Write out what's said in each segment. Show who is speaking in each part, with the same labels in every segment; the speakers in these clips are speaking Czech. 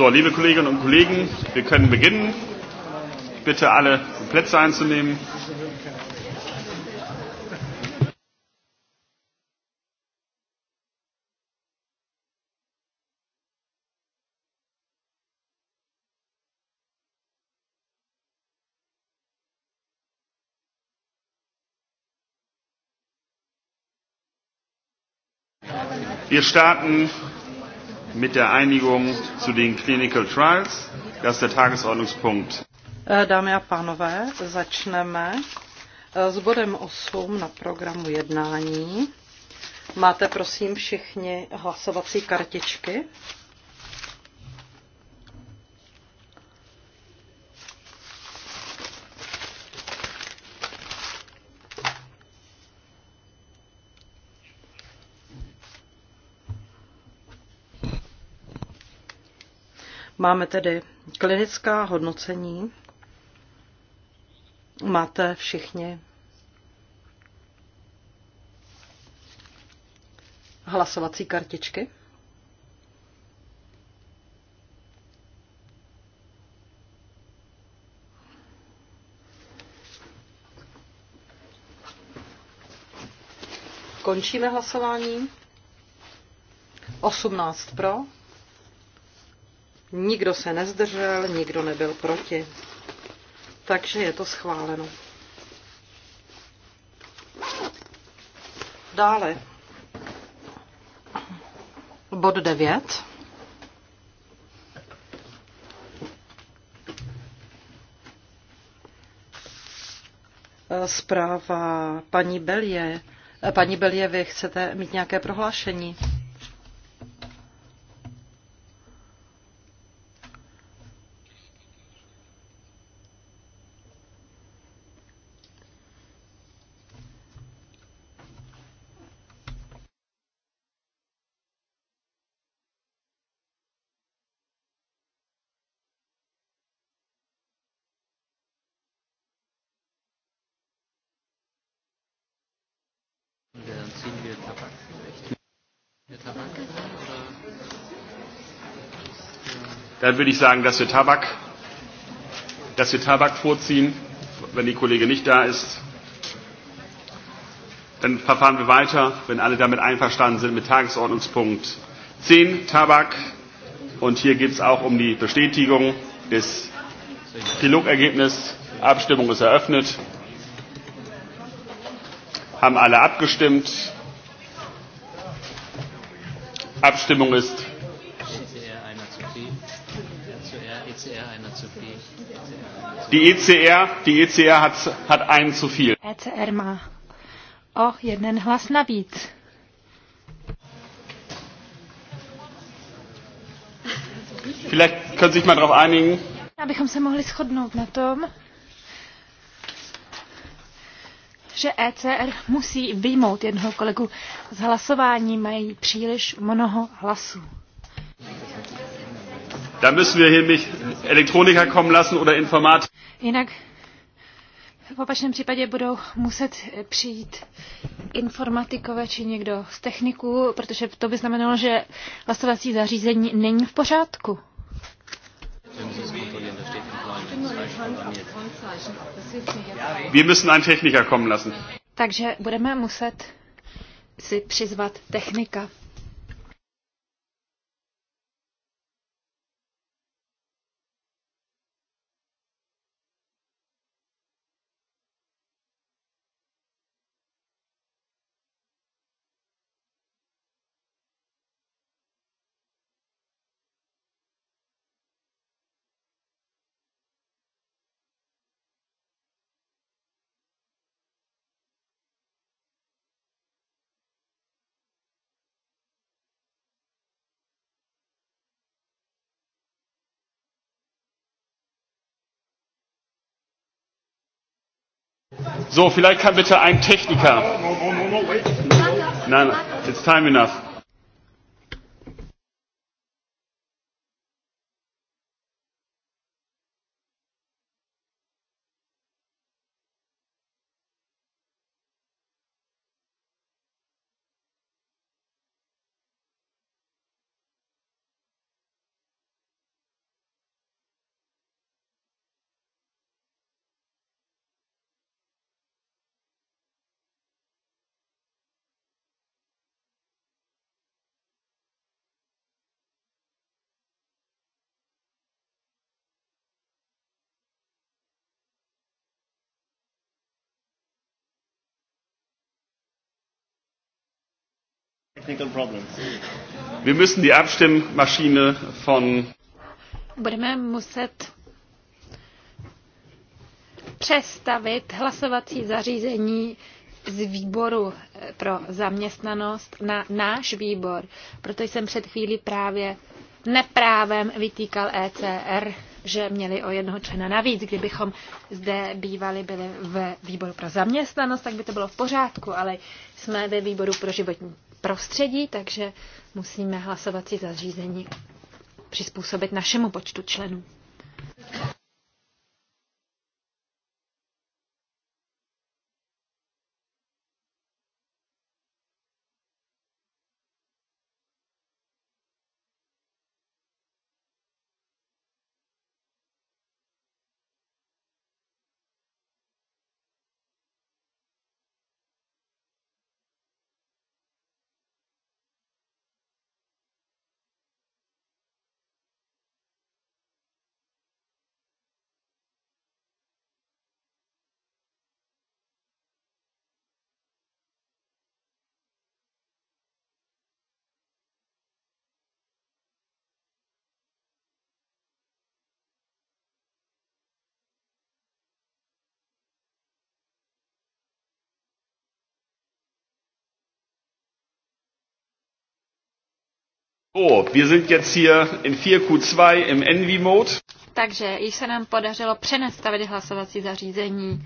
Speaker 1: So, liebe Kolleginnen und Kollegen, wir können beginnen. Ich bitte alle, Plätze einzunehmen. Wir starten mit der Einigung zu den Clinical Trials. Das ist der Tagesordnungspunkt.
Speaker 2: Eh, dámy a pánové, začneme eh, s bodem 8 na programu jednání. Máte prosím všichni hlasovací kartičky? Máme tedy klinická hodnocení. Máte všichni hlasovací kartičky? Končíme hlasování. 18 pro, Nikdo se nezdržel, nikdo nebyl proti. Takže je to schváleno. Dále. Bod 9. Zpráva paní Belie. Paní Belie, vy chcete mít nějaké prohlášení?
Speaker 1: Dann würde ich sagen, dass wir Tabak, dass wir Tabak vorziehen, wenn die Kollege nicht da ist. Dann verfahren wir weiter, wenn alle damit einverstanden sind, mit Tagesordnungspunkt 10 Tabak. Und hier geht es auch um die Bestätigung des Trilogergebnisses. Abstimmung ist eröffnet. Haben alle abgestimmt. Abstimmung ist Die ECR, die ECR hat, hat einen zu viel.
Speaker 3: ECR má o jeden hlas navíc.
Speaker 1: Vielleicht können Sie sich mal darauf einigen.
Speaker 3: Abychom se mohli shodnout na tom, že ECR musí vyjmout jednoho kolegu z hlasování, mají příliš mnoho hlasů.
Speaker 1: Da müssen wir hier nicht Elektroniker kommen lassen oder Informatiker.
Speaker 3: Jinak v opačném případě budou muset přijít informatikové či někdo z techniků, protože to by znamenalo, že hlasovací zařízení není v pořádku.
Speaker 1: Wir müssen einen Techniker kommen lassen.
Speaker 3: Takže budeme muset si přizvat technika.
Speaker 1: So, vielleicht kann bitte ein Techniker. No, no, no, nein, it's time enough. Wir müssen die Abstimmmaschine von
Speaker 3: Budeme muset přestavit hlasovací zařízení z výboru eh, pro zaměstnanost na náš výbor, proto jsem před chvílí právě neprávem vytýkal ECR, že měli o jednoho člena navíc. Kdybychom zde bývali byli v výboru pro zaměstnanost, tak by to bylo v pořádku, ale jsme ve výboru pro životní prostředí, takže musíme hlasovací zařízení přizpůsobit našemu počtu členů.
Speaker 1: So, wir sind jetzt hier in 4Q2 im Envy-Mode.
Speaker 3: Takže již se nám podařilo přenastavit hlasovací zařízení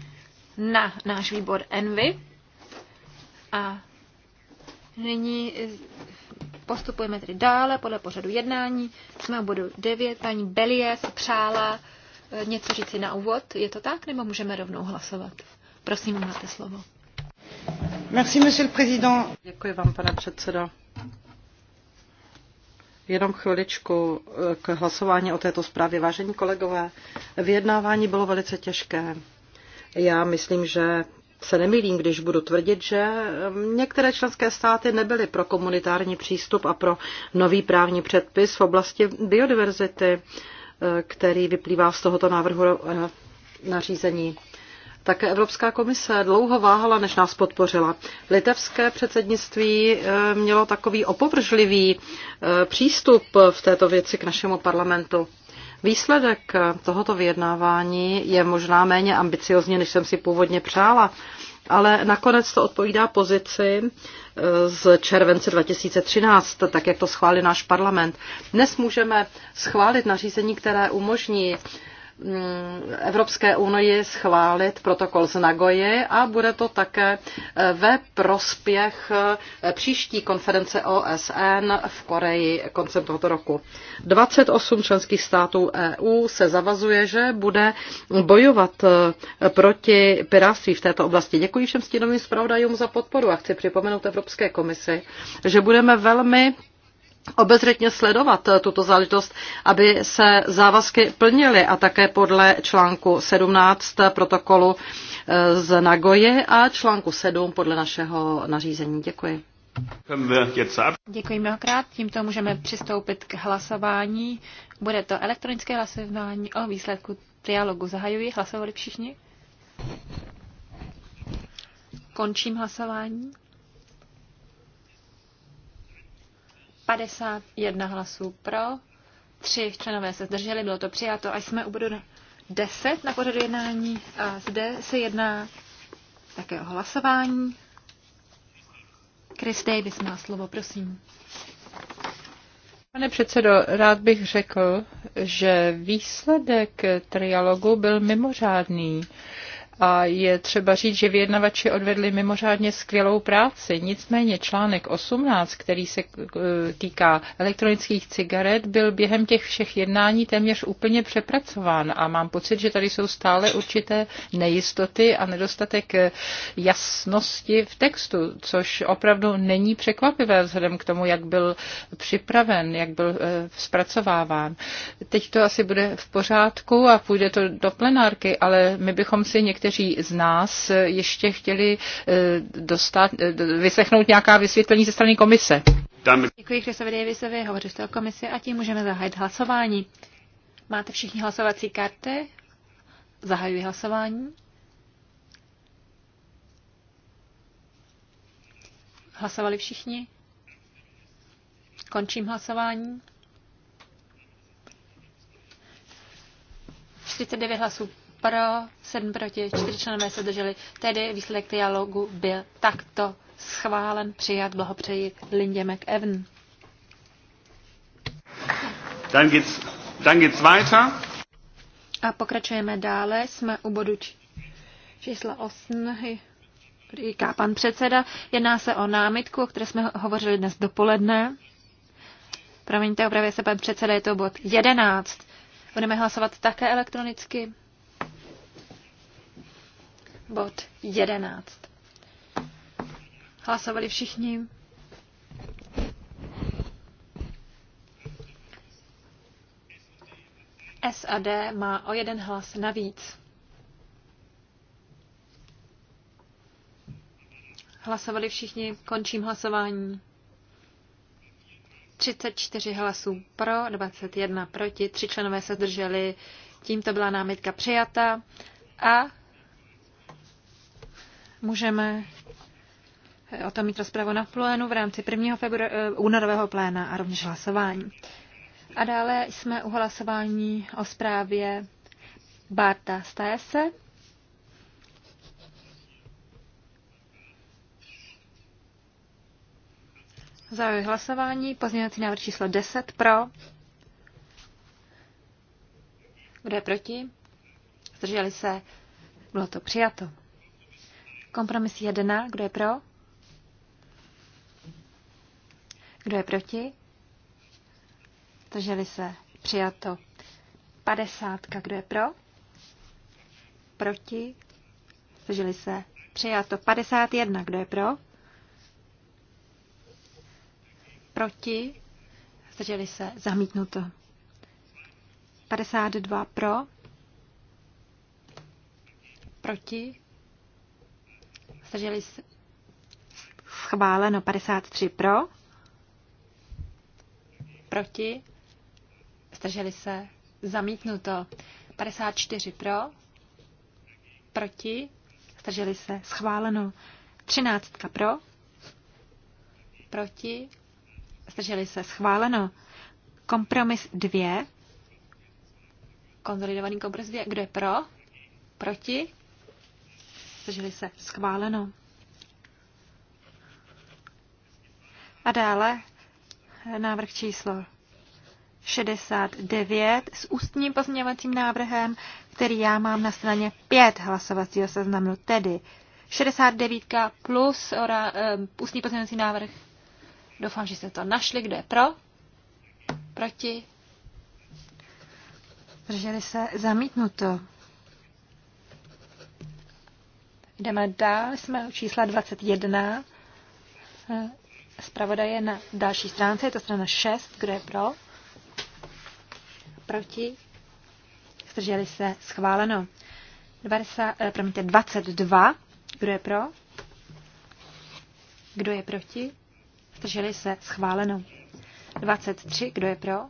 Speaker 3: na náš výbor Envy. A nyní postupujeme tedy dále podle pořadu jednání. Jsme u bodu 9. Paní Belie si přála eh, něco říci na úvod. Je to tak, nebo můžeme rovnou hlasovat? Prosím, máte slovo. Merci,
Speaker 2: monsieur le président. Děkuji vám, pane předsedo. Jenom chviličku eh, k hlasování o této zprávě. Vážení kolegové, vyjednávání bylo velice těžké. Já myslím, že se nemýlím, když budu tvrdit, že eh, některé členské státy nebyly pro komunitární přístup a pro nový právní předpis v oblasti biodiverzity, eh, který vyplývá z tohoto návrhu nařízení. Také Evropská komise dlouho váhala, než nás podpořila. Litevské předsednictví eh, mělo takový opovržlivý eh, přístup v této věci k našemu parlamentu. Výsledek eh, tohoto vyjednávání je možná méně ambiciozní, než jsem si původně přála, ale nakonec to odpovídá pozici z července 2013, tak jak to schválil náš parlament. Dnes můžeme schválit nařízení, které umožní Evropské unii schválit protokol z Nagoje a bude to také eh, ve prospěch eh, příští konference OSN v Koreji koncem tohoto roku. 28 členských států EU se zavazuje, že bude bojovat eh, proti piráctví v této oblasti. Děkuji všem stínovým zpravodajům za podporu a chci připomenout Evropské komisi, že budeme velmi obezřetně sledovat tuto záležitost, aby se závazky plnily a také podle článku 17 protokolu eh, z Nagoje a článku 7 podle našeho nařízení. Děkuji.
Speaker 3: Děkuji mnohokrát. Tímto můžeme přistoupit k hlasování. Bude to elektronické hlasování o výsledku dialogu. Zahajuji. Hlasovali všichni? Končím hlasování. 51 hlasů pro, 3 členové se zdrželi, bylo to přijato a jsme u bodu 10 na pořadu jednání a zde se jedná také o hlasování. Chris Davis má slovo, prosím.
Speaker 4: Pane předsedo, rád bych řekl, že výsledek trialogu byl mimořádný. A je třeba říct, že vyjednavači odvedli mimořádně skvělou práci. Nicméně článek 18, který se eh, týká elektronických cigaret, byl během těch všech jednání téměř úplně přepracován a mám pocit, že tady jsou stále určité nejistoty a nedostatek eh, jasnosti v textu, což opravdu není překvapivé vzhledem k tomu, jak byl připraven, jak byl eh, zpracováván. Teď to asi bude v pořádku a půjde to do plenárky, ale my bychom si některé někteří z nás ještě chtěli eh, dostat, eh, vyslechnout nějaká vysvětlení ze strany komise.
Speaker 3: Děkuji Chrisovi Davisovi, hovořil jste o komisi a tím můžeme zahájit hlasování. Máte všichni hlasovací karty? Zahajuji hlasování. Hlasovali všichni? Končím hlasování. 49 hlasů pro, 7 proti, 4 členové se drželi. Tedy výsledek dialogu byl takto schválen, přijat. Blahopřeji Lindě McEwen.
Speaker 1: Dann geht's, dann geht's weiter.
Speaker 3: A pokračujeme dále. Jsme u bodu čísla 8, říká pan předseda. Jedná se o námitku, o které jsme hovořili dnes dopoledne. Promiňte, opravuje se pan předseda, je to bod 11. Budeme hlasovat také elektronicky bod 11. Hlasovali všichni? SAD má o jeden hlas navíc. Hlasovali všichni, končím hlasování. 34 hlasů pro, 21 proti, Tři členové se zdrželi, tímto byla námitka přijata a Můžeme o tom mít rozpravu na plénu v rámci prvního febru- eh, únorového pléna a rovněž hlasování. A dále jsme u hlasování o zprávě Barta Stajese. Zahajuji hlasování. Pozměňovací návrh číslo 10 pro. Kdo je proti? Zdrželi se. Bylo to přijato. Kompromis 1. Kdo je pro? Kdo je proti? Drželi se. Přijato. 50. Kdo je pro? Proti? Drželi se. Přijato. 51. Kdo je pro? Proti? Zdrželi se. Zamítnuto. 52 pro. Proti? zdrželi se schváleno 53 pro, proti, zdrželi se zamítnuto 54 pro, proti, zdrželi se schváleno 13 pro, proti, zdrželi se schváleno kompromis 2, konzolidovaný kompromis 2, kdo je pro, proti, zdrželi se, schváleno. A dále návrh číslo 69 s ústním pozměňovacím návrhem, který já mám na straně 5 hlasovacího seznamu, tedy 69 plus ora, um, ústní pozměňovací návrh. Doufám, že jste to našli. Kdo je pro? Proti? Drželi se zamítnuto. Jdeme dál, jsme u čísla 21. Zpravodaj je na další stránce, je to strana 6, kdo je pro? Proti? Zdrželi se, schváleno. 20, eh, promiňte, 22, kdo je pro? Kdo je proti? Zdrželi se, schváleno. 23, kdo je pro?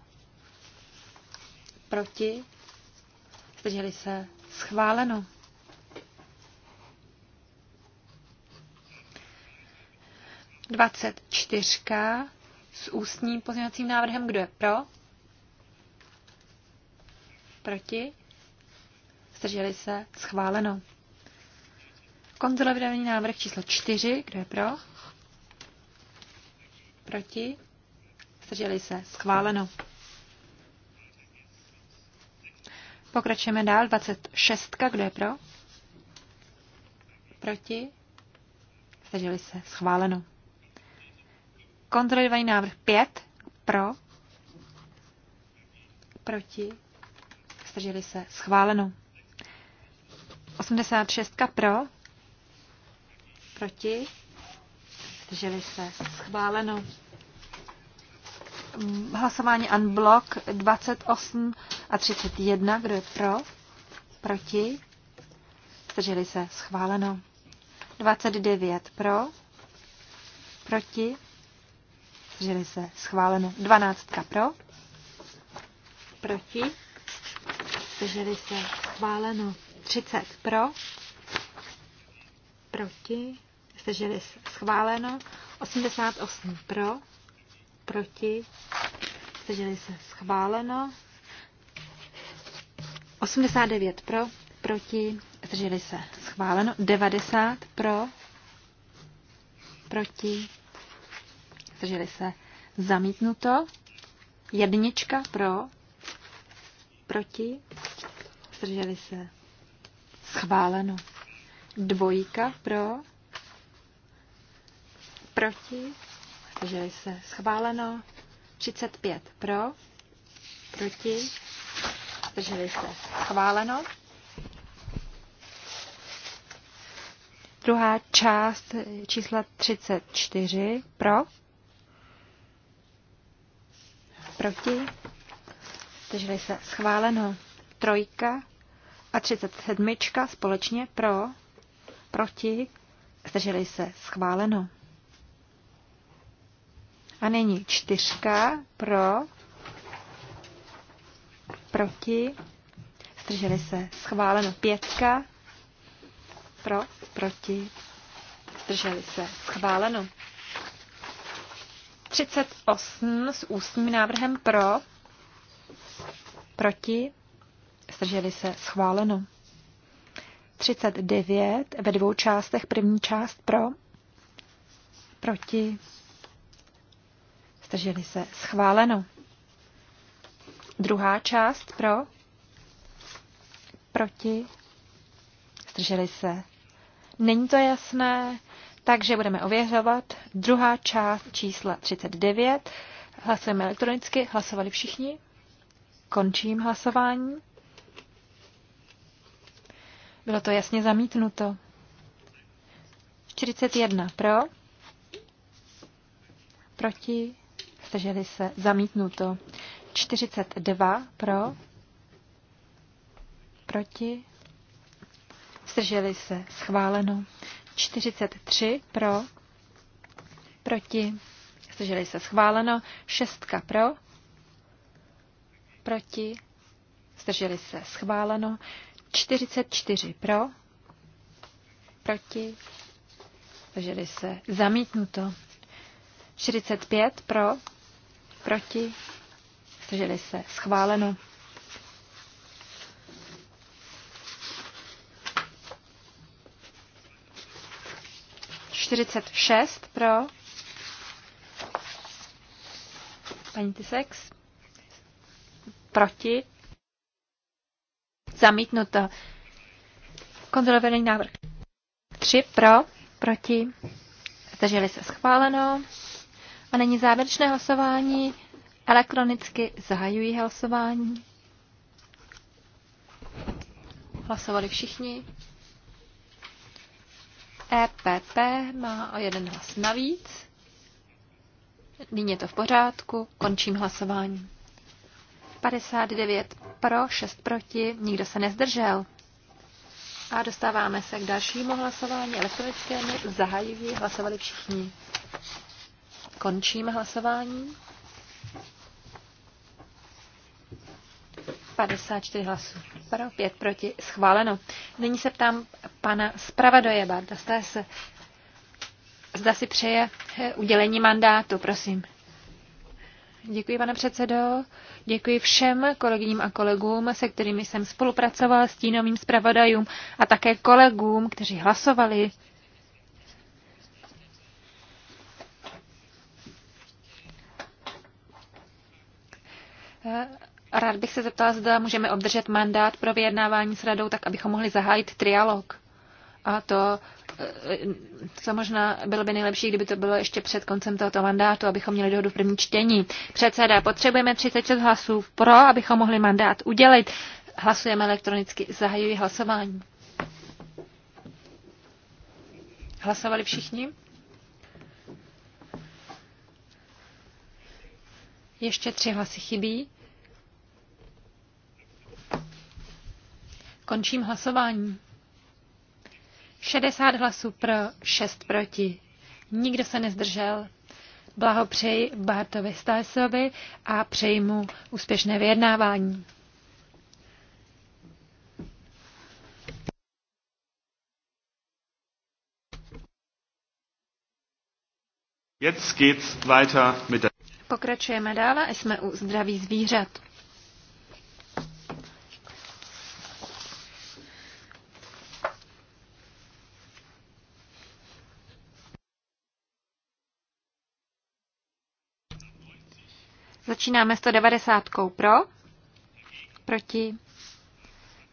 Speaker 3: Proti? Zdrželi se, schváleno. 24 s ústním pozměňovacím návrhem. Kdo je pro? Proti? Zdrželi se? Schváleno. Konzolidovaný návrh číslo 4. Kdo je pro? Proti? Zdrželi se? Schváleno. Pokračujeme dál. 26. Kdo je pro? Proti? Zdrželi se? Schváleno. Kontrolovaný návrh 5 pro, proti, zdrželi se, schváleno. 86 pro, proti, zdrželi se, schváleno. Mm, hlasování unblock 28 a 31, kdo je pro, proti, zdrželi se, schváleno. 29 pro, proti, Zdrželi se. Schváleno. Dvanáctka pro. Proti. Zdrželi se. Schváleno. Třicet pro. Proti. Zdrželi se. Schváleno. 88 pro. Proti. Zdrželi se. Schváleno. 89 pro. Proti. Zdrželi se. Schváleno. 90 pro. Proti zdrželi se zamítnuto. Jednička pro, proti, zdrželi se schváleno. Dvojka pro, proti, zdrželi se schváleno. 35 pro, proti, zdrželi se schváleno. Druhá část čísla 34 pro, proti, zdrželi se schváleno. Trojka a 37 společně pro, proti, zdrželi se schváleno. A nyní čtyřka pro, proti, zdrželi se schváleno. Pětka pro, proti, zdrželi se schváleno. 38 s ústním návrhem pro, proti, zdrželi se schváleno. 39 ve dvou částech, první část pro, proti, zdrželi se schváleno. Druhá část pro, proti, zdrželi se. Není to jasné, takže budeme ověřovat druhá část čísla 39. Hlasujeme elektronicky. Hlasovali všichni? Končím hlasování. Bylo to jasně zamítnuto. 41 pro, proti, zdrželi se, zamítnuto. 42 pro, proti, zdrželi se, schváleno. 43 pro, proti, zdrželi se schváleno, 6 pro, proti, zdrželi se schváleno, 44 pro, proti, zdrželi se zamítnuto, 45 pro, proti, zdrželi se schváleno. 46 pro. Paní Tisex. Proti. Zamítnuto. Kontrolovaný návrh. 3 pro. Proti. Zdrželi se schváleno. A není závěrečné hlasování. Elektronicky zahajují hlasování. Hlasovali všichni. EPP má o jeden hlas navíc. Nyní je to v pořádku, končím hlasování. 59 pro, 6 proti, nikdo se nezdržel. A dostáváme se k dalšímu hlasování elektronickému. Zahajují, hlasovali všichni. Končím hlasování. 54 hlasů pro, 5 proti, schváleno. Nyní se ptám pana zpravodaje zda, se, zda si přeje eh, udělení mandátu, prosím. Děkuji, pane předsedo. Děkuji všem kolegyním a kolegům, se kterými jsem spolupracoval, stínovým zpravodajům a také kolegům, kteří hlasovali. Rád bych se zeptala, zda můžeme obdržet mandát pro vyjednávání s radou, tak abychom mohli zahájit trialog. A to, eh, co možná bylo by nejlepší, kdyby to bylo ještě před koncem tohoto mandátu, abychom měli dohodu v první čtení. Předseda, potřebujeme 36 hlasů pro, abychom mohli mandát udělit. Hlasujeme elektronicky. Zahajuji hlasování. Hlasovali všichni? Ještě tři hlasy chybí. Končím hlasování. 60 hlasů pro, 6 proti. Nikdo se nezdržel. Blahopřeji Bartovi Stajsovi a přeji mu úspěšné vyjednávání.
Speaker 1: Jetzt geht's weiter mit der
Speaker 3: Pokračujeme dále a jsme u zdraví zvířat. Začínáme 190 pro, proti,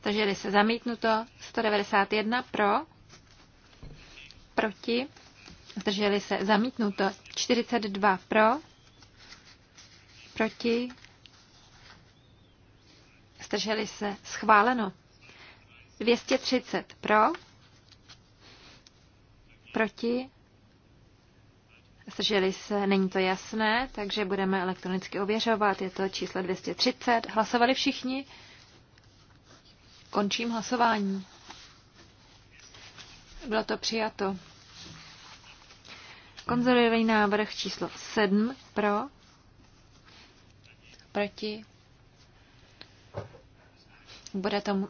Speaker 3: zdrželi se zamítnuto, 191 pro, proti, zdrželi se zamítnuto, 42 pro, proti, zdrželi se schváleno, 230 pro, proti, Zdrželi se, není to jasné, takže budeme elektronicky ověřovat. Je to číslo 230. Hlasovali všichni? Končím hlasování. Bylo to přijato. Konzervativní návrh číslo 7 pro, proti. Bude to,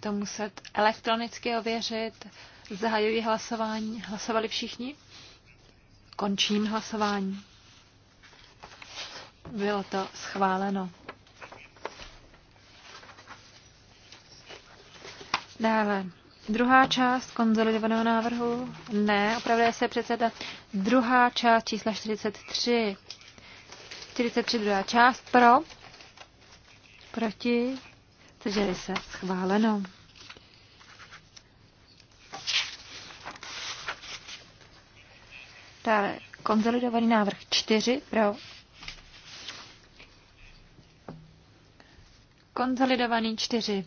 Speaker 3: to muset elektronicky ověřit. Zahajuji hlasování. Hlasovali všichni? Končím hlasování. Bylo to schváleno. Dále. Druhá část konzolidovaného návrhu. Ne, opravdu se předseda. Druhá část čísla 43. 43 druhá část pro. Proti. Zdrželi se. Schváleno. Dále konzolidovaný návrh 4 pro. Konzolidovaný 4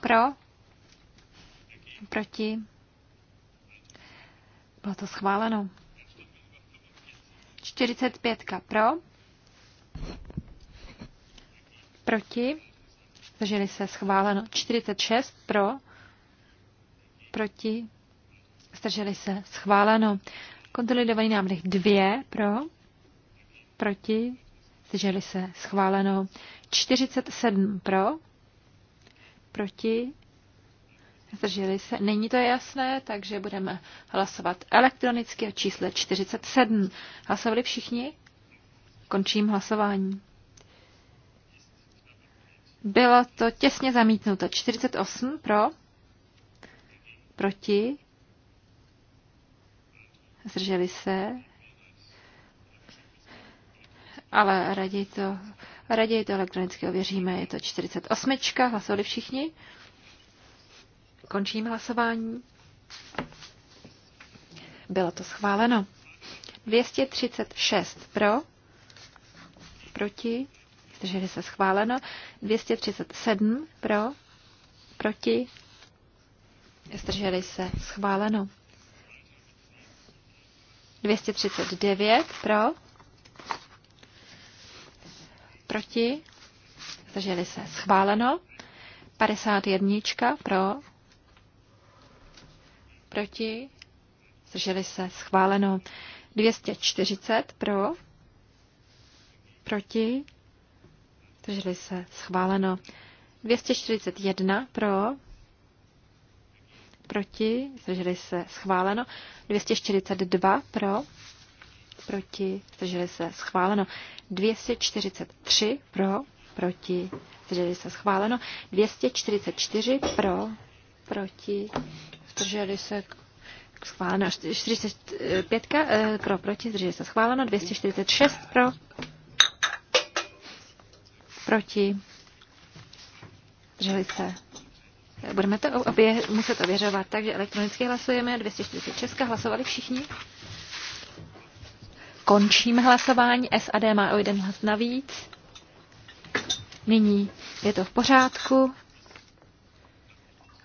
Speaker 3: pro. Proti. Bylo to schváleno. 45 pro. Proti. Zdrželi se schváleno. 46 pro. Proti Zdrželi se. Schváleno. Konsolidovaný návrh 2 pro. Proti. Zdrželi se. Schváleno. 47 pro. Proti. Zdrželi se. Není to jasné, takže budeme hlasovat elektronicky o čísle 47. Hlasovali všichni? Končím hlasování. Bylo to těsně zamítnuto. 48 pro, proti, zdrželi se, ale raději to, raději to elektronicky ověříme, je to 48. Hlasovali všichni? Končím hlasování. Bylo to schváleno. 236 pro, proti, zdrželi se schváleno. 237 pro, proti, zdrželi se schváleno. 239 pro, proti, zdrželi se, schváleno. 51 pro, proti, zdrželi se, schváleno. 240 pro, proti, zdrželi se, schváleno. 241 pro, proti, zdrželi se schváleno, 242 pro, proti, zdrželi se schváleno, 243 pro, proti, zdrželi se schváleno, 244 pro, proti, zdrželi se schváleno, 45 eh, pro, proti, zdrželi se schváleno, 246 pro, proti, zdrželi se Budeme to obě, muset ověřovat, takže elektronicky hlasujeme. 240 Česka, hlasovali všichni. Končím hlasování. SAD má o jeden hlas navíc. Nyní je to v pořádku.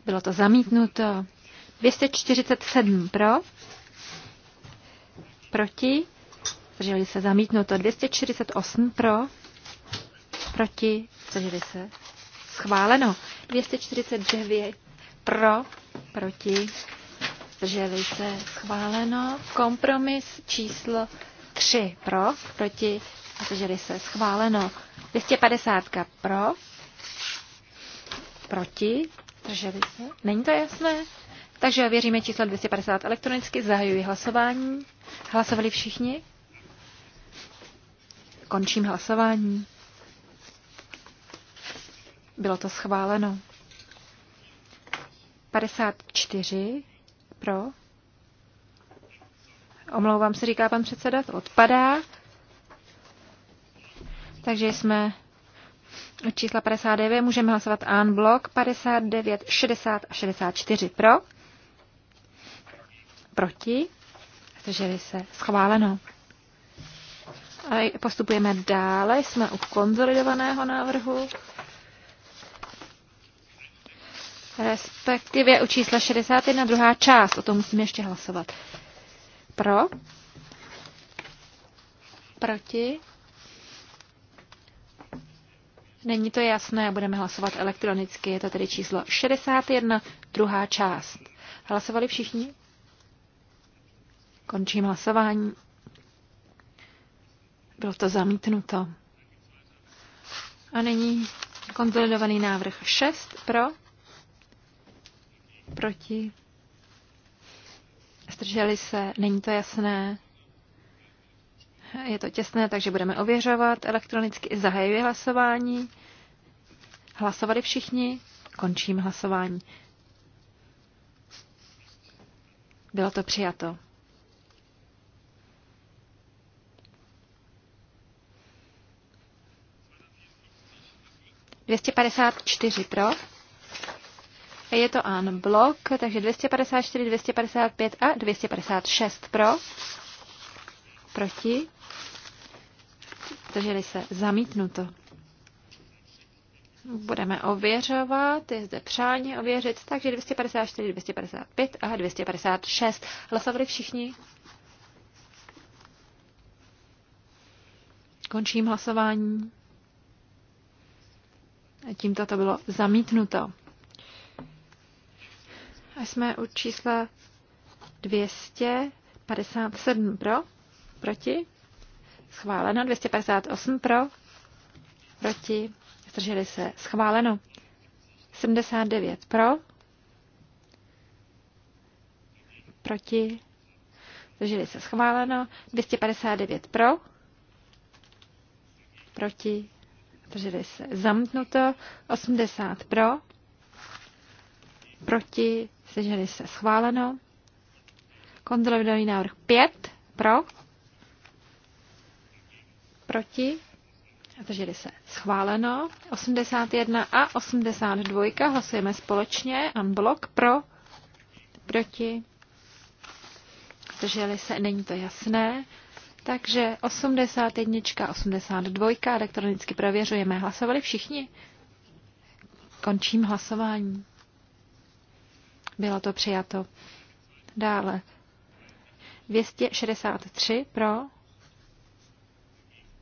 Speaker 3: Bylo to zamítnuto. 247 pro. Proti. Zdrželi se zamítnuto. 248 pro. Proti. Zdrželi se schváleno. 249 pro, proti, zdrželi se, schváleno. Kompromis číslo 3 pro, proti, zdrželi se, schváleno. 250 pro, proti, zdrželi se. Není to jasné? Takže věříme číslo 250 elektronicky, zahajuji hlasování. Hlasovali všichni? Končím hlasování. Bylo to schváleno. 54 pro. Omlouvám se, říká pan předseda, to odpadá. Takže jsme od čísla 59 můžeme hlasovat AN blok 59, 60 a 64 pro. Proti. Zdrželi se. Schváleno. A postupujeme dále. Jsme u konzolidovaného návrhu. respektive u čísla 61 druhá část. O tom musíme ještě hlasovat. Pro? Proti? Není to jasné, budeme hlasovat elektronicky. Je to tedy číslo 61, druhá část. Hlasovali všichni? Končím hlasování. Bylo to zamítnuto. A nyní konzolidovaný návrh 6 pro, Proti? Zdrželi se? Není to jasné? Je to těsné, takže budeme ověřovat elektronicky. i Zahajuji hlasování. Hlasovali všichni? Končím hlasování. Bylo to přijato. Dvěstě padesát čtyři pro. Je to an blok, takže 254, 255 a 256 pro. Proti. Drželi se zamítnuto. Budeme ověřovat, je zde přání ověřit, takže 254, 255 a 256. Hlasovali všichni? Končím hlasování. Tímto to bylo zamítnuto a jsme u čísla 257 pro, proti, schváleno, 258 pro, proti, zdrželi se, schváleno, 79 pro, proti, zdrželi se, schváleno, 259 pro, proti, zdrželi se, zamknuto, 80 pro, proti, Zdrželi se schváleno. Kontrolovaný návrh 5 pro. Proti. Zdrželi se schváleno. 81 a 82 hlasujeme společně. Unblock pro. Proti. Zdrželi se, není to jasné. Takže 81, 82, elektronicky prověřujeme. Hlasovali všichni? Končím hlasování. Bylo to přijato. Dále. 263 pro,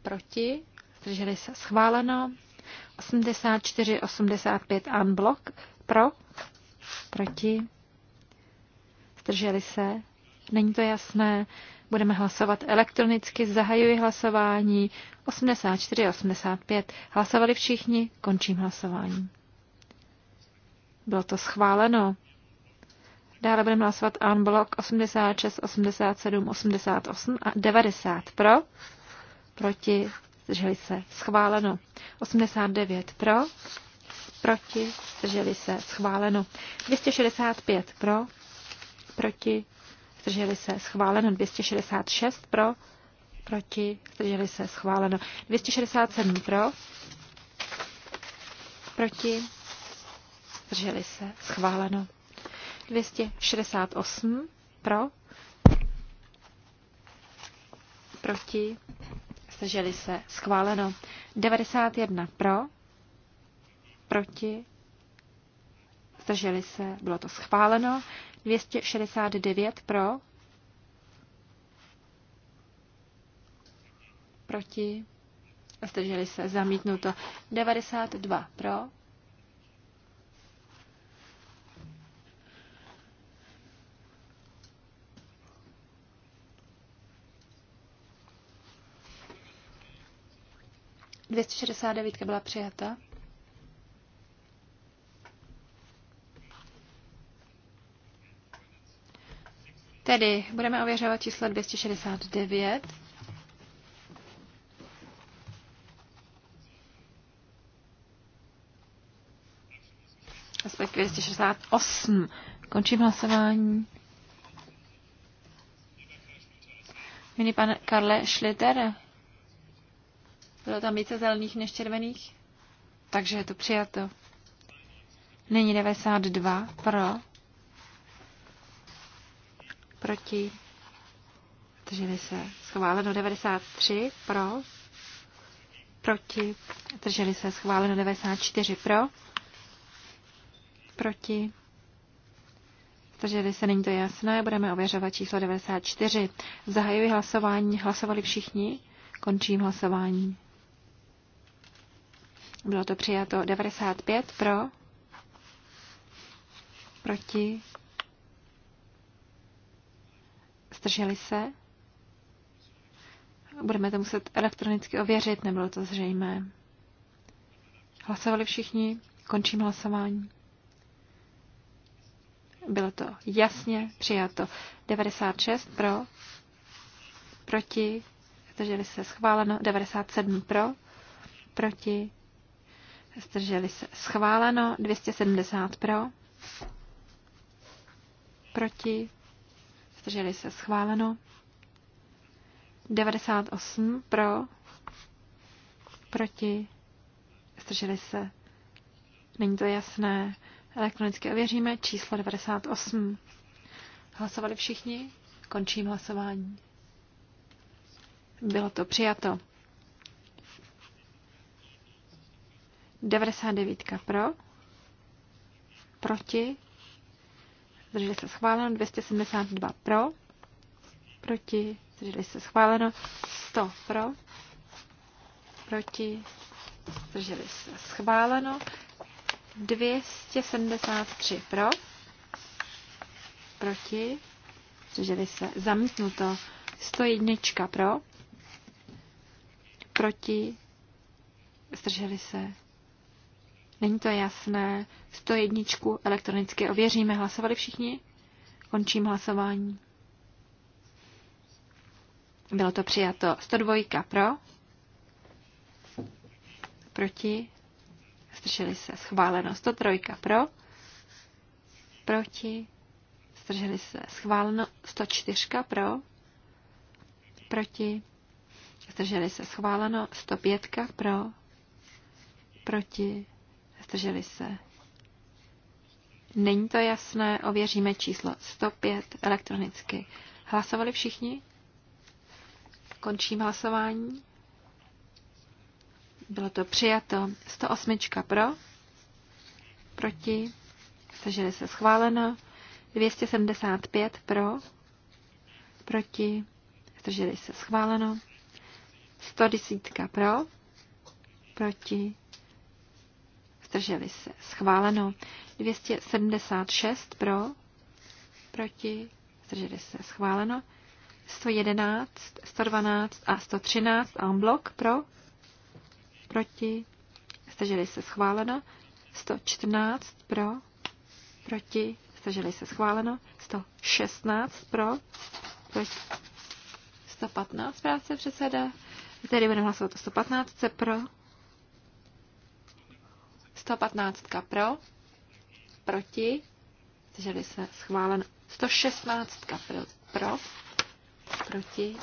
Speaker 3: proti, zdrželi se schváleno. 84, 85 unblock pro, proti, zdrželi se. Není to jasné. Budeme hlasovat elektronicky. Zahajuji hlasování. 84 85. Hlasovali všichni. Končím hlasování. Bylo to schváleno. Dále budeme hlasovat on blok 86, 87, 88 a 90 pro. Proti. Zdrželi se. Schváleno. 89 pro. Proti. Zdrželi se. Schváleno. 265 pro. Proti. Zdrželi se. Schváleno. 266 pro. Proti. Zdrželi se. Schváleno. 267 pro. Proti. Zdrželi se. Schváleno. 268 pro, proti, zdrželi se, schváleno. 91 pro, proti, zdrželi se, bylo to schváleno. 269 pro, proti, zdrželi se, zamítnuto. 92 pro, 269 byla přijata. Tedy budeme ověřovat číslo 269. Respektive 268. Končím hlasování. Mini pan Karle Schlitter. Bylo tam více zelených než červených? Takže je to přijato. Nyní 92 pro. Proti. Drželi se. Schváleno 93 pro. Proti. Drželi se. Schváleno 94 pro. Proti. Drželi se. Není to jasné. Budeme ověřovat číslo 94. Zahajuji hlasování. Hlasovali všichni. Končím hlasování. Bylo to přijato 95 pro, proti, strželi se. Budeme to muset elektronicky ověřit, nebylo to zřejmé. Hlasovali všichni, končím hlasování. Bylo to jasně přijato. 96 pro, proti, zdrželi se schváleno, 97 pro, proti, Zdrželi se. Schváleno 270 pro. Proti. Zdrželi se. Schváleno. 98 pro. Proti. Zdrželi se. Není to jasné. Elektronicky ověříme číslo 98. Hlasovali všichni? Končím hlasování. Bylo to přijato. 99 pro, proti, zdrželi se schváleno, 272 pro, proti, zdrželi se schváleno, 100 pro, proti, zdrželi se schváleno, 273 pro, proti, zdrželi se zamítnuto, 101 pro, proti, zdrželi se Není to jasné. 101 elektronicky ověříme. Hlasovali všichni? Končím hlasování. Bylo to přijato 102 pro, proti, zdrželi se schváleno 103 pro, proti, zdrželi se schváleno 104 pro, proti, zdrželi se schváleno 105 pro, proti, zdrželi se. Není to jasné, ověříme číslo 105 elektronicky. Hlasovali všichni? Končím hlasování. Bylo to přijato. 108 pro, proti, zdrželi se schváleno. 275 pro, proti, zdrželi se schváleno. 110 pro, proti, zdrželi se, schváleno. 276 pro, proti, zdrželi se, schváleno. 111, 112 a 113 en blok pro, proti, zdrželi se, schváleno. 114 pro, proti, zdrželi se, schváleno. 116 pro, proti, 115 práce předseda. Tedy budeme hlasovat o 115 pro, 115 pro, proti, zdrželi se schváleno. 116 pro, pro proti,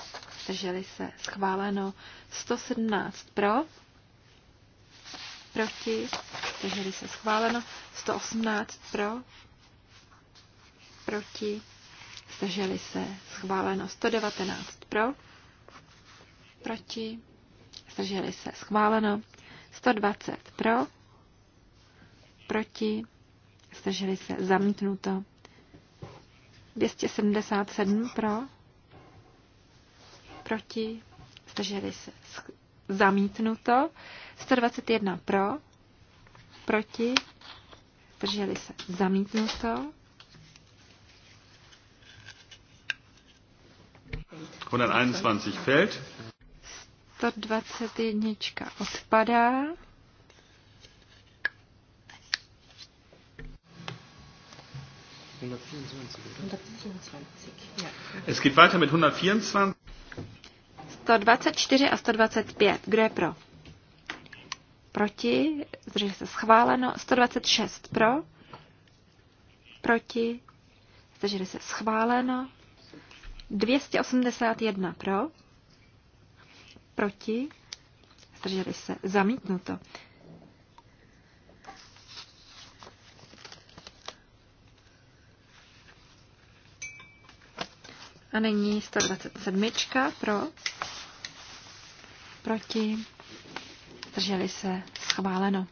Speaker 3: zdrželi se schváleno. 117 pro, proti, zdrželi se schváleno. 118 pro, proti, zdrželi se schváleno. 119 pro, proti, zdrželi se schváleno. 120 pro, proti, zdrželi se, zamítnuto. 277 pro, proti, zdrželi se, zamítnuto. 121 pro, proti, zdrželi se, zamítnuto.
Speaker 1: 121 fällt.
Speaker 3: 121 odpadá. 124, 124, Es 124. 124 a 125. Kdo je pro? Proti? zdrží se schváleno. 126 pro? Proti? zdrží se schváleno. 281 pro? Proti? Zdrželi se zamítnuto. A nyní 127 pro, proti, zdrželi se, schváleno.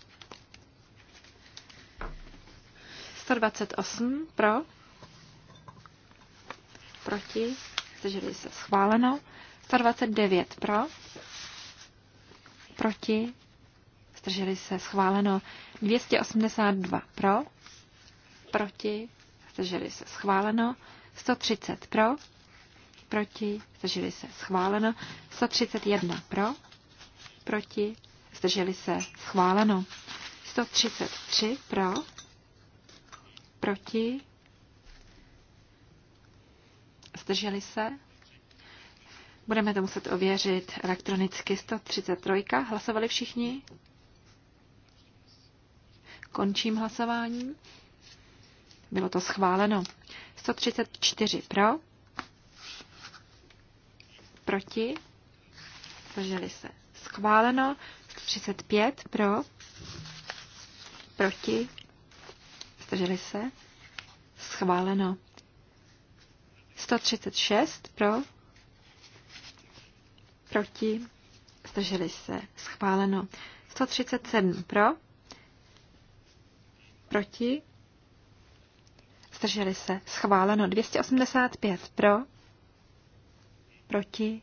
Speaker 3: 128 pro, proti, zdrželi se, schváleno. 129 pro, proti, zdrželi se, schváleno. 282 pro, proti, zdrželi se, schváleno. 130 pro, proti, zdrželi se, schváleno. 131 pro, proti, zdrželi se, schváleno. 133 pro, proti, zdrželi se. Budeme to muset ověřit elektronicky. 133. Hlasovali všichni? Končím hlasování. Bylo to schváleno. 134 pro, proti, zdrželi se schváleno, 135 pro, proti, zdrželi se schváleno, 136 pro, proti, zdrželi se schváleno, 137 pro, proti, zdrželi se schváleno, 285 pro, proti,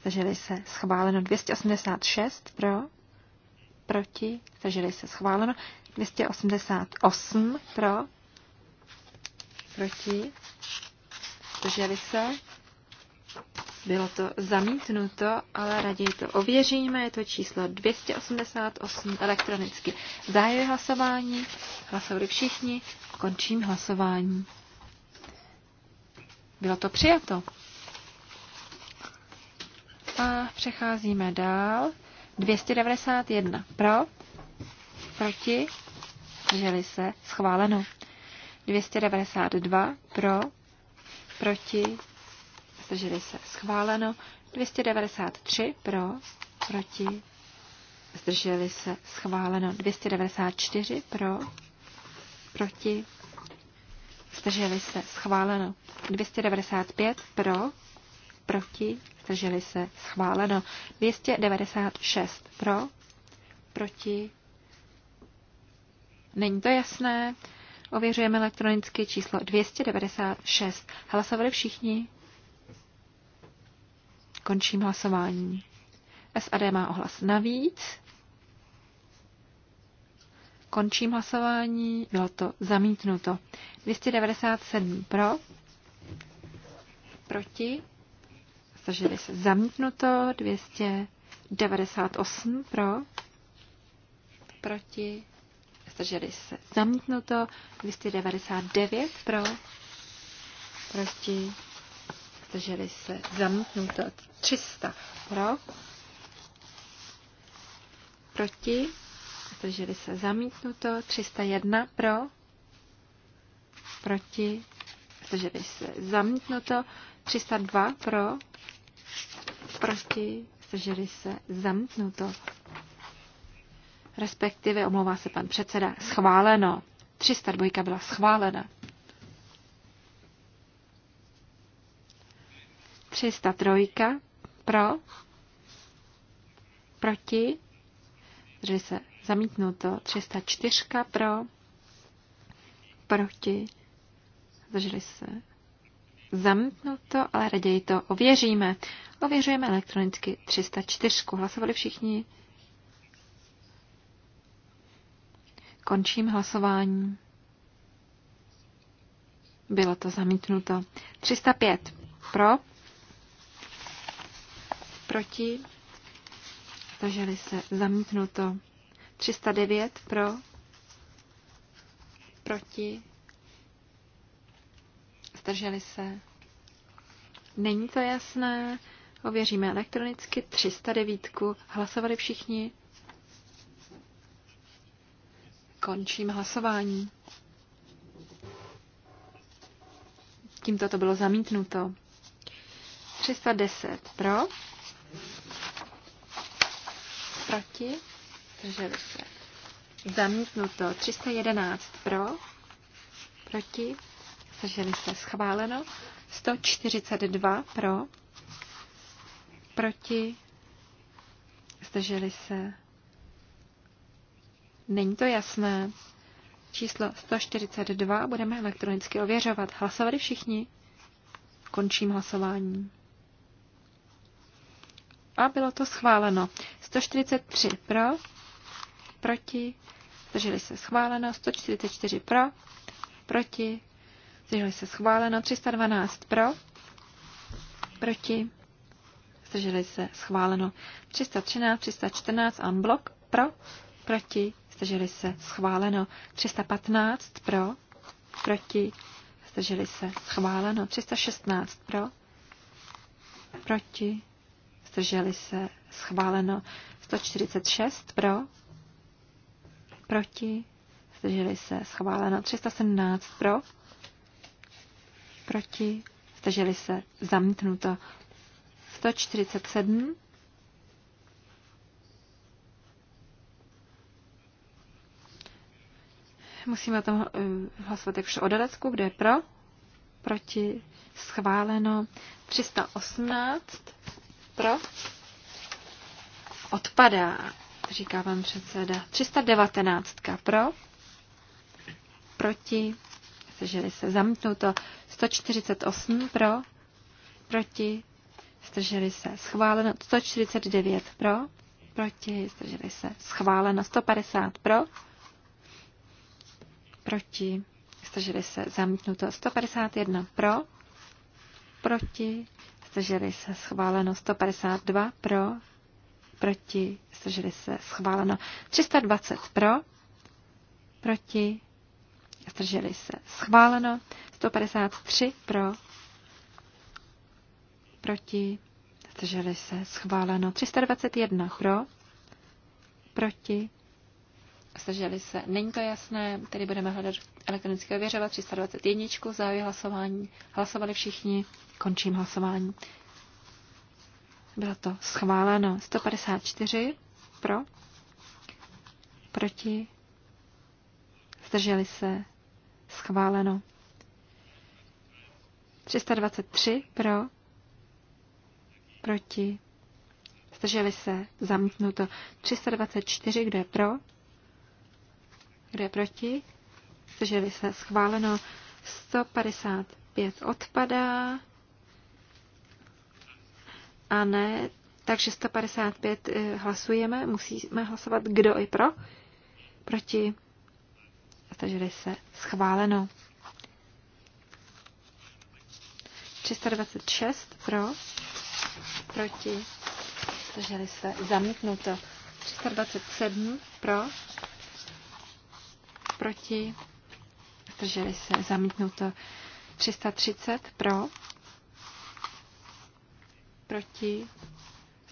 Speaker 3: zdrželi se schváleno 286 pro, proti, zdrželi se schváleno 288 pro, proti, zdrželi se, bylo to zamítnuto, ale raději to ověříme, je to číslo 288 elektronicky. Zahajuji hlasování, hlasovali všichni, končím hlasování. Bylo to přijato. A přecházíme dál. 291 pro, proti, zdrželi se, schváleno. 292 pro, proti, zdrželi se, schváleno. 293 pro, proti, zdrželi se, schváleno. 294 pro, proti, zdrželi se, schváleno. 295 pro, proti, zdrželi se, schváleno. 296 pro, proti, není to jasné, ověřujeme elektronicky číslo 296. Hlasovali všichni? Končím hlasování. SAD má ohlas navíc. Končím hlasování. Bylo to zamítnuto. 297 pro. Proti zdrželi se zamítnuto, 298 pro, proti, zdrželi se zamítnuto, 299 pro, proti, zdrželi se zamítnuto, 300 pro, proti, zdrželi se zamítnuto, 301 pro, proti, zdrželi se zamítnuto, 302 pro, proti, sežili se, to, Respektive, omlouvá se pan předseda, schváleno. 302 byla schválena. 303 pro, proti, zdrželi se, 300 304 pro, proti, zdrželi se, zamítnuto, ale raději to ověříme. Ověřujeme elektronicky 304. Hlasovali všichni? Končím hlasování. Bylo to zamítnuto. 305. Pro. Proti. Zdrželi se. Zamítnuto. 309. Pro. Proti zdrželi se. Není to jasné, ověříme elektronicky 309. Hlasovali všichni? Končím hlasování. Tímto to bylo zamítnuto. 310 pro. Proti. Drželi se. Zamítnuto. 311 pro. Proti zdrželi se schváleno. 142 pro, proti, zdrželi se. Není to jasné. Číslo 142 budeme elektronicky ověřovat. Hlasovali všichni? Končím hlasování. A bylo to schváleno. 143 pro, proti, zdrželi se schváleno. 144 pro, proti, Zdrželi se schváleno. 312 pro. Proti. Zdrželi se schváleno. 313, 314 unblock pro. Proti. Zdrželi se schváleno. 315 pro. Proti. Zdrželi se schváleno. 316 pro. Proti. Zdrželi se schváleno. 146 pro. Proti. Zdrželi se schváleno. 317 pro proti, zdrželi se, zamítnuto. 147, musíme o tom eh, hlasovat jakož o dalecku, kde je pro, proti, schváleno, 318, pro, odpadá, říká vám předseda, 319 pro, proti, zdrželi se zamítnuto. 148 pro, proti, zdrželi se schváleno. 149 pro, proti, zdrželi se schváleno. 150 pro, proti, zdrželi se zamítnuto. 151 pro, proti, zdrželi se schváleno. 152 pro, proti, zdrželi se schváleno. 320 pro, proti, zdrželi se. Schváleno 153 pro, proti, zdrželi se. Schváleno 321 pro, proti, zdrželi se. Není to jasné, tedy budeme hledat elektronické ověřovat 321, závěr hlasování, hlasovali všichni, končím hlasování. Bylo to schváleno 154 pro, proti, zdrželi se Schváleno. 323 pro, proti, zdrželi se, zamítnuto. 324, kde je pro, kde je proti, zdrželi se, schváleno. 155 odpadá. A ne, takže 155 eh, hlasujeme, musíme hlasovat, kdo i pro, proti, zdrželi se, schváleno. 326 pro, proti, zdrželi se, zamítnuto. 327 pro, proti, zdrželi se, zamítnuto. 330 pro, proti,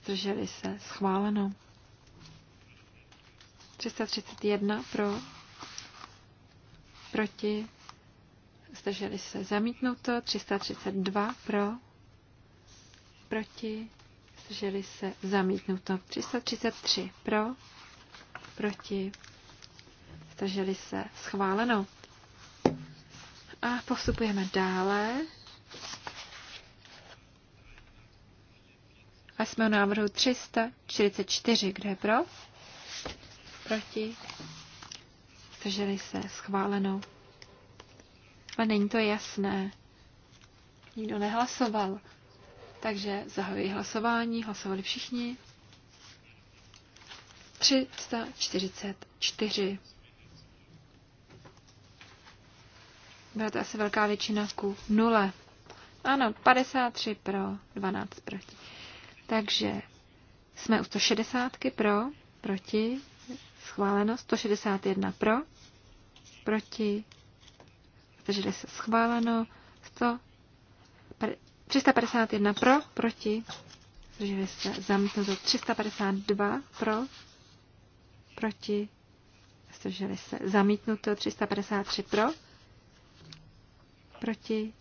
Speaker 3: zdrželi se, schváleno. 331 pro, proti, zdrželi se zamítnuto, 332 pro, proti, zdrželi se zamítnuto, 333 pro, proti, zdrželi se schváleno. A postupujeme dále. A jsme u návrhu 344. kde je pro? Proti? zdrželi se, schváleno. Ale není to jasné. Nikdo nehlasoval. Takže zahajuji hlasování, hlasovali všichni. 344. Byla to asi velká většina ku nule. Ano, 53 pro, 12 proti. Takže jsme u 160 pro, proti, schváleno, 161 pro, proti, zdrželi se schváleno, 100, 351 pro, proti, zdrželi se zamítnuto, 352 pro, proti, zdrželi se zamítnuto, 353 pro, proti,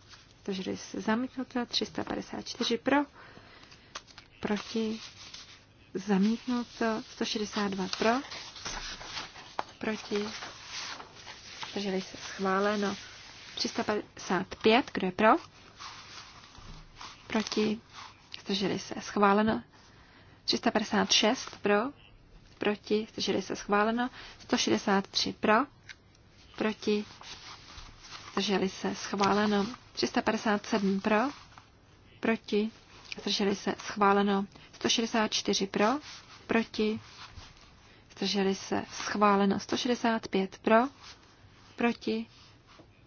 Speaker 3: zdrželi se zamítnuto, 354 pro, proti, zamítnuto, 162 pro, proti, zdrželi se schváleno. 355, kdo je pro? Proti, zdrželi se schváleno. 356 pro, proti, zdrželi se schváleno. 163 pro, proti, zdrželi se schváleno. 357 pro, proti, zdrželi se schváleno. 164 pro, proti, zdrželi se schváleno. 165 pro, Proti?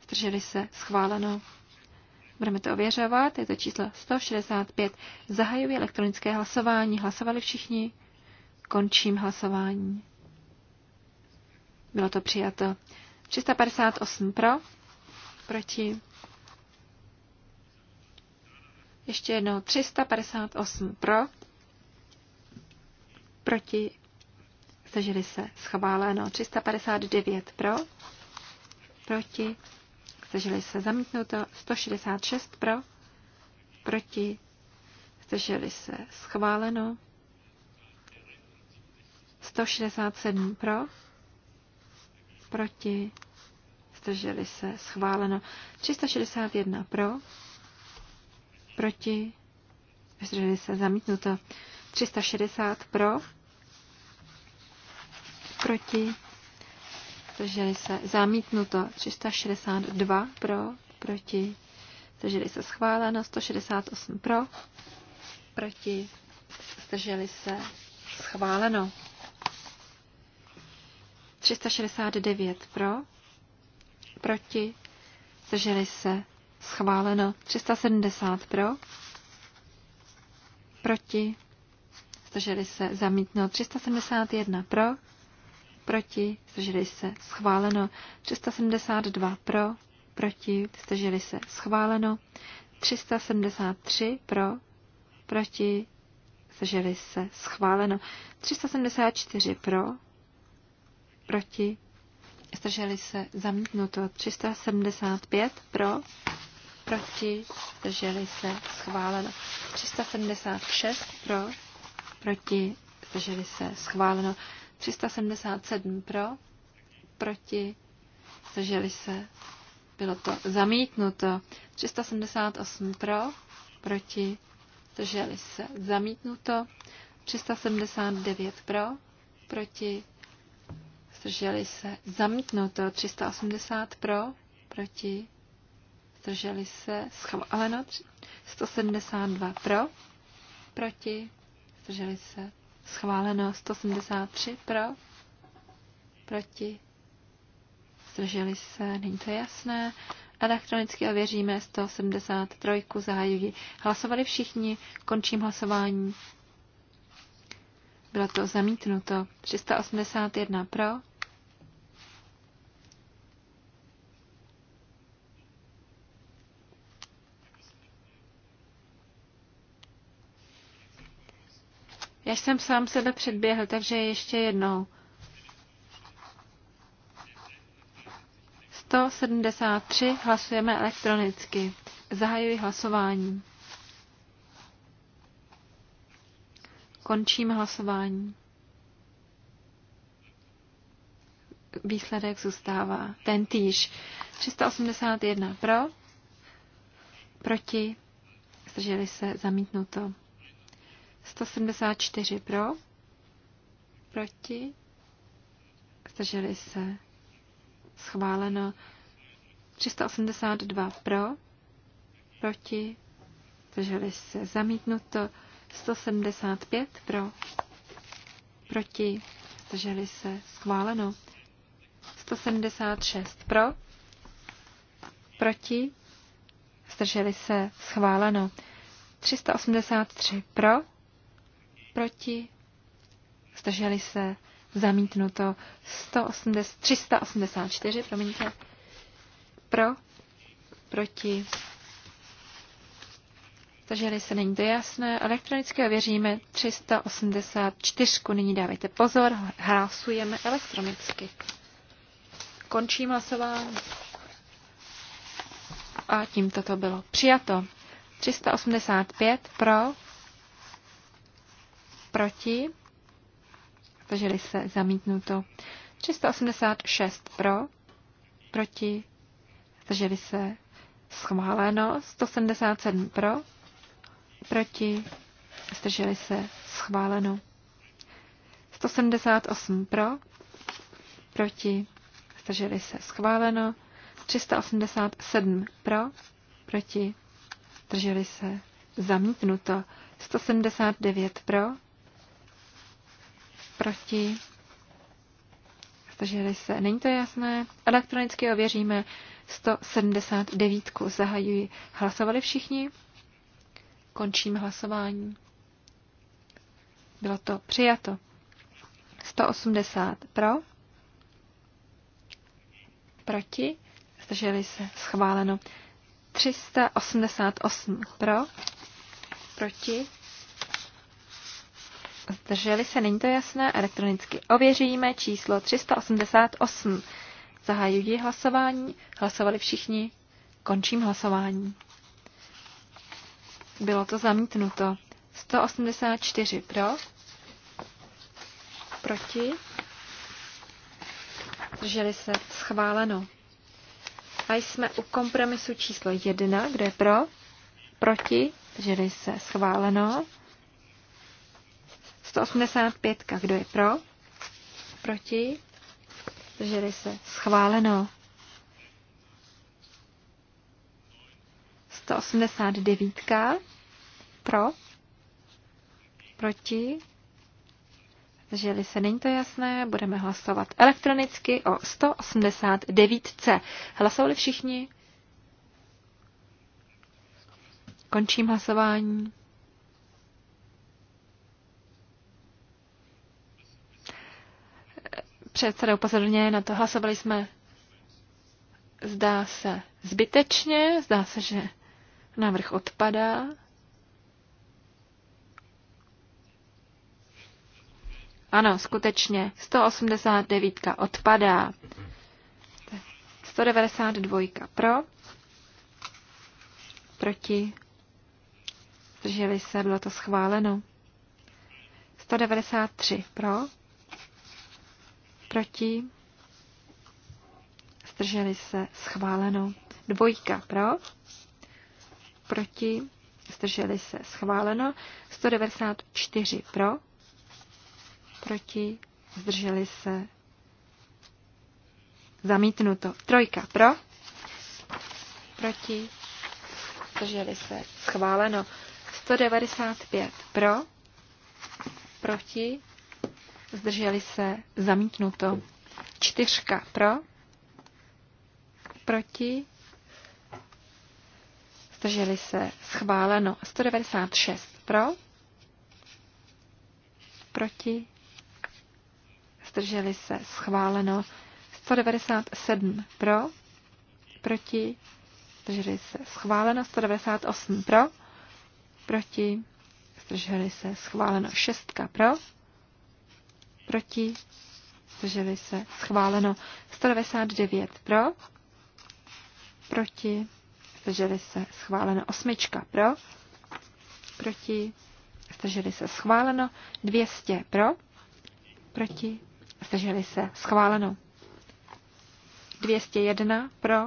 Speaker 3: Zdrželi se? Schváleno. Budeme to ověřovat. Je to číslo 165. Zahajuji elektronické hlasování. Hlasovali všichni? Končím hlasování. Bylo to přijato. 358 pro, proti. Ještě jednou 358 pro, proti. Zdrželi se schváleno. 359 pro, proti, zdrželi se zamítnuto, 166 pro, proti, zdrželi se schváleno, 167 pro, proti, zdrželi se schváleno, 361 pro, proti, zdrželi se zamítnuto, 360 pro, proti, zdrželi se zamítnuto 362 pro, proti, zdrželi se schváleno 168 pro, proti, zdrželi se schváleno 369 pro, proti, zdrželi se schváleno 370 pro, proti, zdrželi se zamítno 371 pro, proti, zdrželi se, schváleno. 372 pro, proti, zdrželi se, schváleno. 373 pro, proti, zdrželi se, schváleno. 374 pro, proti, zdrželi se, zamítnuto. 375 pro, proti, zdrželi se, schváleno. 376 pro, proti, zdrželi se, schváleno. 377 pro, proti, zdrželi se, bylo to zamítnuto. 378 pro, proti, zdrželi se, zamítnuto. 379 pro, proti, zdrželi se, zamítnuto. 380 pro, proti, zdrželi se, schváleno. 172 pro, proti, zdrželi se, Schváleno 173 pro, proti, zdrželi se, není to jasné. Elektronicky ověříme 173, zahajuji. Hlasovali všichni, končím hlasování. Bylo to zamítnuto. 381 pro, Já jsem sám sebe předběhl, takže ještě jednou. 173 hlasujeme elektronicky. Zahajuji hlasování. Končím hlasování. Výsledek zůstává ten týž. 381 pro, proti, zdrželi se, zamítnuto. 174 pro, proti, zdrželi se, schváleno 382 pro, proti, zdrželi se, zamítnuto 175 pro, proti, zdrželi se, schváleno 176 pro, proti, zdrželi se, schváleno 383 pro, proti, zdrželi se, zamítnuto 180, 384, promiňte, pro, proti, zdrželi se, není to jasné, elektronické ověříme 384, nyní dávejte pozor, hlasujeme elektronicky. Končím hlasování. A tímto to bylo přijato. 385 pro, proti, zdrželi se zamítnuto. 386 pro, proti, zdrželi se schváleno. 177 pro, proti, zdrželi se schváleno. 178 pro, proti, zdrželi se schváleno. 387 pro, proti, zdrželi se zamítnuto. 179 pro, proti, zdrželi se, není to jasné, elektronicky ověříme 179, zahajuji, hlasovali všichni, končím hlasování. Bylo to přijato. 180 pro, proti, zdrželi se, schváleno. 388 pro, proti, Zdrželi se, není to jasné, elektronicky ověříme číslo 388. Zahajuji hlasování, hlasovali všichni, končím hlasování. Bylo to zamítnuto. 184 pro, proti, zdrželi se, schváleno. A jsme u kompromisu číslo 1, kde pro, proti, zdrželi se, schváleno. 185. Kdo je pro? Proti? Zdrželi se. Schváleno. 189. Pro? Proti? Zdrželi se. Není to jasné. Budeme hlasovat elektronicky o 189C. Hlasovali všichni? Končím hlasování. předseda upozorně na to, hlasovali jsme, zdá se, zbytečně, zdá se, že návrh odpadá. Ano, skutečně, 189 odpadá. 192 pro, proti, zdrželi se, bylo to schváleno. 193 pro, Proti? Zdrželi se. Schváleno. Dvojka pro. Proti? Zdrželi se. Schváleno. 194 pro. Proti? Zdrželi se. Zamítnuto. Trojka pro. Proti? Zdrželi se. Schváleno. 195 pro. Proti? zdrželi se, zamítnuto. Čtyřka pro, proti, zdrželi se, schváleno. 196 pro, proti, zdrželi se, schváleno. 197 pro, proti, zdrželi se, schváleno. 198 pro, proti, zdrželi se, schváleno. šestka pro, proti, zdrželi se, schváleno. 199 pro, proti, zdrželi se, schváleno. Osmička pro, proti, zdrželi se, schváleno. 200 pro, proti, zdrželi se, schváleno. 201 pro,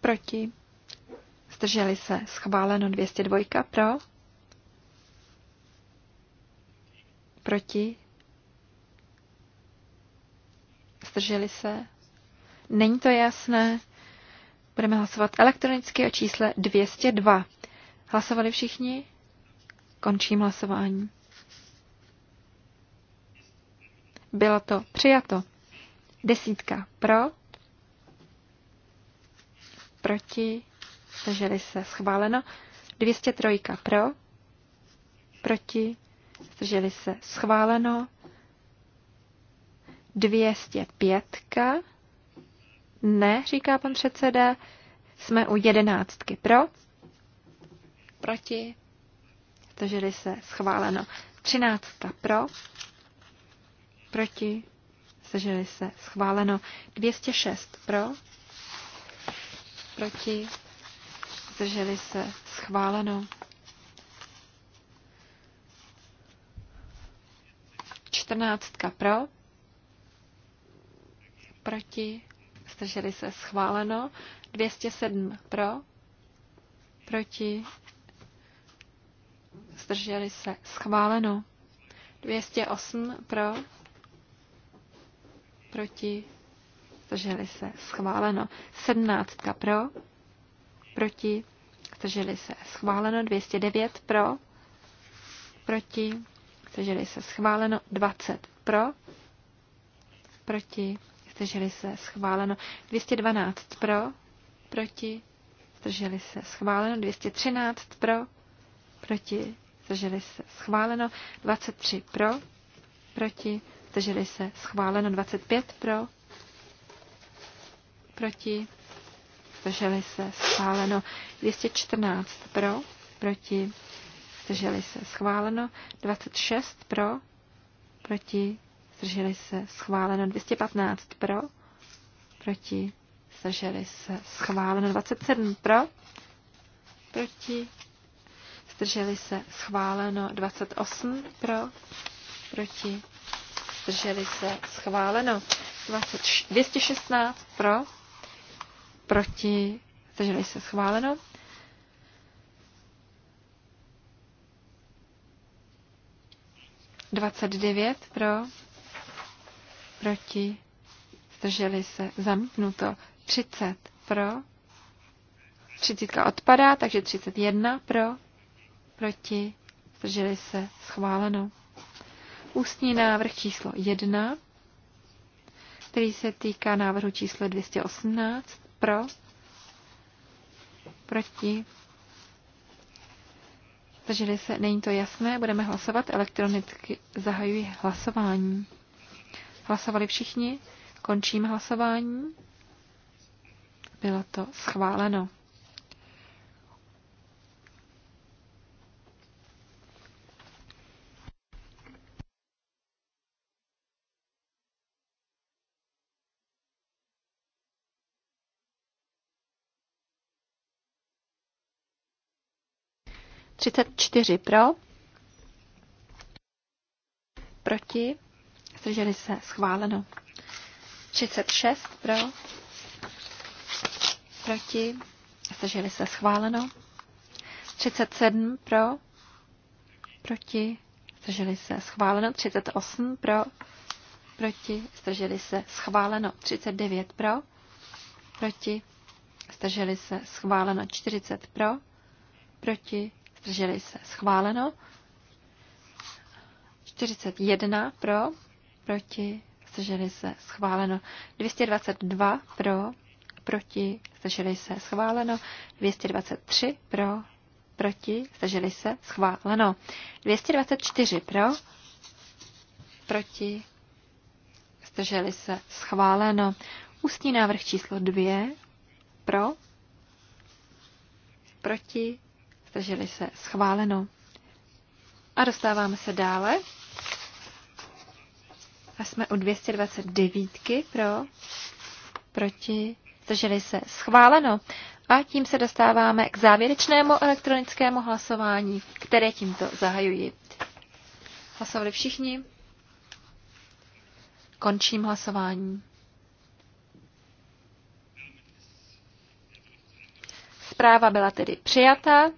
Speaker 3: proti, zdrželi se, schváleno. 202 pro, Proti? Zdrželi se? Není to jasné? Budeme hlasovat elektronicky o čísle 202. Hlasovali všichni? Končím hlasování. Bylo to přijato. Desítka pro, proti, zdrželi se schváleno. 203 pro, proti, zdrželi se schváleno. 205. Ne, říká pan předseda, jsme u jedenáctky. Pro? Proti? Zdrželi se schváleno. 13. Pro? Proti? Zdrželi se schváleno. 206. Pro? Proti? Zdrželi se schváleno. 14 pro, proti, zdrželi se schváleno, 207 pro, proti, zdrželi se schváleno, 208 pro, proti, zdrželi se schváleno, 17 pro, proti, zdrželi se schváleno, 209 pro, proti, zdrželi se schváleno, 20 pro, proti, zdrželi se schváleno, 212 pro, proti, zdrželi se schváleno, 213 pro, proti, zdrželi se schváleno, 23 pro, proti, zdrželi se schváleno, 25 pro, proti, zdrželi se schváleno, 214 pro, proti, zdrželi se, schváleno. 26 pro, proti, zdrželi se, schváleno. 215 pro, proti, zdrželi se, schváleno. 27 pro, proti, zdrželi se, schváleno. 28 pro, proti, zdrželi se, schváleno. 20, 216 pro, proti, zdrželi se, schváleno. 29 pro, proti, zdrželi se, zamítnuto. 30 pro, 30 odpadá, takže 31 pro, proti, zdrželi se, schváleno. Ústní návrh číslo 1, který se týká návrhu číslo 218, pro, proti, Zdrželi se? Není to jasné? Budeme hlasovat elektronicky. Zahajuji hlasování. Hlasovali všichni? Končím hlasování. Bylo to schváleno. 34 pro, proti, zdrželi se, schváleno. 36 pro, proti, zdrželi se, schváleno. 37 pro, proti, zdrželi se, schváleno. 38 pro, proti, zdrželi se, schváleno. 39 pro, proti, zdrželi se, schváleno. 40 pro, proti, zdrželi se, schváleno. 41 pro, proti, zdrželi se, schváleno. 222 pro, proti, zdrželi se, schváleno. 223 pro, proti, zdrželi se, schváleno. 224 pro, proti, zdrželi se, schváleno. Ústní návrh číslo 2 pro, proti, zdrželi se, schváleno. A dostáváme se dále. A jsme u 229 pro, proti, zdrželi se, schváleno. A tím se dostáváme k závěrečnému elektronickému hlasování, které tímto zahajuji. Hlasovali všichni. Končím hlasování. Zpráva byla tedy přijata.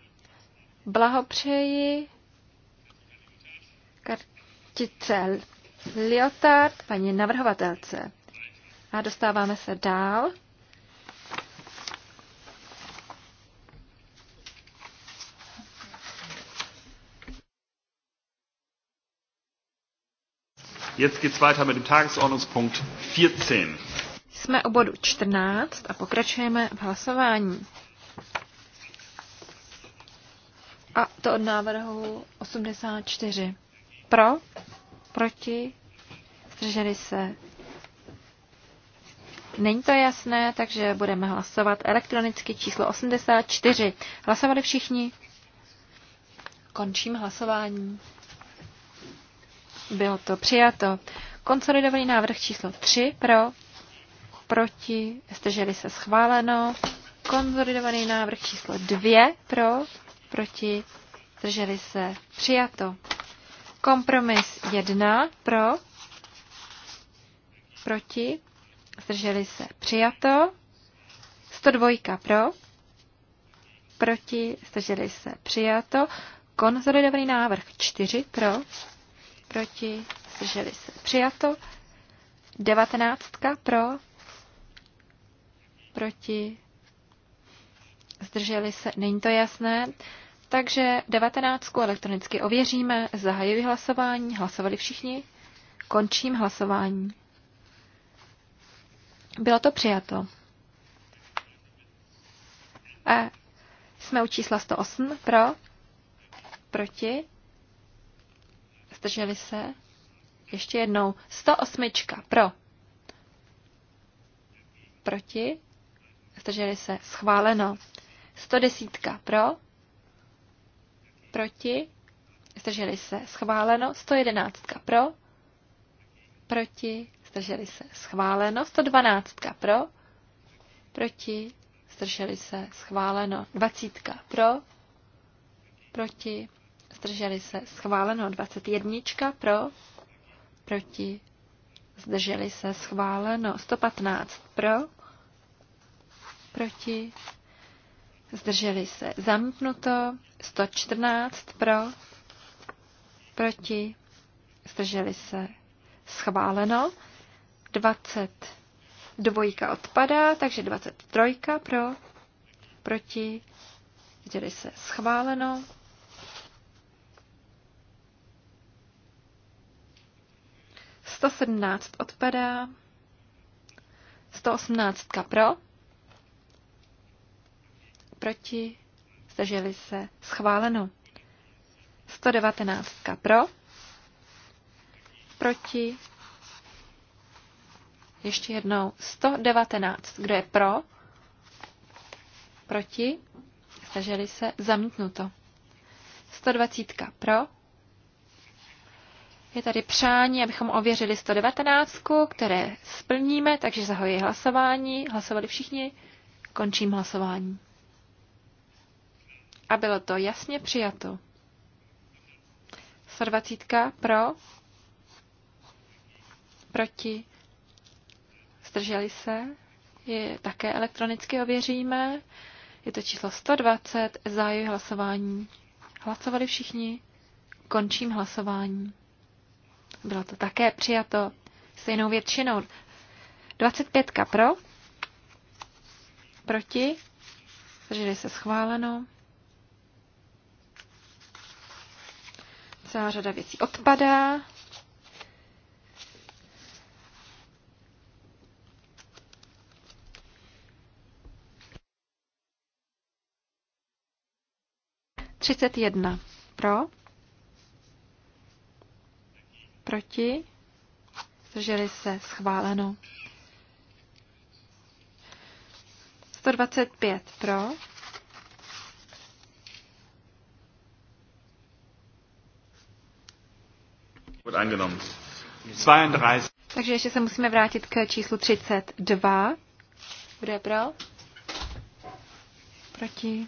Speaker 3: Blahopřeji kartice Liotard, paní navrhovatelce. A dostáváme se dál.
Speaker 1: Jetzt geht's weiter mit dem Tagesordnungspunkt 14.
Speaker 3: Jsme u bodu 14 a pokračujeme v hlasování. A to od návrhu 84. Pro, proti, zdrželi se. Není to jasné, takže budeme hlasovat elektronicky číslo 84. Hlasovali všichni? Končím hlasování. Bylo to přijato. Konsolidovaný návrh číslo 3 pro, proti, zdrželi se schváleno. Konsolidovaný návrh číslo 2 pro, proti, zdrželi se, přijato. Kompromis 1 pro, proti, zdrželi se, přijato. 102 pro, proti, zdrželi se, přijato. konzolidovaný návrh 4 pro, proti, zdrželi se, přijato. 19 pro, proti, zdrželi se, není to jasné. Takže 19 elektronicky ověříme, zahajuji hlasování, hlasovali všichni, končím hlasování. Bylo to přijato. A jsme u čísla 108 pro, proti, zdrželi se, ještě jednou, 108 pro, proti, zdrželi se, schváleno. 110 pro, proti, zdrželi se, schváleno, 111 pro, proti, zdrželi se, schváleno, 112 pro, proti, zdrželi se, schváleno, 20 pro, proti, zdrželi se, schváleno, 21 pro, proti, zdrželi se, schváleno, 115 pro, proti, zdrželi se. Zamknuto 114 pro, proti, zdrželi se. Schváleno 20 dvojka odpadá, takže 23 pro, proti, zdrželi se. Schváleno. Sto sedmnáct odpadá, sto osmnáctka pro, proti, zdrželi se, schváleno. 119 pro, proti, ještě jednou 119, kdo je pro, proti, zdrželi se, zamítnuto. 120 pro. Je tady přání, abychom ověřili 119, které splníme, takže zahoji hlasování. Hlasovali všichni, končím hlasování a bylo to jasně přijato. 120 pro, proti, zdrželi se, je také elektronicky ověříme. Je to číslo 120, zájí hlasování. Hlasovali všichni, končím hlasování. Bylo to také přijato stejnou většinou. 25 pro, proti, zdrželi se schváleno. Celá řada věcí odpadá. Třicet jedna. Pro? Proti? Zdrželi se. Schváleno. 125 pro Takže ještě se musíme vrátit k číslu 32. Kdo je pro? Proti?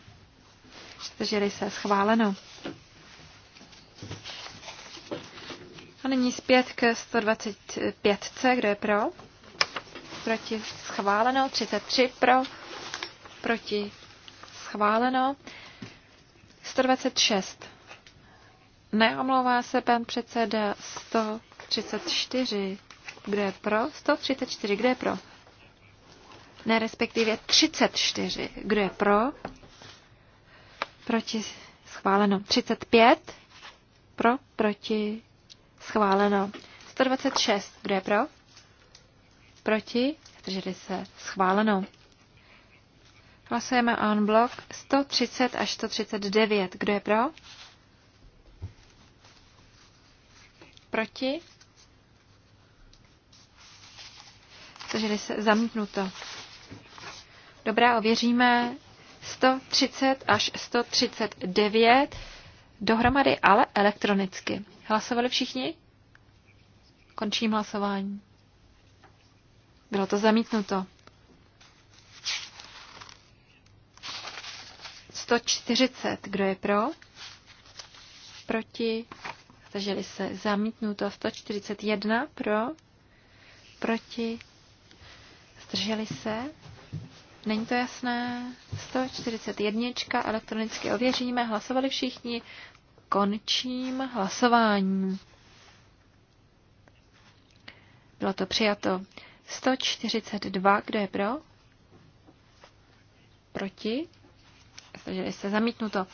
Speaker 3: Zdrželi se. Schváleno. A nyní zpět k 125C. Kdo je pro? Proti? Schváleno. 33 pro? Proti? Schváleno. 126. Neomlouvá se pan předseda 134. Kde je pro? 134. Kde je pro? Ne, respektive 34. Kde je pro? Proti schváleno. 35. Pro? Proti schváleno. 126. Kde je pro? Proti? Zdrželi se. Schváleno. Hlasujeme on blok 130 až 139. Kdo je pro? Proti? Takže se zamítnuto. Dobrá, ověříme 130 až 139 dohromady, ale elektronicky. Hlasovali všichni? Končím hlasování. Bylo to zamítnuto. 140. Kdo je pro? Proti? zdrželi se, zamítnuto 141 pro, proti, zdrželi se, není to jasné, 141 elektronicky ověříme, hlasovali všichni, končím hlasování. Bylo to přijato 142, kdo je pro? Proti? Zdrželi se, zamítnuto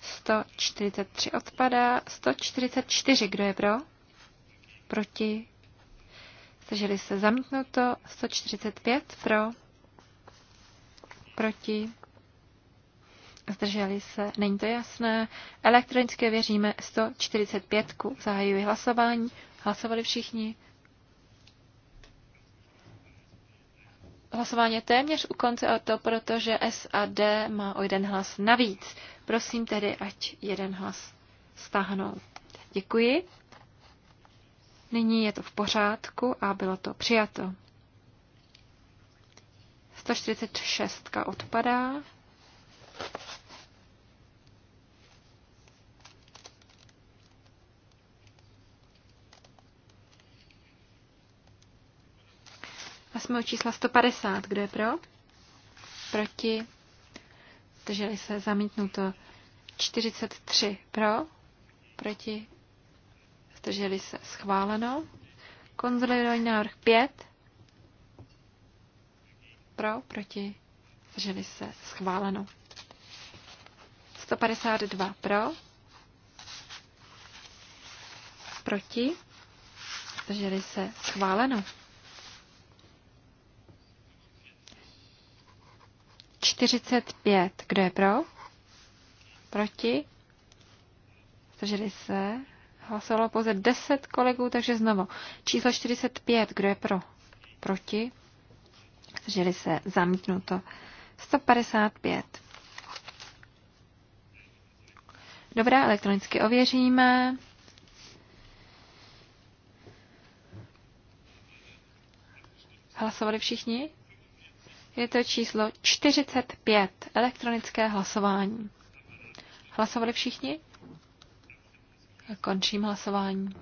Speaker 3: 143 odpadá. 144, kdo je pro? Proti? Zdrželi se zamítnuto. 145 pro? Proti? Zdrželi se, není to jasné. Elektronické věříme 145. Zahajuji hlasování. Hlasovali všichni. Hlasování je téměř u konce a to, protože SAD má o jeden hlas navíc. Prosím tedy, ať jeden hlas stáhnou. Děkuji. Nyní je to v pořádku a bylo to přijato. 146 odpadá. A jsme u čísla 150. Kdo je pro? Proti? zdrželi se, zamítnuto. 43 pro, proti, zdrželi se, schváleno. Konzolidovaný návrh 5, pro, proti, zdrželi se, schváleno. 152 pro, proti, zdrželi se, schváleno. 45. Kdo je pro? Proti? Zdrželi se? Hlasovalo pouze 10 kolegů, takže znovu. Číslo 45. Kdo je pro? Proti? Zdrželi se? Zamítnuto. 155. Dobrá, elektronicky ověříme. Hlasovali všichni? Je to číslo 45, elektronické hlasování. Hlasovali všichni? Končím hlasování.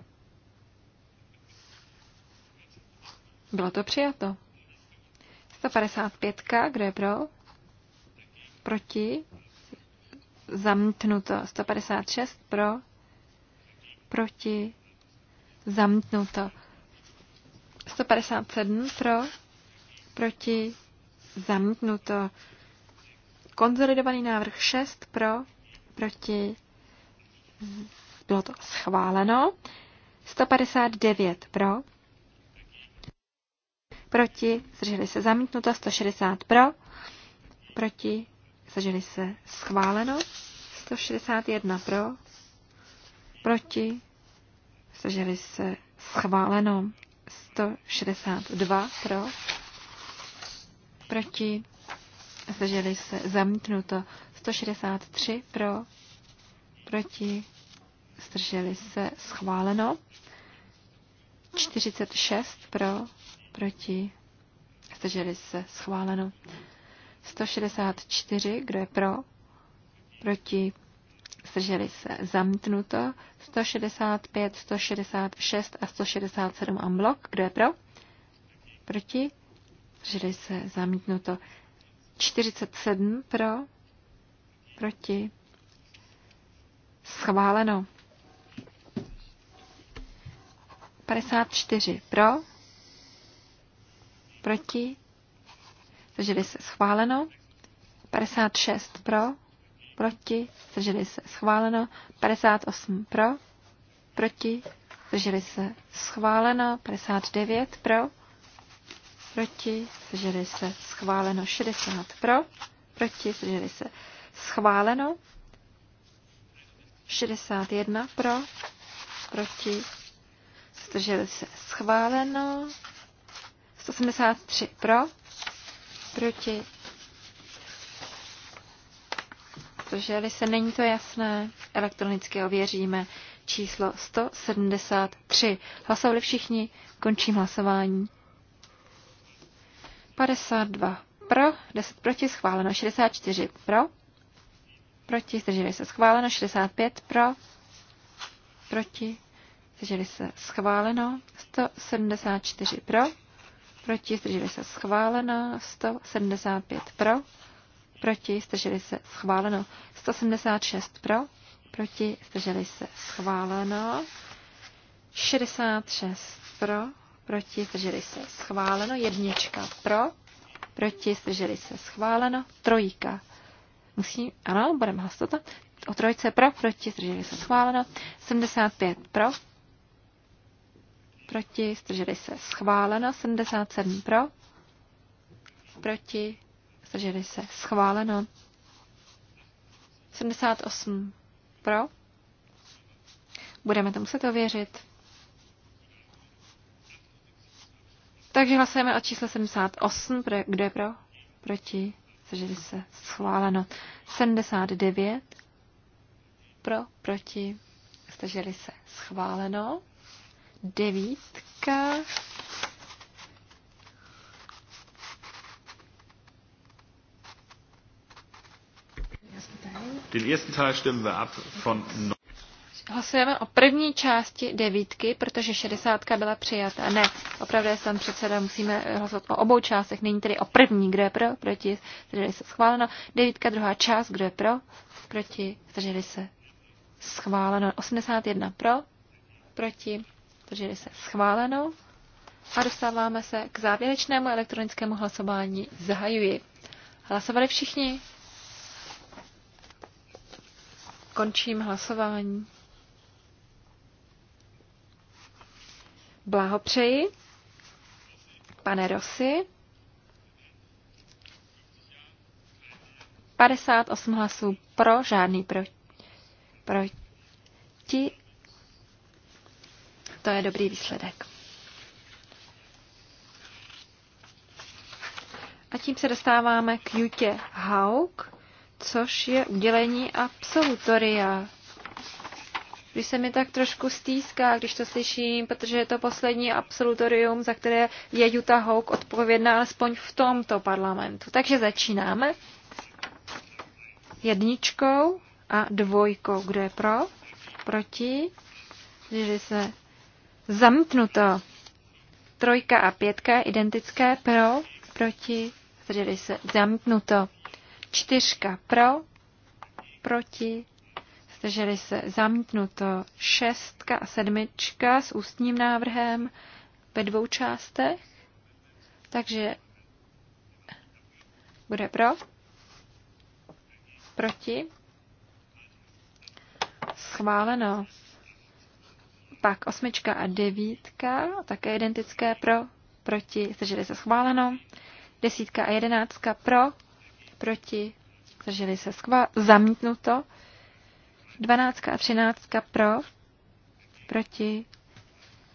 Speaker 3: Bylo to přijato. 155, kdo je pro? Proti? Zamítnuto. 156 pro? Proti? Zamítnuto. 157 pro? Proti? zamítnuto. Konzolidovaný návrh 6 pro, proti, bylo to schváleno. 159 pro, proti, zdrželi se zamítnuto, 160 pro, proti, zdrželi se schváleno, 161 pro, proti, zdrželi se schváleno, 162 pro, proti, zdrželi se, zamítnuto 163 pro, proti, zdrželi se, schváleno 46 pro, proti, zdrželi se, schváleno 164, kdo je pro, proti, zdrželi se, zamítnuto 165, 166 a 167 amblok, kdo je pro, proti, Žili se zamítnuto. 47 pro, proti, schváleno. 54 pro, proti, zdrželi se schváleno. 56 pro, proti, zdrželi se schváleno. 58 pro, proti, zdrželi se schváleno. 59 pro, proti, zdrželi se, schváleno 60 pro, proti, zdrželi se, schváleno 61 pro, proti, zdrželi se, schváleno 173 pro, proti, zdrželi se, není to jasné, elektronicky ověříme číslo 173. Hlasovali všichni, končím hlasování. 52 pro, 10 proti, schváleno 64 pro, proti, zdrželi se schváleno 65 pro, proti, zdrželi se schváleno 174 pro, proti, zdrželi se schváleno 175 pro, proti, zdrželi se schváleno 176 pro, proti, zdrželi se schváleno 66 pro, proti, zdrželi se, schváleno, jednička pro, proti, zdrželi se, schváleno, trojka. Musím, ano, budeme hlasovat o trojce pro, proti, zdrželi se, schváleno, 75 pro, proti, zdrželi se, schváleno, 77 pro, proti, zdrželi se, schváleno, 78 pro, budeme to muset ověřit. Takže hlasujeme o čísle 78. Kdo je pro? Proti? Zdrželi se. Schváleno. 79. Pro? Proti? Zdrželi se. Schváleno. Devítka.
Speaker 1: Den ersten Teil stimmen wir ab von
Speaker 3: Hlasujeme o první části devítky, protože šedesátka byla přijata. Ne, opravdu je tam předseda, musíme hlasovat o obou částech. Není tedy o první, kdo je pro, proti, zdrželi se schváleno. Devítka, druhá část, kdo je pro, proti, zdrželi se schváleno. 81 pro, proti, zdrželi se schváleno. A dostáváme se k závěrečnému elektronickému hlasování. Zahajuji. Hlasovali všichni? Končím hlasování. Blahopřeji, pane Rosy. 58 hlasů pro, žádný pro, proti. To je dobrý výsledek. A tím se dostáváme k Jutě Hauk, což je udělení absolutoria když se mi tak trošku stýská, když to slyším, protože je to poslední absolutorium, za které je Jutta Hawk odpovědná alespoň v tomto parlamentu. Takže začínáme jedničkou a dvojkou. Kdo je pro? Proti? Zdrželi se. Zamknuto. Trojka a pětka identické. Pro? Proti? Zdrželi se. Zamknuto. Čtyřka pro? Proti? zdrželi se zamítnuto šestka a sedmička s ústním návrhem ve dvou částech. Takže bude pro, proti, schváleno. Pak osmička a devítka, také identické pro, proti, zdrželi se schváleno. Desítka a jedenáctka pro, proti, zdrželi se schváleno, zamítnuto. Dvanáctka a třináctka pro, proti,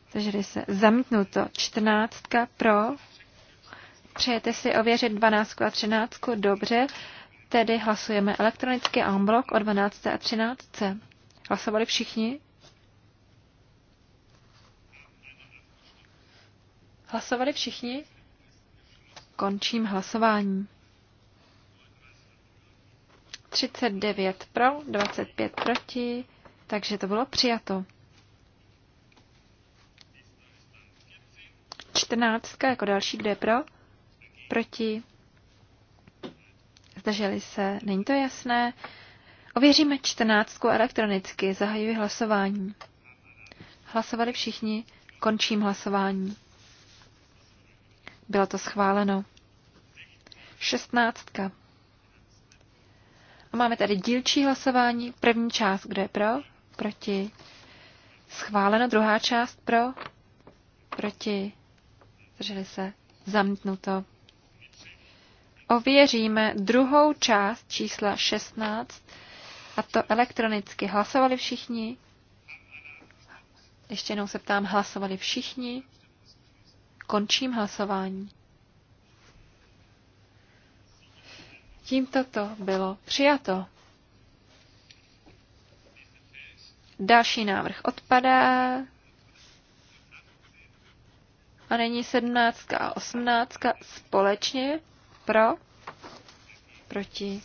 Speaker 3: zdrželi se, zamítnuto. Čtrnáctka pro, přejete si ověřit dvanáctku a třináctku, dobře, tedy hlasujeme elektronicky en bloc o 12. a 13. Hlasovali všichni? Hlasovali všichni? Končím hlasování. 39 pro, 25 proti, takže to bylo přijato. 14 jako další, kde pro, proti, zdrželi se, není to jasné. Ověříme 14 elektronicky, zahajuji hlasování. Hlasovali všichni, končím hlasování. Bylo to schváleno. 16. A máme tady dílčí hlasování. První část, kde je pro, proti. Schváleno. Druhá část pro, proti. Zdrželi se. Zamítnuto. Ověříme druhou část čísla 16 a to elektronicky. Hlasovali všichni? Ještě jednou se ptám, hlasovali všichni? Končím hlasování. Tímto to bylo přijato. Další návrh odpadá. A není sedmnáctka, a osmnáctka společně pro, proti,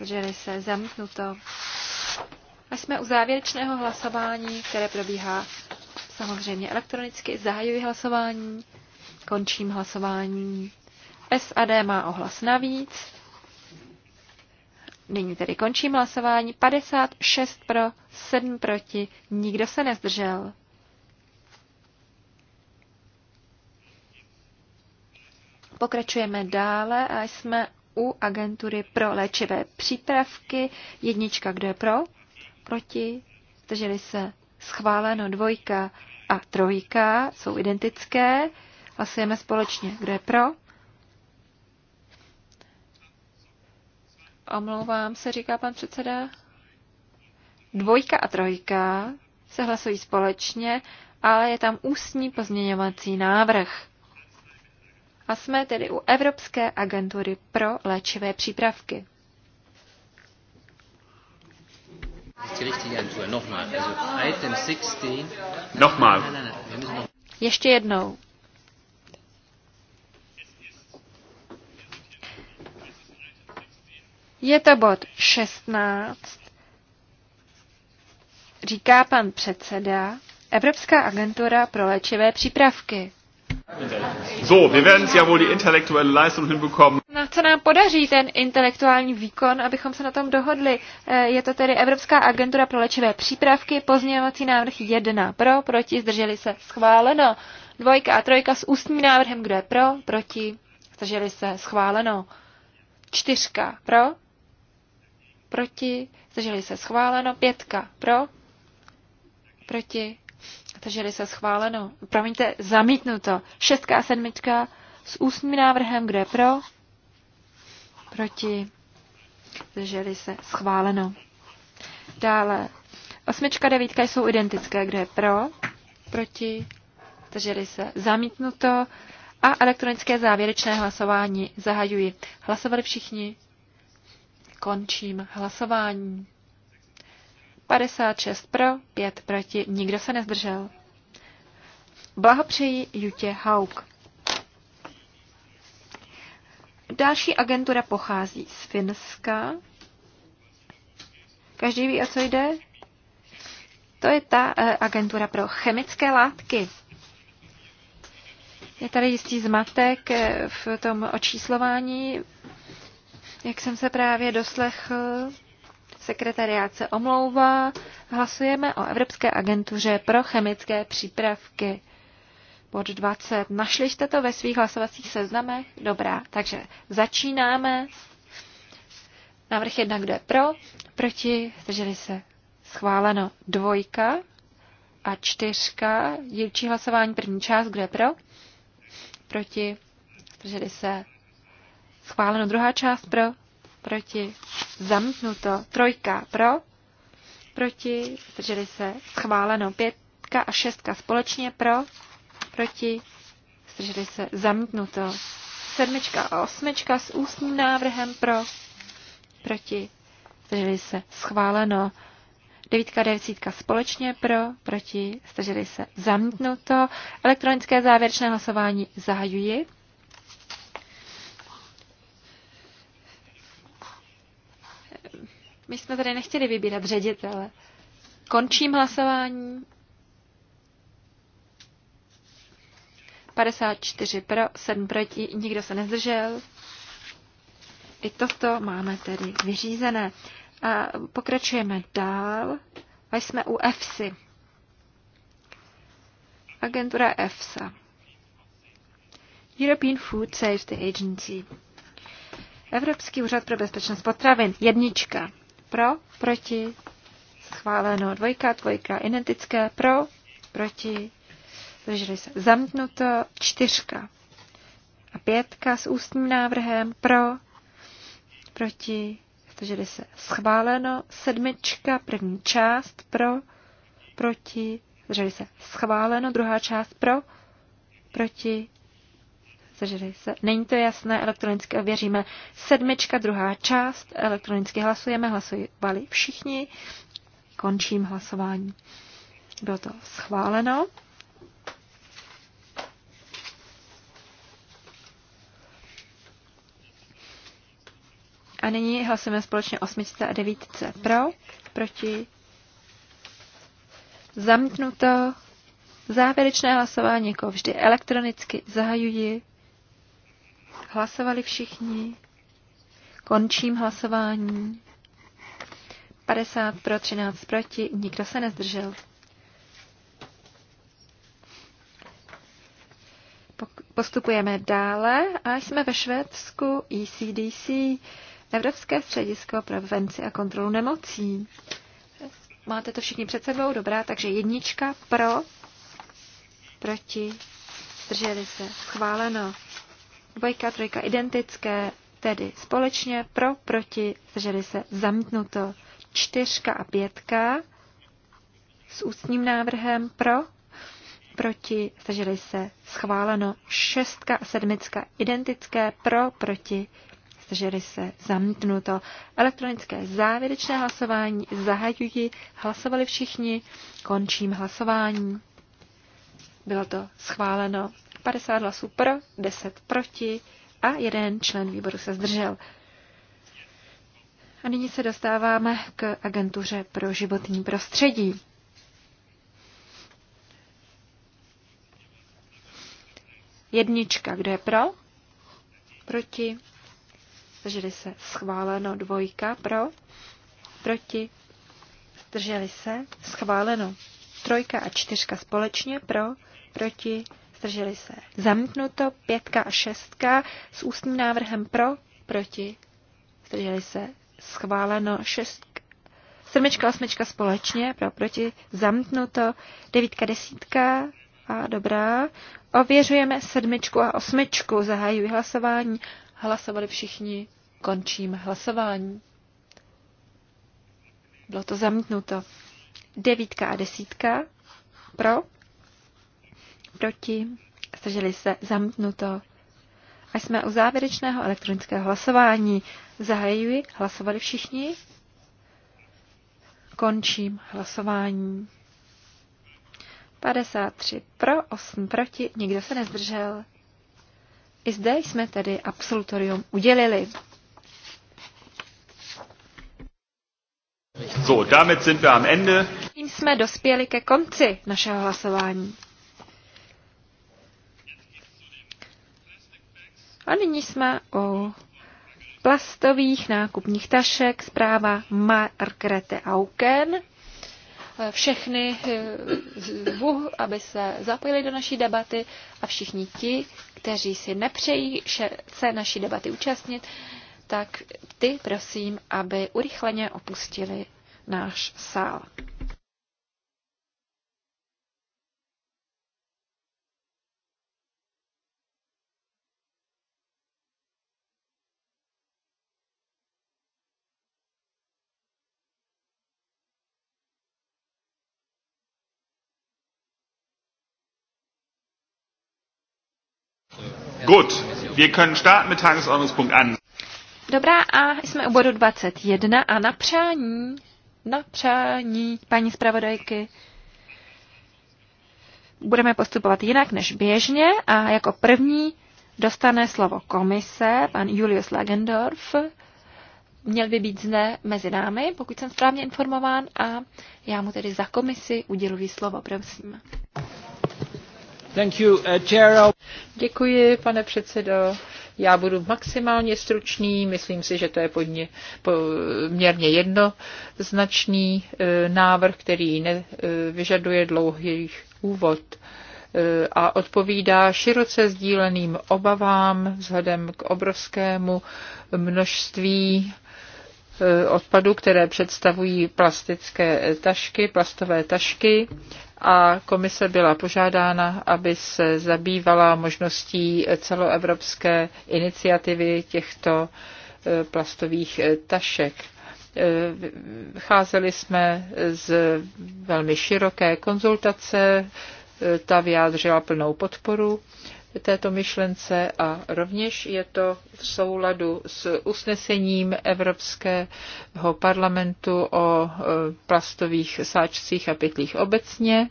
Speaker 3: drželi se, zamítnuto. A jsme u závěrečného hlasování, které probíhá samozřejmě elektronicky. Zahajuji hlasování, končím hlasování. SAD má ohlas navíc. Nyní tedy končím hlasování. 56 pro, 7 proti, nikdo se nezdržel. Pokračujeme dále a jsme u agentury pro léčivé přípravky. Jednička, kdo je pro? Proti? Zdrželi se. Schváleno dvojka a trojka jsou identické. Hlasujeme společně. Kdo je pro? Omlouvám se, říká pan předseda. Dvojka a trojka se hlasují společně, ale je tam ústní pozměňovací návrh. A jsme tedy u Evropské agentury pro léčivé přípravky. Ještě jednou. Je to bod 16. Říká pan předseda Evropská agentura pro léčivé přípravky.
Speaker 1: So, wir werden es ja wohl die intellektuelle Leistung hinbekommen.
Speaker 3: Na co nám podaří ten intelektuální výkon, abychom se na tom dohodli? Eh, je to tedy Evropská agentura pro léčivé přípravky, pozměňovací návrh 1 pro, proti, zdrželi se, schváleno. Dvojka a trojka s ústním návrhem, kdo je pro, proti, zdrželi se, schváleno. Čtyřka pro, proti, zdrželi se schváleno, pětka pro, proti, zdrželi se schváleno, promiňte, zamítnuto, šestka a sedmička s ústním návrhem, kde pro, proti, zdrželi se schváleno. Dále, osmička, devítka jsou identické, kde pro, proti, zdrželi se zamítnuto a elektronické závěrečné hlasování zahajuji. Hlasovali všichni? Končím hlasování. 56 pro, 5 proti, nikdo se nezdržel. Blahopřeji Jutě Hauk. Další agentura pochází z Finska. Každý ví, o co jde? To je ta eh, agentura pro chemické látky. Je tady jistý zmatek eh, v tom očíslování. Jak jsem se právě doslechl, sekretariát se omlouvá. Hlasujeme o Evropské agentuře pro chemické přípravky. Bod 20. Našli jste to ve svých hlasovacích seznamech? Dobrá, takže začínáme. Návrh jedna, kdo je pro, proti, zdrželi se. Schváleno dvojka a čtyřka, dílčí hlasování, první část, kdo je pro, proti, zdrželi se. Schváleno druhá část pro, proti, zamítnuto. Trojka pro, proti, zdrželi se. Schváleno pětka a šestka společně pro, proti, zdrželi se. Zamítnuto. Sedmička a osmička s ústním návrhem pro, proti, zdrželi se. Schváleno. Devítka a devítka společně pro, proti, zdrželi se. Zamítnuto. Elektronické závěrečné hlasování zahajuji. My jsme tady nechtěli vybírat ředitele. Končím hlasování. 54 pro, 7 proti, nikdo se nezdržel. I toto máme tedy vyřízené. A pokračujeme dál. A jsme u EFSI. Agentura EFSA. European Food Safety Agency. Evropský úřad pro bezpečnost potravin. Jednička pro, proti, schváleno dvojka, dvojka identické, pro, proti, drželi se zamknuto, čtyřka a pětka s ústním návrhem, pro, proti, drželi se schváleno, sedmička, první část, pro, proti, drželi se schváleno, druhá část, pro, proti, zdrželi se. Není to jasné, elektronicky ověříme. Sedmička, druhá část, elektronicky hlasujeme, hlasovali všichni. Končím hlasování. Bylo to schváleno. A nyní hlasujeme společně osmičce a devítce pro, proti, zamítnuto, závěrečné hlasování jako vždy elektronicky zahajuji. Hlasovali všichni. Končím hlasování. 50 pro, 13 proti, nikdo se nezdržel. Postupujeme dále a jsme ve Švédsku ECDC, Evropské středisko pro prevenci a kontrolu nemocí. Máte to všichni před sebou, dobrá, takže jednička pro, proti, zdrželi se, schváleno dvojka, trojka identické, tedy společně pro, proti, zdrželi se zamítnuto. Čtyřka a pětka s ústním návrhem pro, proti, zdrželi se schváleno. Šestka a sedmička identické pro, proti, zdrželi se zamítnuto. Elektronické závěrečné hlasování zahajují, hlasovali všichni, končím hlasování. Bylo to schváleno 50 hlasů pro, 10 proti a jeden člen výboru se zdržel. A nyní se dostáváme k agentuře pro životní prostředí. Jednička, kdo je pro? Proti. Zdrželi se schváleno. Dvojka pro. Proti. Zdrželi se schváleno. Trojka a čtyřka společně pro. Proti zdrželi se. Zamítnuto pětka a šestka s ústním návrhem pro, proti, zdrželi se. Schváleno šestka. Sedmička, osmička společně, pro, proti, zamítnuto, devítka, desítka, a dobrá. Ověřujeme sedmičku a osmičku, zahajuji hlasování. Hlasovali všichni, končím hlasování. Bylo to zamítnuto. Devítka a desítka, pro, proti, zdrželi se, zamknuto. A jsme u závěrečného elektronického hlasování. Zahajuji, hlasovali všichni. Končím hlasování. 53 pro, 8 proti, nikdo se nezdržel. I zde jsme tedy absolutorium udělili.
Speaker 1: So, damit sind wir am Ende.
Speaker 3: Tím jsme dospěli ke konci našeho hlasování. A nyní jsme o plastových nákupních tašek, zpráva Margrete Auken. Všechny eh, zvu, aby se zapojili do naší debaty a všichni ti, kteří si nepřejí se naší debaty účastnit, tak ty prosím, aby urychleně opustili náš sál.
Speaker 1: Gut, wir können starten mit Tagesordnungspunkt an.
Speaker 3: Dobrá, a jsme u bodu 21 a na přání, na přání paní zpravodajky budeme postupovat jinak než běžně a jako první dostane slovo komise, pan Julius Lagendorf. Měl by být zde mezi námi, pokud jsem správně informován, a já mu tedy za komisi uděluji slovo, prosím.
Speaker 4: Uh, Děkuji, pane předsedo. Já budu maximálně stručný, myslím si, že to je podně, poměrně jednoznačný e, návrh, který nevyžaduje eh, e, dlouhých úvod eh, a odpovídá široce sdíleným obavám vzhledem k obrovskému množství Eh, odpadu, které představují plastické tašky, plastové tašky a komise byla požádána, aby se zabývala možností celoevropské iniciativy těchto eh, plastových eh, tašek. Cházeli jsme z velmi široké konzultace, ta vyjádřila plnou podporu této myšlence a rovněž je to v souladu s usnesením Evropského parlamentu o e, plastových sáčcích a pytlích obecně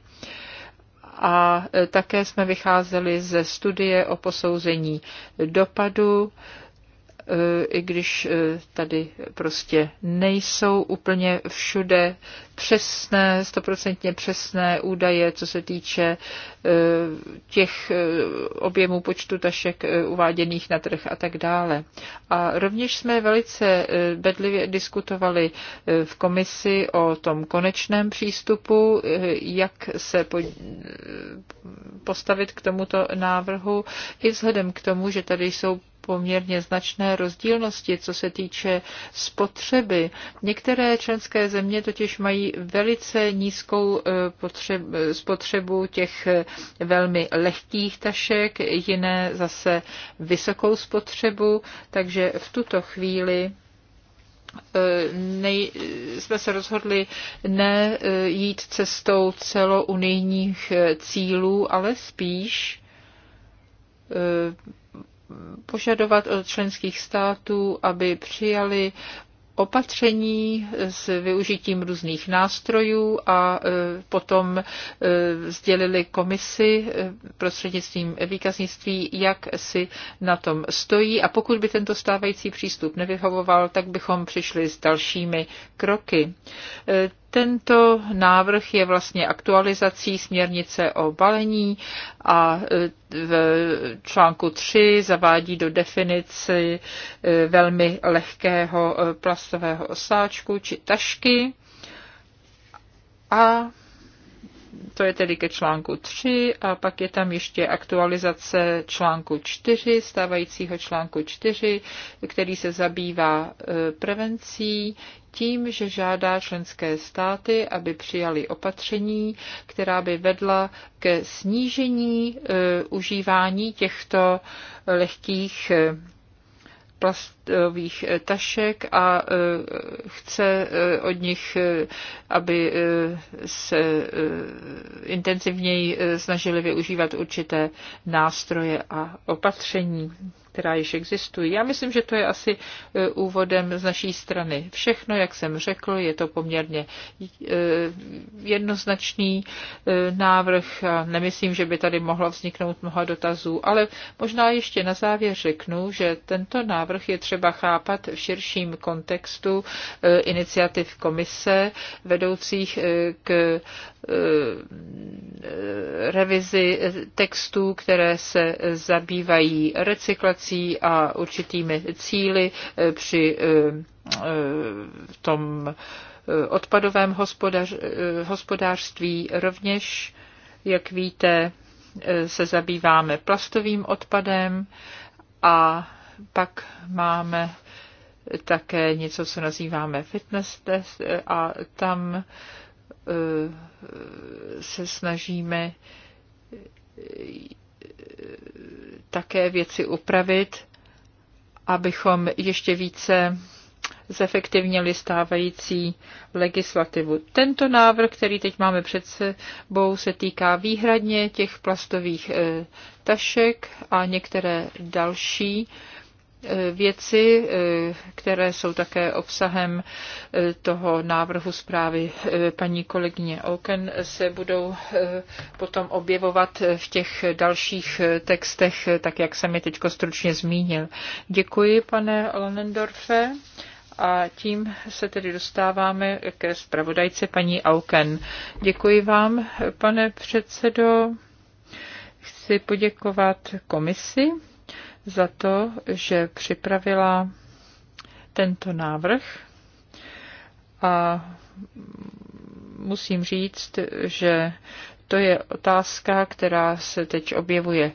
Speaker 4: a e, také jsme vycházeli ze studie o posouzení dopadu i když e, tady prostě nejsou úplně všude přesné, stoprocentně přesné údaje, co se týče e, těch e, objemů počtu tašek uváděných na trh a tak dále. A rovněž jsme velice bedlivě diskutovali v komisi o tom konečném přístupu, jak se postavit k tomuto návrhu, i vzhledem k tomu, že tady jsou poměrně značné rozdílnosti, co se týče spotřeby. Některé členské země totiž mají velice nízkou eh, spotřebu těch eh, velmi lehkých tašek, jiné zase vysokou spotřebu, takže v tuto chvíli eh, nej, jsme se rozhodli ne jít cestou celounijních cílů, ale spíš požadovat od členských států, aby přijali opatření s využitím různých nástrojů a e, potom e, sdělili komisi e, prostřednictvím výkaznictví, jak si na tom stojí. A pokud by tento stávající přístup nevyhovoval, tak bychom přišli s dalšími kroky. Tento návrh je vlastně aktualizací směrnice o balení a e, v článku 3 zavádí do definici e, velmi lehkého e, plastového osáčku či tašky a to je tedy ke článku 3 a pak je tam ještě aktualizace článku 4, stávajícího článku 4, který se zabývá e, prevencí tím, že žádá členské státy, aby přijali opatření, která by vedla ke snížení e, užívání těchto lehkých e, plastových eh, tašek a eh, chce eh, od nich, aby se intenzivněji snažili využívat určité nástroje a opatření která již existují. Já myslím, že to je asi e, úvodem z naší strany všechno, jak jsem řekl, je to poměrně e, jednoznačný e, návrh. Nemyslím, že by tady mohlo vzniknout mnoho dotazů, ale možná ještě na závěr řeknu, že tento návrh je třeba chápat v širším kontextu iniciativ komise vedoucích k Eh, revizi textů, které se zabývají recyklací a určitými cíly eh, při eh, tom odpadovém hospodářství. Rovněž, jak víte, se zabýváme plastovým odpadem a pak máme také něco, co nazýváme fitness test a tam Eh, se snažíme eh, také věci upravit, abychom ještě více zefektivnili stávající legislativu. Tento návrh, který teď máme před sebou, se týká výhradně těch plastových eh, tašek a některé další Eh, věci, eh, které jsou také obsahem eh, toho návrhu zprávy paní kolegyně Oken, se budou potom objevovat v těch dalších textech, tak jak jsem je teď stručně zmínil. Děkuji, pane Lonendorfe. A tím se tedy dostáváme ke zpravodajce paní Auken. Děkuji vám, pane předsedo. Chci poděkovat komisi za to, že připravila tento návrh a musím říct, že to je otázka, která se teď objevuje e,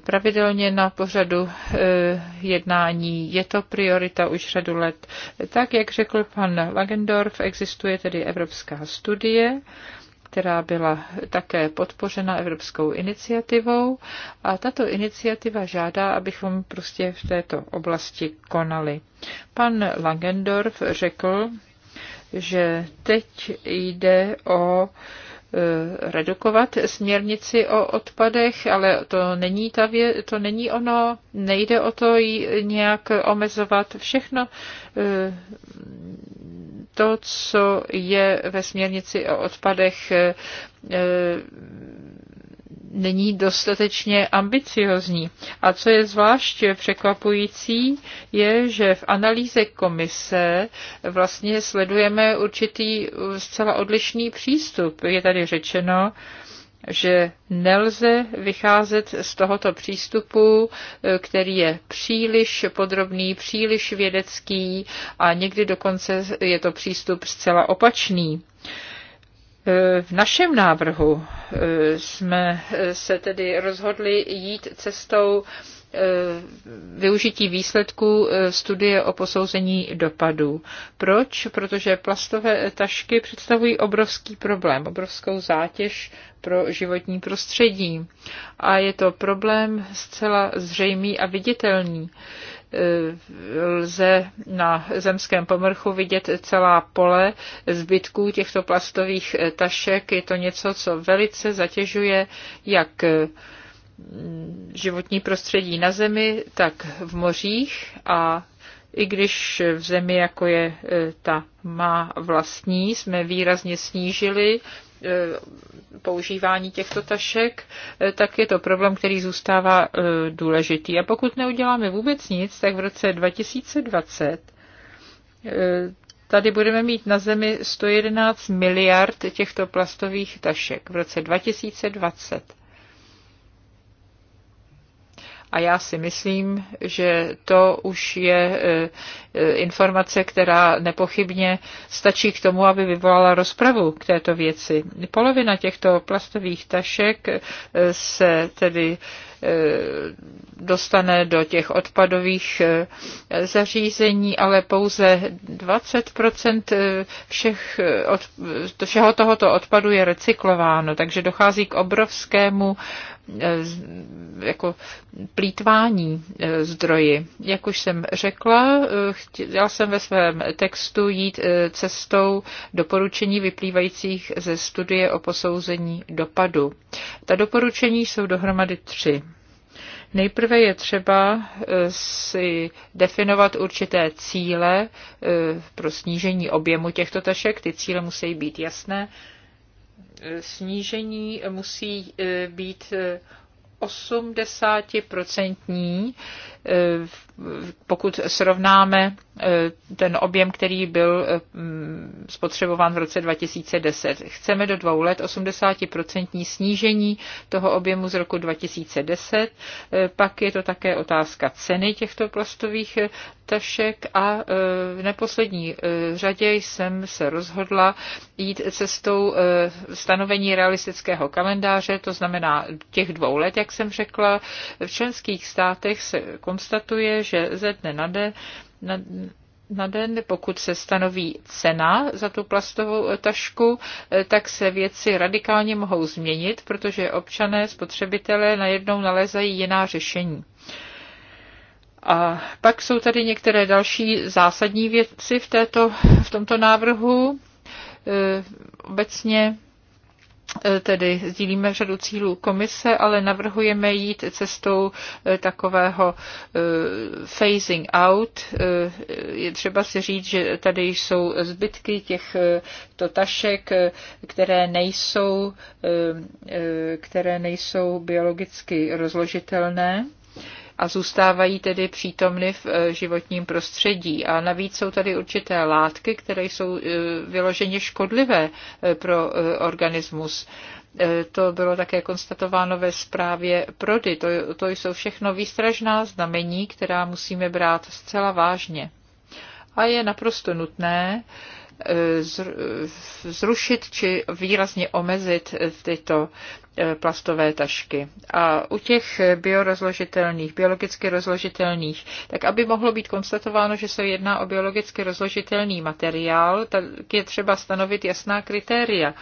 Speaker 4: pravidelně na pořadu e, jednání. Je to priorita už řadu let. Tak, jak řekl pan Lagendorf, existuje tedy evropská studie, která byla také podpořena evropskou iniciativou. A tato iniciativa žádá, abychom prostě v této oblasti konali. Pan Langendorf řekl, že teď jde o uh, Eh, redukovat směrnici o odpadech, ale to není, ta vě, to není ono, nejde o to ji nějak omezovat. Všechno eh, to, co je ve směrnici o odpadech, eh, není dostatečně ambiciozní. A co je zvlášť překvapující, je, že v analýze komise vlastně sledujeme určitý zcela odlišný přístup. Je tady řečeno, že nelze vycházet z tohoto přístupu, který je příliš podrobný, příliš vědecký a někdy dokonce je to přístup zcela opačný. Eh, v našem návrhu eh, jsme eh, se tedy rozhodli jít cestou využití výsledků studie o posouzení dopadů. Proč? Protože plastové tašky představují obrovský problém, obrovskou zátěž pro životní prostředí. A je to problém zcela zřejmý a viditelný lze na zemském povrchu vidět celá pole zbytků těchto plastových tašek. Je to něco, co velice zatěžuje jak mm, životní prostředí na zemi, tak v mořích a i když v zemi, jako je e, ta má vlastní, jsme výrazně snížili E, používání těchto tašek, e, tak je to problém, který zůstává e, důležitý. A pokud neuděláme vůbec nic, tak v roce 2020 tady budeme mít na zemi 111 miliard těchto plastových tašek v roce 2020. A já si myslím, že to už je E, informace, která nepochybně stačí k tomu, aby vyvolala rozpravu k této věci. Polovina těchto plastových tašek e, se tedy e, dostane do těch odpadových zařízení, ale pouze 20 všech od, všeho tohoto odpadu je recyklováno, takže dochází k obrovskému jako plítvání zdroji. Jak už jsem řekla, Chtěl jsem ve svém textu jít e, cestou doporučení vyplývajících ze studie o posouzení dopadu. Ta doporučení jsou dohromady tři. Nejprve je třeba e, si definovat určité cíle e, pro snížení objemu těchto tašek. Ty cíle musí být jasné. Snížení musí být 80% eh, pokud srovnáme eh, ten objem, který byl eh, spotřebován v roce 2010. Chceme do dvou let 80% snížení toho objemu z roku 2010. Pak je to také otázka ceny těchto plastových tašek a v neposlední řadě jsem se rozhodla jít cestou stanovení realistického kalendáře, to znamená těch dvou let, jak jak jsem řekla, v členských státech se konstatuje, že ze dne na den, na, na den, pokud se stanoví cena za tu plastovou tašku, eh, tak se věci radikálně mohou změnit, protože občané, spotřebitelé najednou nalézají jiná řešení. A pak jsou tady některé další zásadní věci v, této, v tomto návrhu. Eh, obecně E, tedy sdílíme řadu cílů komise, ale navrhujeme jít cestou e, takového e, phasing out. Je třeba si říct, že tady jsou zbytky těch totašek, které nejsou, které nejsou biologicky rozložitelné a zůstávají tedy přítomny v eh, životním prostředí. A navíc jsou tady určité látky, které jsou eh, vyloženě škodlivé eh, pro organismus. To bylo také konstatováno ve zprávě Prody. To, to jsou všechno výstražná znamení, která musíme brát zcela vážně. A je naprosto nutné, zrušit či výrazně omezit tyto e, plastové tašky. A u těch biorozložitelných, biologicky rozložitelných, tak aby mohlo být konstatováno, že se jedná o biologicky rozložitelný materiál, tak je třeba stanovit jasná kritéria.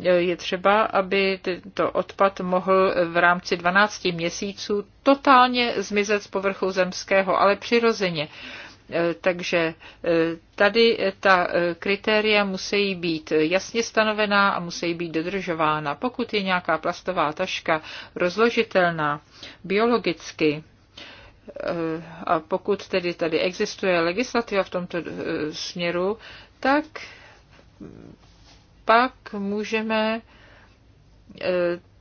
Speaker 4: Je třeba, aby tento odpad mohl v rámci 12 měsíců totálně zmizet z povrchu zemského, ale přirozeně. Eh, takže eh, tady eh, ta kritéria musí být jasně stanovená a musí být dodržována. Pokud je nějaká plastová taška rozložitelná biologicky, a pokud tedy tady existuje legislativa v tomto směru, tak pak můžeme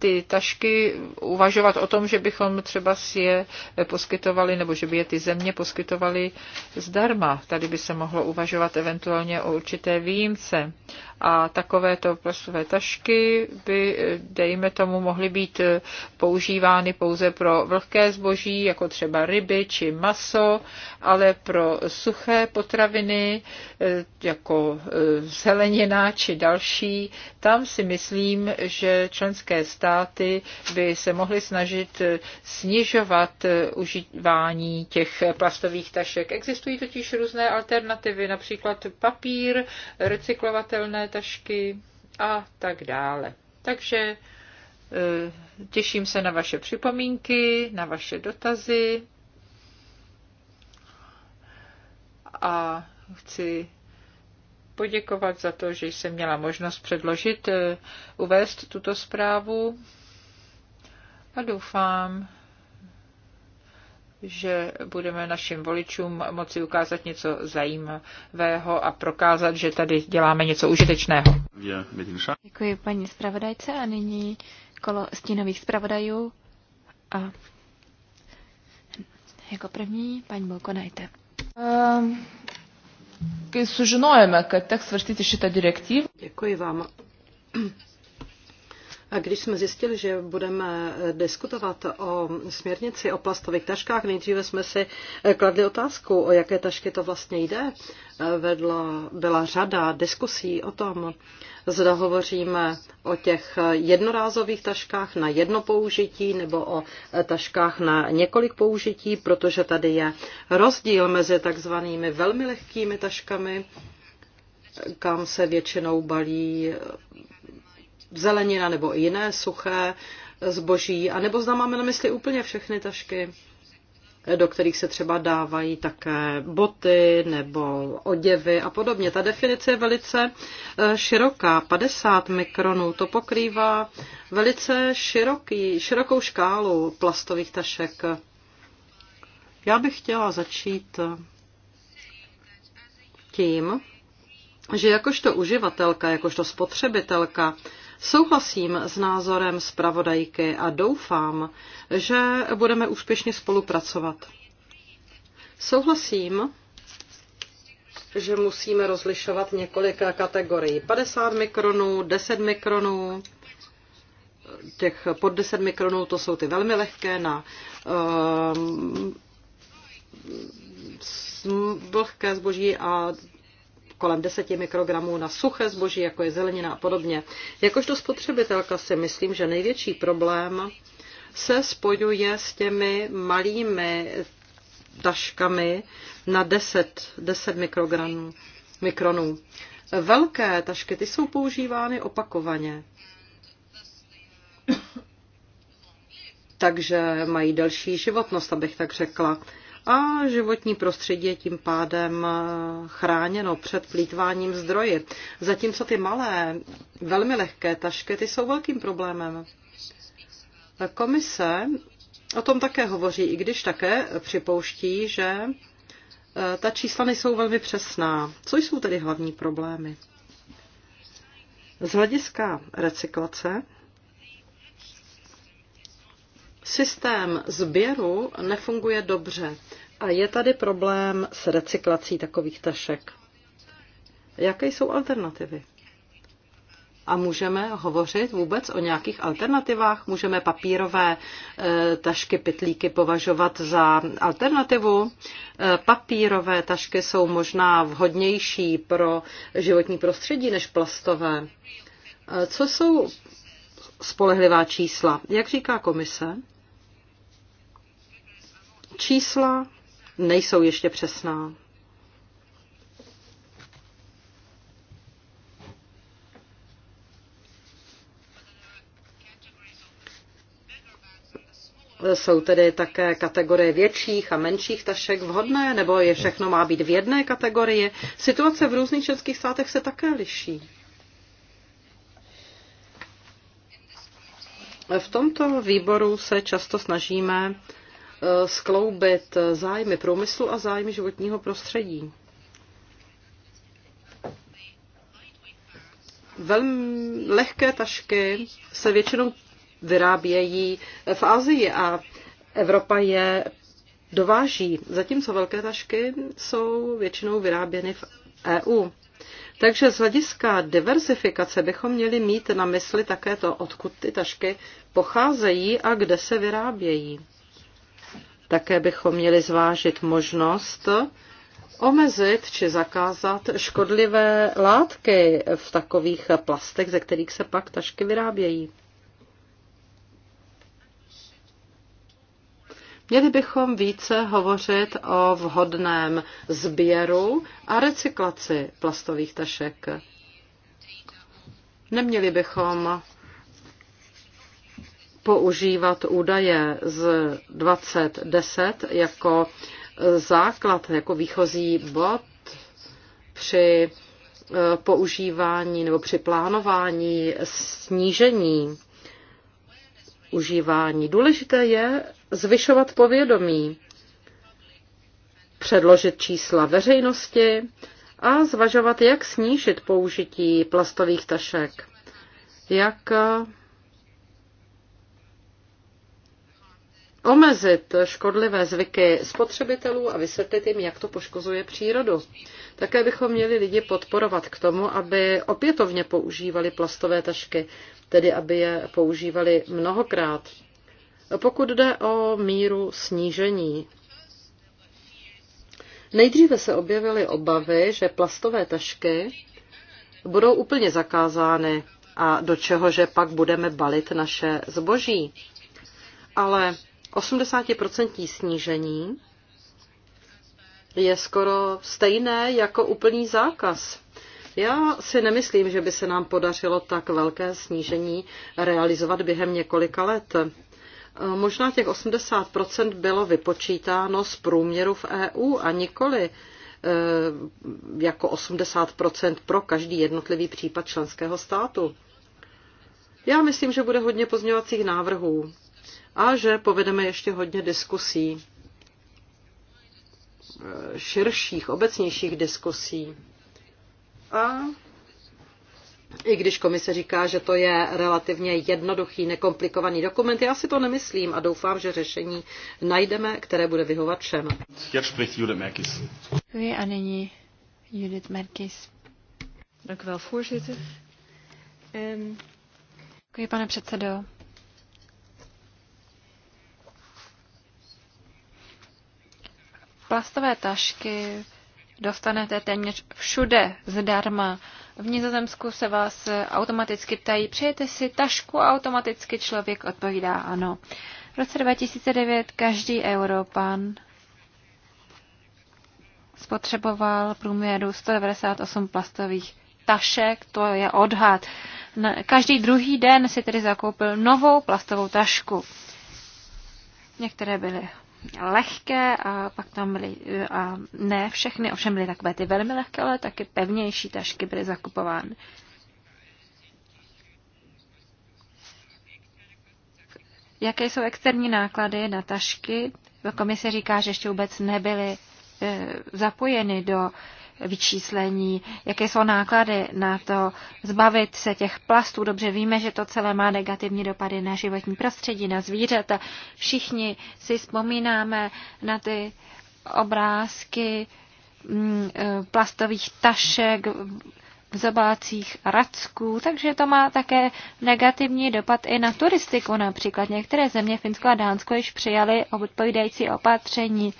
Speaker 4: ty tašky uvažovat o tom, že bychom třeba si je poskytovali, nebo že by je ty země poskytovali zdarma. Tady by se mohlo uvažovat eventuálně o určité výjimce. A takovéto plastové tašky by, dejme tomu, mohly být používány pouze pro vlhké zboží, jako třeba ryby či maso, ale pro suché potraviny, jako e, zelenina či další, tam si myslím, že členské státy státy by se mohly snažit snižovat užívání těch plastových tašek. Existují totiž různé alternativy, například papír, recyklovatelné tašky a tak dále. Takže eh, těším se na vaše připomínky, na vaše dotazy a chci poděkovat za to, že jsem měla možnost předložit, eh, uvést tuto zprávu a doufám, že budeme našim voličům moci ukázat něco zajímavého a prokázat, že tady děláme něco užitečného.
Speaker 3: Děkuji paní zpravodajce a nyní kolo stínových zpravodajů a jako první paní
Speaker 4: Bolko najte. Um, kai sužinojome, kad teks svarstyti šitą direktyvą.
Speaker 2: A když jsme zjistili, že budeme diskutovat o směrnici o plastových taškách, nejdříve jsme si eh, kladli otázku, o jaké tašky to vlastně jde. Eh, vedla, byla řada diskusí o tom, zda hovoříme o těch eh, jednorázových taškách na jedno použití nebo o taškách na několik použití, protože tady je rozdíl mezi takzvanými velmi lehkými taškami, kam se většinou balí zelenina nebo i jiné suché zboží, anebo zda máme na mysli úplně všechny tašky, do kterých se třeba dávají také boty nebo oděvy a podobně. Ta definice je velice eh, široká, 50 mikronů, to pokrývá velice široký, širokou škálu plastových tašek. Já bych chtěla začít eh, tím, že jakožto uživatelka, jakožto spotřebitelka, Souhlasím s názorem zpravodajky a doufám, že budeme úspěšně spolupracovat. Souhlasím, že musíme rozlišovat několik kategorií. 50 mikronů, 10 mikronů, těch pod 10 mikronů to jsou ty velmi lehké na um, vlhké zboží a kolem 10 mikrogramů na suché zboží, jako je zelenina a podobně. Jakožto spotřebitelka si myslím, že největší problém se spojuje s těmi malými taškami na 10, 10 mikrogramů, mikronů. Velké tašky, ty jsou používány opakovaně. Takže mají delší životnost, abych tak řekla a životní prostředí je tím pádem eh, chráněno před plítváním zdroji. Zatímco ty malé, velmi lehké tašky, ty jsou velkým problémem. Komise o tom také hovoří, i když také připouští, že eh, ta čísla nejsou velmi přesná. Co jsou tedy hlavní problémy? Z hlediska recyklace Systém sběru nefunguje dobře a je tady problém s recyklací takových tašek. Jaké jsou alternativy? A můžeme hovořit vůbec o nějakých alternativách? Můžeme papírové e, tašky, pytlíky považovat za alternativu? E, papírové tašky jsou možná vhodnější pro životní prostředí než plastové. E, co jsou spolehlivá čísla? Jak říká komise? Čísla nejsou ještě přesná. Jsou tedy také kategorie větších a menších tašek vhodné, nebo je všechno má být v jedné kategorii? Situace v různých českých státech se také liší. V tomto výboru se často snažíme Eh, skloubit zájmy průmyslu a zájmy životního prostředí. Velmi lehké tašky se většinou vyrábějí v Asii a Evropa je dováží, zatímco velké tašky jsou většinou vyráběny v EU. Takže z hlediska diversifikace bychom měli mít na mysli také to, odkud ty tašky pocházejí a kde se vyrábějí. Také bychom měli zvážit možnost omezit či zakázat škodlivé látky v takových plastech, ze kterých se pak tašky vyrábějí. Měli bychom více hovořit o vhodném sběru a recyklaci plastových tašek. Neměli bychom používat údaje z 2010 jako základ, jako výchozí bod při eh, používání nebo při plánování snížení užívání. Důležité je zvyšovat povědomí, předložit čísla veřejnosti a zvažovat, jak snížit použití plastových tašek, jak omezit škodlivé zvyky spotřebitelů a vysvětlit jim, jak to poškozuje přírodu. Také bychom měli lidi podporovat k tomu, aby opětovně používali plastové tašky, tedy aby je používali mnohokrát. Pokud jde o míru snížení, nejdříve se objevily obavy, že plastové tašky budou úplně zakázány a do čehože pak budeme balit naše zboží. Ale 80% snížení je skoro stejné jako úplný zákaz. Já si nemyslím, že by se nám podařilo tak velké snížení realizovat během několika let. Možná těch 80% bylo vypočítáno z průměru v EU a nikoli e, jako 80% pro každý jednotlivý případ členského státu. Já myslím, že bude hodně pozměňovacích návrhů a že povedeme ještě hodně diskusí, e, širších, obecnějších diskusí. A i když komise říká, že to je relativně jednoduchý, nekomplikovaný dokument, já si to nemyslím a doufám, že řešení najdeme, které bude vyhovat všem.
Speaker 1: Děkuji
Speaker 3: a nyní Judith Merkis. Ehm, Děkuji, pane předsedo. plastové tašky dostanete téměř všude zdarma. V Nizozemsku se vás automaticky ptají, přejete si tašku a automaticky člověk odpovídá ano. V roce 2009 každý Evropan spotřeboval průměru 198 plastových tašek, to je odhad. Každý druhý den si tedy zakoupil novou plastovou tašku. Některé byly lehké a pak tam byly, a ne všechny, ovšem byly takové ty velmi lehké, ale taky pevnější tašky byly zakupovány. Jaké jsou externí náklady na tašky? Komise říká, že ještě vůbec nebyly eh, zapojeny do vyčíslení, jaké jsou náklady na to zbavit se těch plastů. Dobře víme, že to celé má negativní dopady na životní prostředí, na zvířata. Všichni si vzpomínáme na ty obrázky mm, e, plastových tašek, v zobácích racků, takže to má také negativní dopad i na turistiku. Například některé země, Finsko a Dánsko, již přijali odpovídající opatření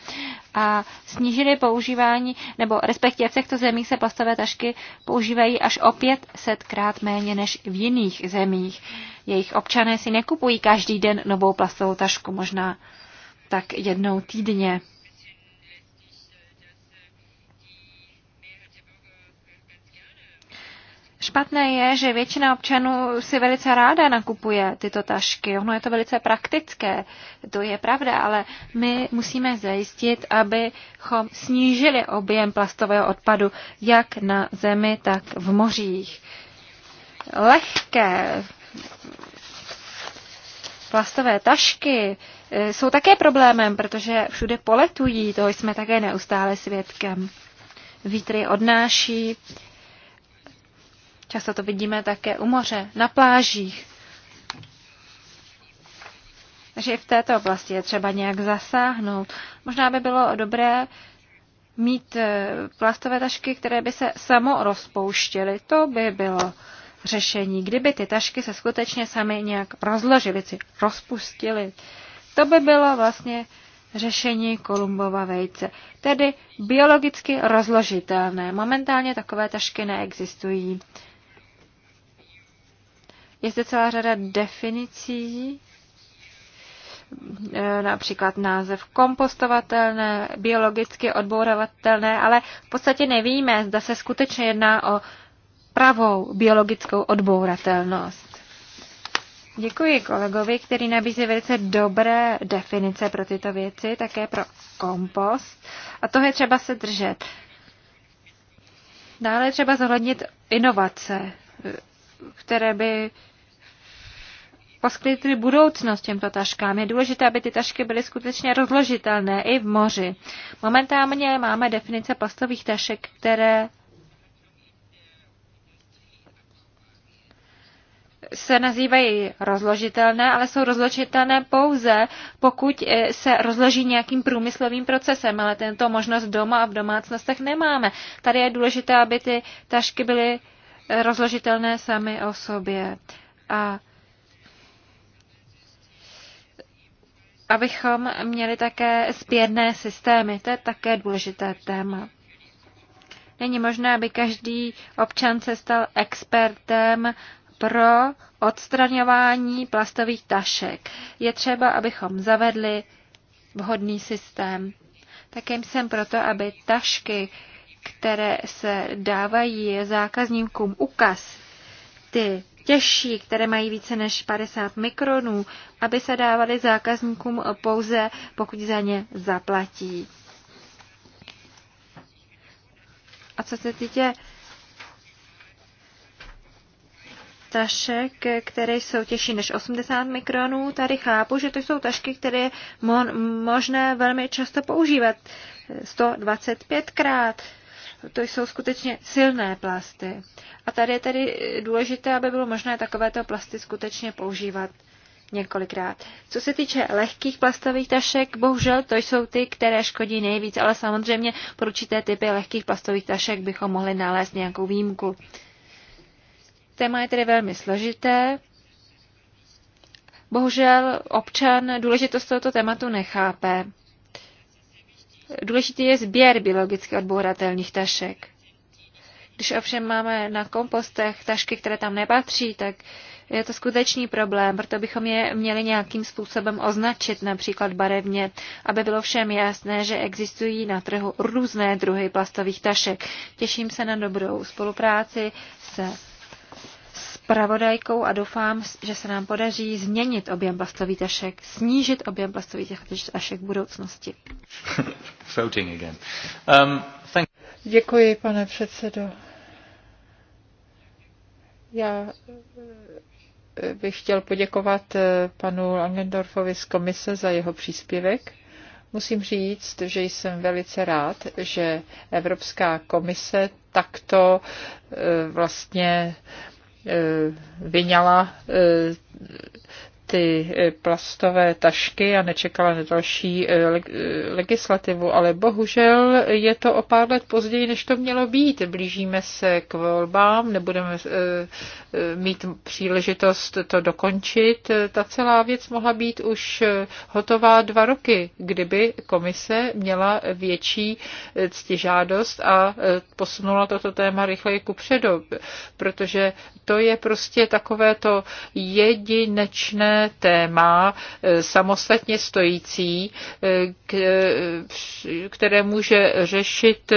Speaker 3: a snížili používání, nebo respektive v těchto zemích se plastové tašky používají až o 500 krát méně než v jiných zemích. Jejich občané si nekupují každý den novou plastovou tašku, možná tak jednou týdně. Špatné je, že většina občanů si velice ráda nakupuje tyto tašky. Ono je to velice praktické, to je pravda, ale my musíme zajistit, abychom snížili objem plastového odpadu jak na zemi, tak v mořích. Lehké plastové tašky eh, jsou také problémem, protože všude poletují, toho jsme také neustále svědkem. Vítry odnáší Často to vidíme také u moře, na plážích. Takže i v této oblasti je třeba nějak zasáhnout. Možná by bylo dobré mít eh, plastové tašky, které by se samo rozpouštěly. To by bylo řešení. Kdyby ty tašky se skutečně sami nějak rozložily, si rozpustily, to by bylo vlastně řešení Kolumbova vejce, tedy biologicky rozložitelné. Momentálně takové tašky neexistují. Je zde celá řada definicí, eh, například název kompostovatelné, biologicky odbouravatelné, ale v podstatě nevíme, zda se skutečně jedná o pravou biologickou odbouratelnost. Děkuji kolegovi, který nabízí velice dobré definice pro tyto věci, také pro kompost. A toho je třeba se držet. Dále je třeba zohlednit inovace, které by poskytli tedy budoucnost těmto taškám. Je důležité, aby ty tašky byly skutečně rozložitelné i v moři. Momentálně máme definice plastových tašek, které se nazývají rozložitelné, ale jsou rozložitelné pouze, pokud eh, se rozloží nějakým průmyslovým procesem, ale tento možnost doma a v domácnostech nemáme. Tady je důležité, aby ty tašky byly eh, rozložitelné sami o sobě. A abychom měli také spěrné systémy. To je také důležité téma. Není možné, aby každý občan se stal expertem pro odstraňování plastových tašek. Je třeba, abychom zavedli vhodný systém. Také jsem proto, aby tašky, které se dávají zákazníkům ukaz, ty těžší, které mají více než 50 mikronů, aby se dávaly zákazníkům pouze, pokud za ně zaplatí. A co se týče tašek, které jsou těžší než 80 mikronů. Tady chápu, že to jsou tašky, které je možné velmi často používat 125 krát. To jsou skutečně silné plasty. A tady je tedy důležité, aby bylo možné takovéto plasty skutečně používat několikrát. Co se týče lehkých plastových tašek, bohužel to jsou ty, které škodí nejvíc, ale samozřejmě pro určité typy lehkých plastových tašek bychom mohli nalézt nějakou výjimku. Téma je tedy velmi složité. Bohužel občan důležitost tohoto tématu nechápe. Důležitý je sběr biologicky odbouratelných tašek. Když ovšem máme na kompostech tašky, které tam nepatří, tak je to skutečný problém, proto bychom je měli nějakým způsobem označit, například barevně, aby bylo všem jasné, že existují na trhu různé druhy plastových tašek. Těším se na dobrou spolupráci se spravodajkou a doufám, že se nám podaří změnit objem plastových tašek, snížit objem plastových tašek v budoucnosti.
Speaker 1: Voting again.
Speaker 3: Um, thank...
Speaker 4: Děkuji, pane předsedo. Já eh, bych chtěl poděkovat eh, panu Langendorfovi z komise za jeho příspěvek. Musím říct, že jsem velice rád, že Evropská komise takto eh, vlastně Eh, vyňala eh, ty e, plastové tašky a nečekala na další e, e, legislativu, ale bohužel je to o pár let později, než to mělo být. Blížíme se k volbám, nebudeme mít příležitost to dokončit. Ta celá věc mohla být už hotová dva roky, kdyby komise měla větší ctižádost a posunula toto téma rychleji předu, protože to je prostě takové to jedinečné téma eh, samostatně stojící, eh, eh, které může řešit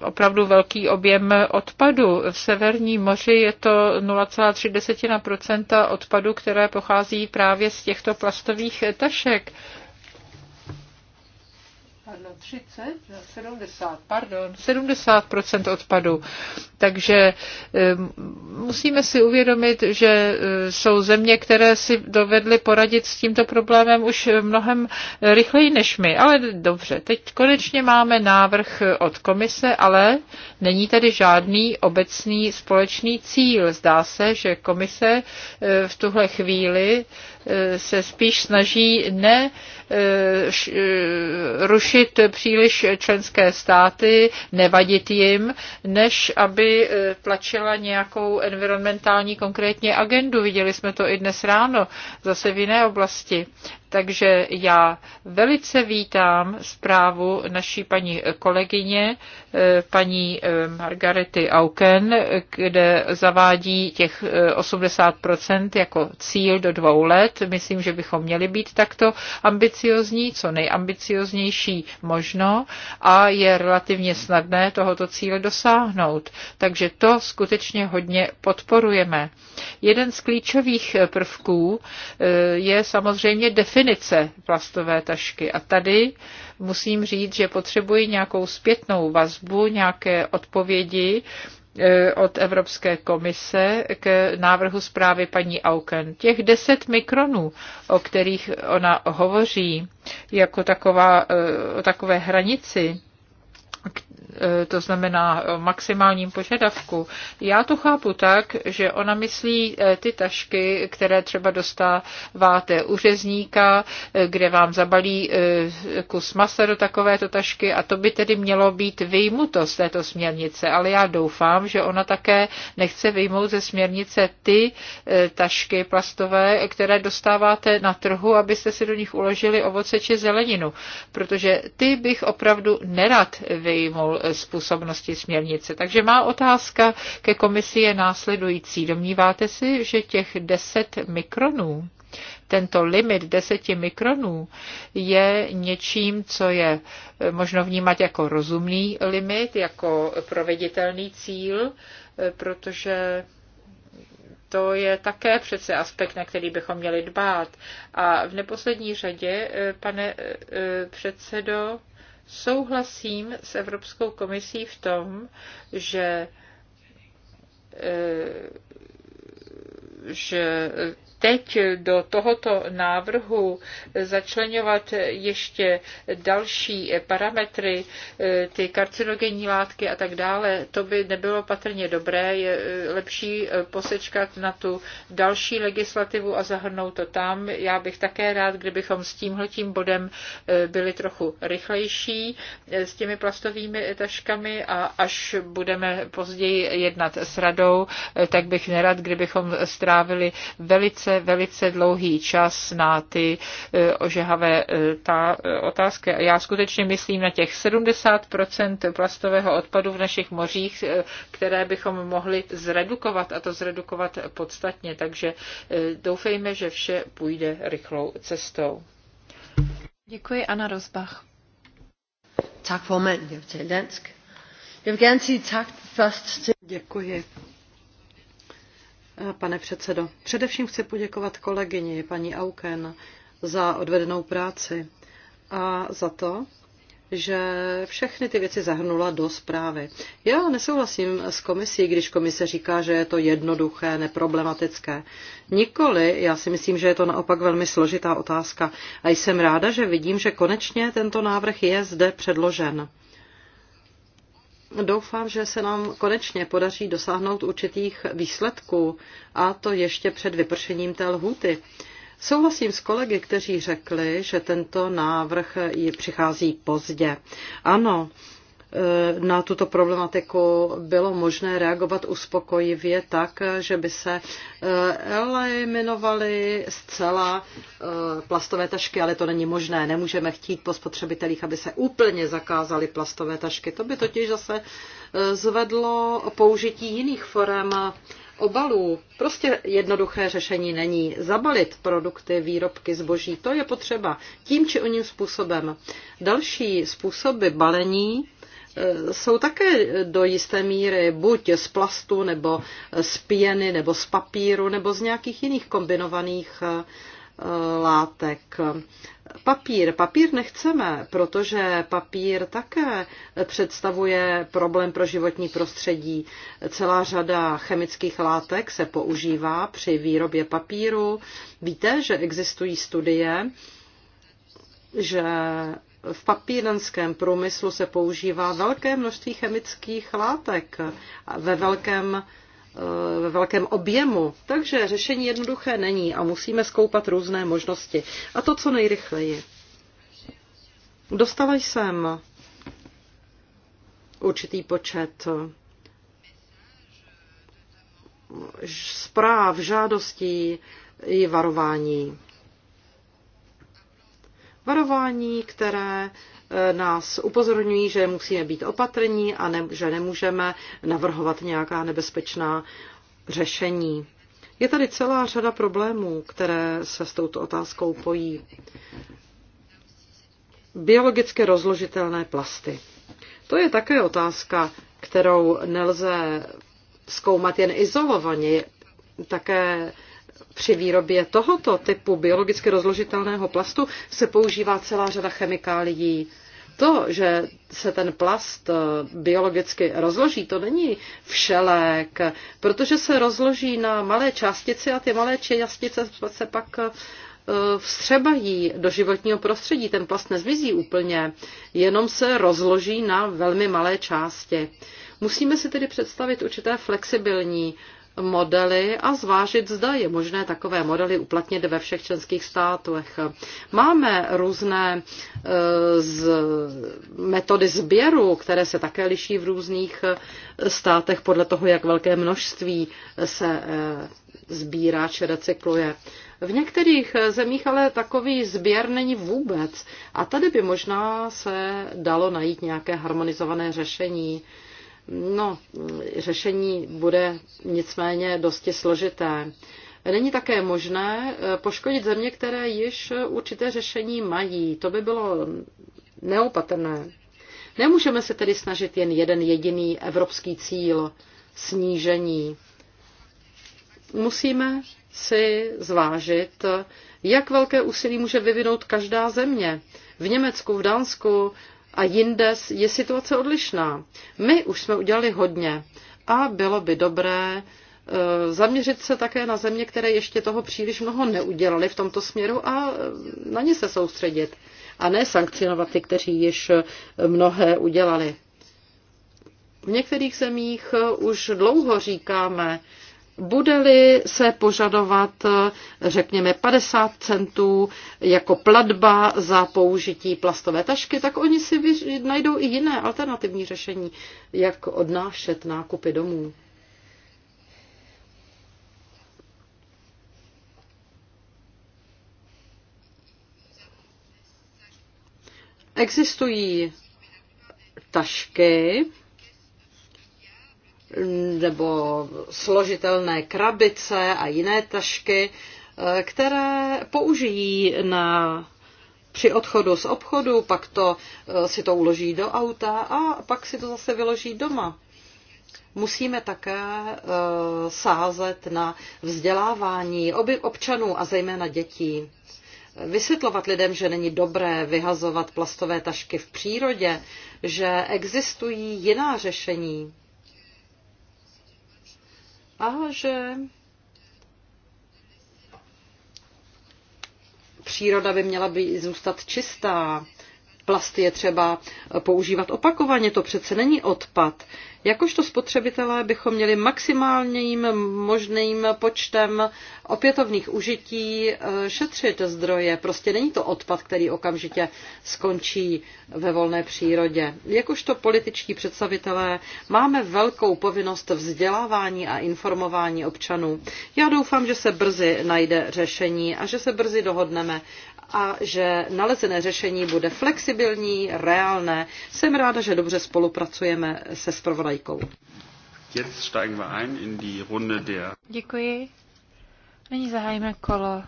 Speaker 4: opravdu velký objem odpadu. V Severní moři je to 0,3 odpadu, které pochází právě z těchto plastových tašek pardon, 30, 70, no, pardon, 70 odpadu. Takže ehm, musíme si uvědomit, že e, jsou země, které si dovedly poradit s tímto problémem už e, mnohem e, rychleji než my. Ale dobře, teď konečně máme návrh od komise, ale není tady žádný obecný společný cíl. Zdá se, že komise v tuhle chvíli se spíš snaží ne Eh, eh, rušit příliš členské státy, nevadit jim, než aby eh, tlačila nějakou environmentální konkrétně agendu. Viděli jsme to i dnes ráno, zase v jiné oblasti. Takže já velice vítám zprávu naší paní kolegyně, eh, paní eh, Margarety Auken, kde zavádí těch 80% eh, jako cíl do dvou let. Myslím, že bychom měli být takto ambiciozní, co nejambicioznější možno a je relativně snadné tohoto cíle dosáhnout. Takže to skutečně hodně podporujeme. Jeden z klíčových prvků je samozřejmě definice definice plastové tašky. A tady musím říct, že potřebuji nějakou zpětnou vazbu, nějaké odpovědi, eh, od Evropské komise k návrhu zprávy paní Auken. Těch 10 mikronů, o kterých ona hovoří, jako taková, eh, o takové hranici, Eh, to znamená maximálním požadavku. Já to chápu tak, že ona myslí eh, ty tašky, které třeba dostáváte u řezníka, eh, kde vám zabalí kus masa do takovéto tašky a to by tedy mělo být vyjmuto z této směrnice, ale já doufám, že ona také nechce vyjmout ze směrnice ty tašky plastové, které dostáváte na trhu, abyste si do nich uložili ovoce či zeleninu, protože ty bych opravdu nerad vyjmul Eh, působnosti směrnice. Takže má otázka ke komisi je následující. Domníváte si, že těch 10 mikronů, tento limit 10 mikronů je něčím, co je eh, možno vnímat jako rozumný limit, jako proveditelný cíl, eh, protože to je také přece aspekt, na který bychom měli dbát. A v neposlední řadě, pane předsedo, Souhlasím s Evropskou komisí v tom, že eh, že teď do tohoto návrhu začlenovat ještě další parametry, e, ty karcinogenní látky a tak dále, to by nebylo patrně dobré. Je e, lepší e, posečkat na tu další legislativu a zahrnout to tam. Já bych také rád, kdybychom s tímhletím bodem byli trochu rychlejší s těmi plastovými taškami a až budeme později jednat s radou, tak bych nerad, kdybychom strávili velice zase velice dlouhý čas na ty eh, ožehavé eh, ta eh, otázky. Já skutečně myslím na těch 70% plastového odpadu v našich mořích, které bychom mohli zredukovat a to zredukovat podstatně. Takže doufejme, že vše půjde rychlou cestou.
Speaker 2: Děkuji, Anna Rozbach. Tak, moment. Jeg vil dansk. Děkuji, pane předsedo. Především chci poděkovat kolegyni, paní Auken, za odvedenou práci a za to, že všechny ty věci zahrnula do zprávy. Já nesouhlasím s komisí, když komise říká, že je to jednoduché, neproblematické. Nikoli, já si myslím, že je to naopak velmi složitá otázka a jsem ráda, že vidím, že konečně tento návrh je zde předložen. Doufám, že se nám konečně podaří dosáhnout určitých výsledků a to ještě před vypršením té lhuty. Souhlasím s kolegy, kteří řekli, že tento návrh přichází pozdě. Ano, Eh, na tuto problematiku bylo možné reagovat uspokojivě tak, že by se eh, eliminovaly zcela eh, plastové tašky, ale to není možné. Nemůžeme chtít po spotřebitelích, aby se úplně zakázaly plastové tašky. To by totiž zase zvedlo použití jiných forem obalů. Prostě jednoduché řešení není zabalit produkty, výrobky, zboží. To je potřeba tím či oním způsobem. Další způsoby balení jsou také do jisté míry buď z plastu, nebo z pěny, nebo z papíru, nebo z nějakých jiných kombinovaných eh, látek. Papír. Papír nechceme, protože papír také představuje problém pro životní prostředí. Celá řada chemických látek se používá při výrobě papíru. Víte, že existují studie, že v papírenském průmyslu se používá velké množství chemických látek ve velkém, eh, ve velkém objemu. Takže řešení jednoduché není a musíme skoupat různé možnosti. A to co nejrychleji. Dostala jsem určitý počet eh, zpráv, žádostí i varování varování, které eh, nás upozorňují, že musíme být opatrní a ne, že nemůžeme navrhovat nějaká nebezpečná řešení. Je tady celá řada problémů, které se s touto otázkou pojí. Biologicky rozložitelné plasty. To je také otázka, kterou nelze zkoumat jen izolovaně. Také při výrobě tohoto typu biologicky rozložitelného plastu se používá celá řada chemikálií. To, že se ten plast eh, biologicky rozloží, to není všelék, protože se rozloží na malé částice a ty malé částice se pak eh, vstřebají do životního prostředí. Ten plast nezmizí úplně, jenom se rozloží na velmi malé části. Musíme si tedy představit určité flexibilní modely a zvážit, zda je možné takové modely uplatnit ve všech členských státech. Máme různé e, z metody sběru, které se také liší v různých e, státech podle toho, jak velké množství se e, sbírá či recykluje. V některých zemích ale takový sběr není vůbec a tady by možná se dalo najít nějaké harmonizované řešení. No, řešení bude nicméně dosti složité. Není také možné eh, poškodit země, které již eh, určité řešení mají. To by bylo neopatrné. Nemůžeme se tedy snažit jen jeden jediný evropský cíl snížení. Musíme si zvážit, eh, jak velké úsilí může vyvinout každá země. V Německu, v Dánsku a jinde je situace odlišná. My už jsme udělali hodně a bylo by dobré eh, zaměřit se také na země, které ještě toho příliš mnoho neudělali v tomto směru a eh, na ně se soustředit a ne sankcionovat ty, kteří již eh, mnohé udělali. V některých zemích už dlouho říkáme, bude-li se požadovat, řekněme, 50 centů jako platba za použití plastové tašky, tak oni si najdou i jiné alternativní řešení, jak odnášet nákupy domů. Existují tašky, nebo složitelné krabice a jiné tašky, eh, které použijí na při odchodu z obchodu, pak to eh, si to uloží do auta a pak si to zase vyloží doma. Musíme také eh, sázet na vzdělávání oby občanů a zejména dětí. Vysvětlovat lidem, že není dobré vyhazovat plastové tašky v přírodě, že existují jiná řešení a že příroda by měla by zůstat čistá Plasty je třeba používat opakovaně, to přece není odpad. Jakožto spotřebitelé bychom měli maximálním možným počtem opětovných užití eh, šetřit zdroje. Prostě není to odpad, který okamžitě skončí ve volné přírodě. Jakožto političtí představitelé máme velkou povinnost vzdělávání a informování občanů. Já doufám, že se brzy najde řešení a že se brzy dohodneme a že nalezené řešení bude flexibilní, reálné. Jsem ráda, že dobře spolupracujeme se zpravodajkou.
Speaker 3: Děkuji. Nyní zahájíme kolo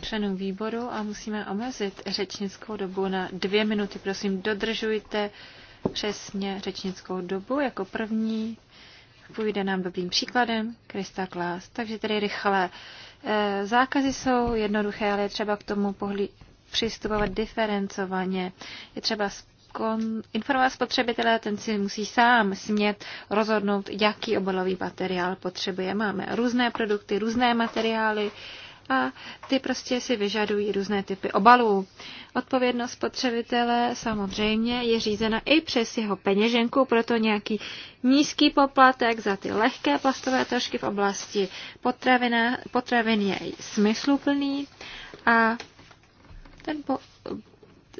Speaker 3: členů výboru a musíme omezit řečnickou dobu na dvě minuty. Prosím, dodržujte přesně řečnickou dobu. Jako první půjde nám dobrým příkladem Krista Klás. Takže tedy rychle Eh, zákazy jsou jednoduché, ale je třeba k tomu pohlí přistupovat diferencovaně. Je třeba informovat spotřebitele, ten si musí sám smět rozhodnout, jaký obalový materiál potřebuje. Máme různé produkty, různé materiály, a ty prostě si vyžadují různé typy obalů. Odpovědnost spotřebitele samozřejmě je řízena i přes jeho peněženku, proto nějaký nízký poplatek za ty lehké plastové tašky v oblasti potravina, potravin je smysluplný a ten po,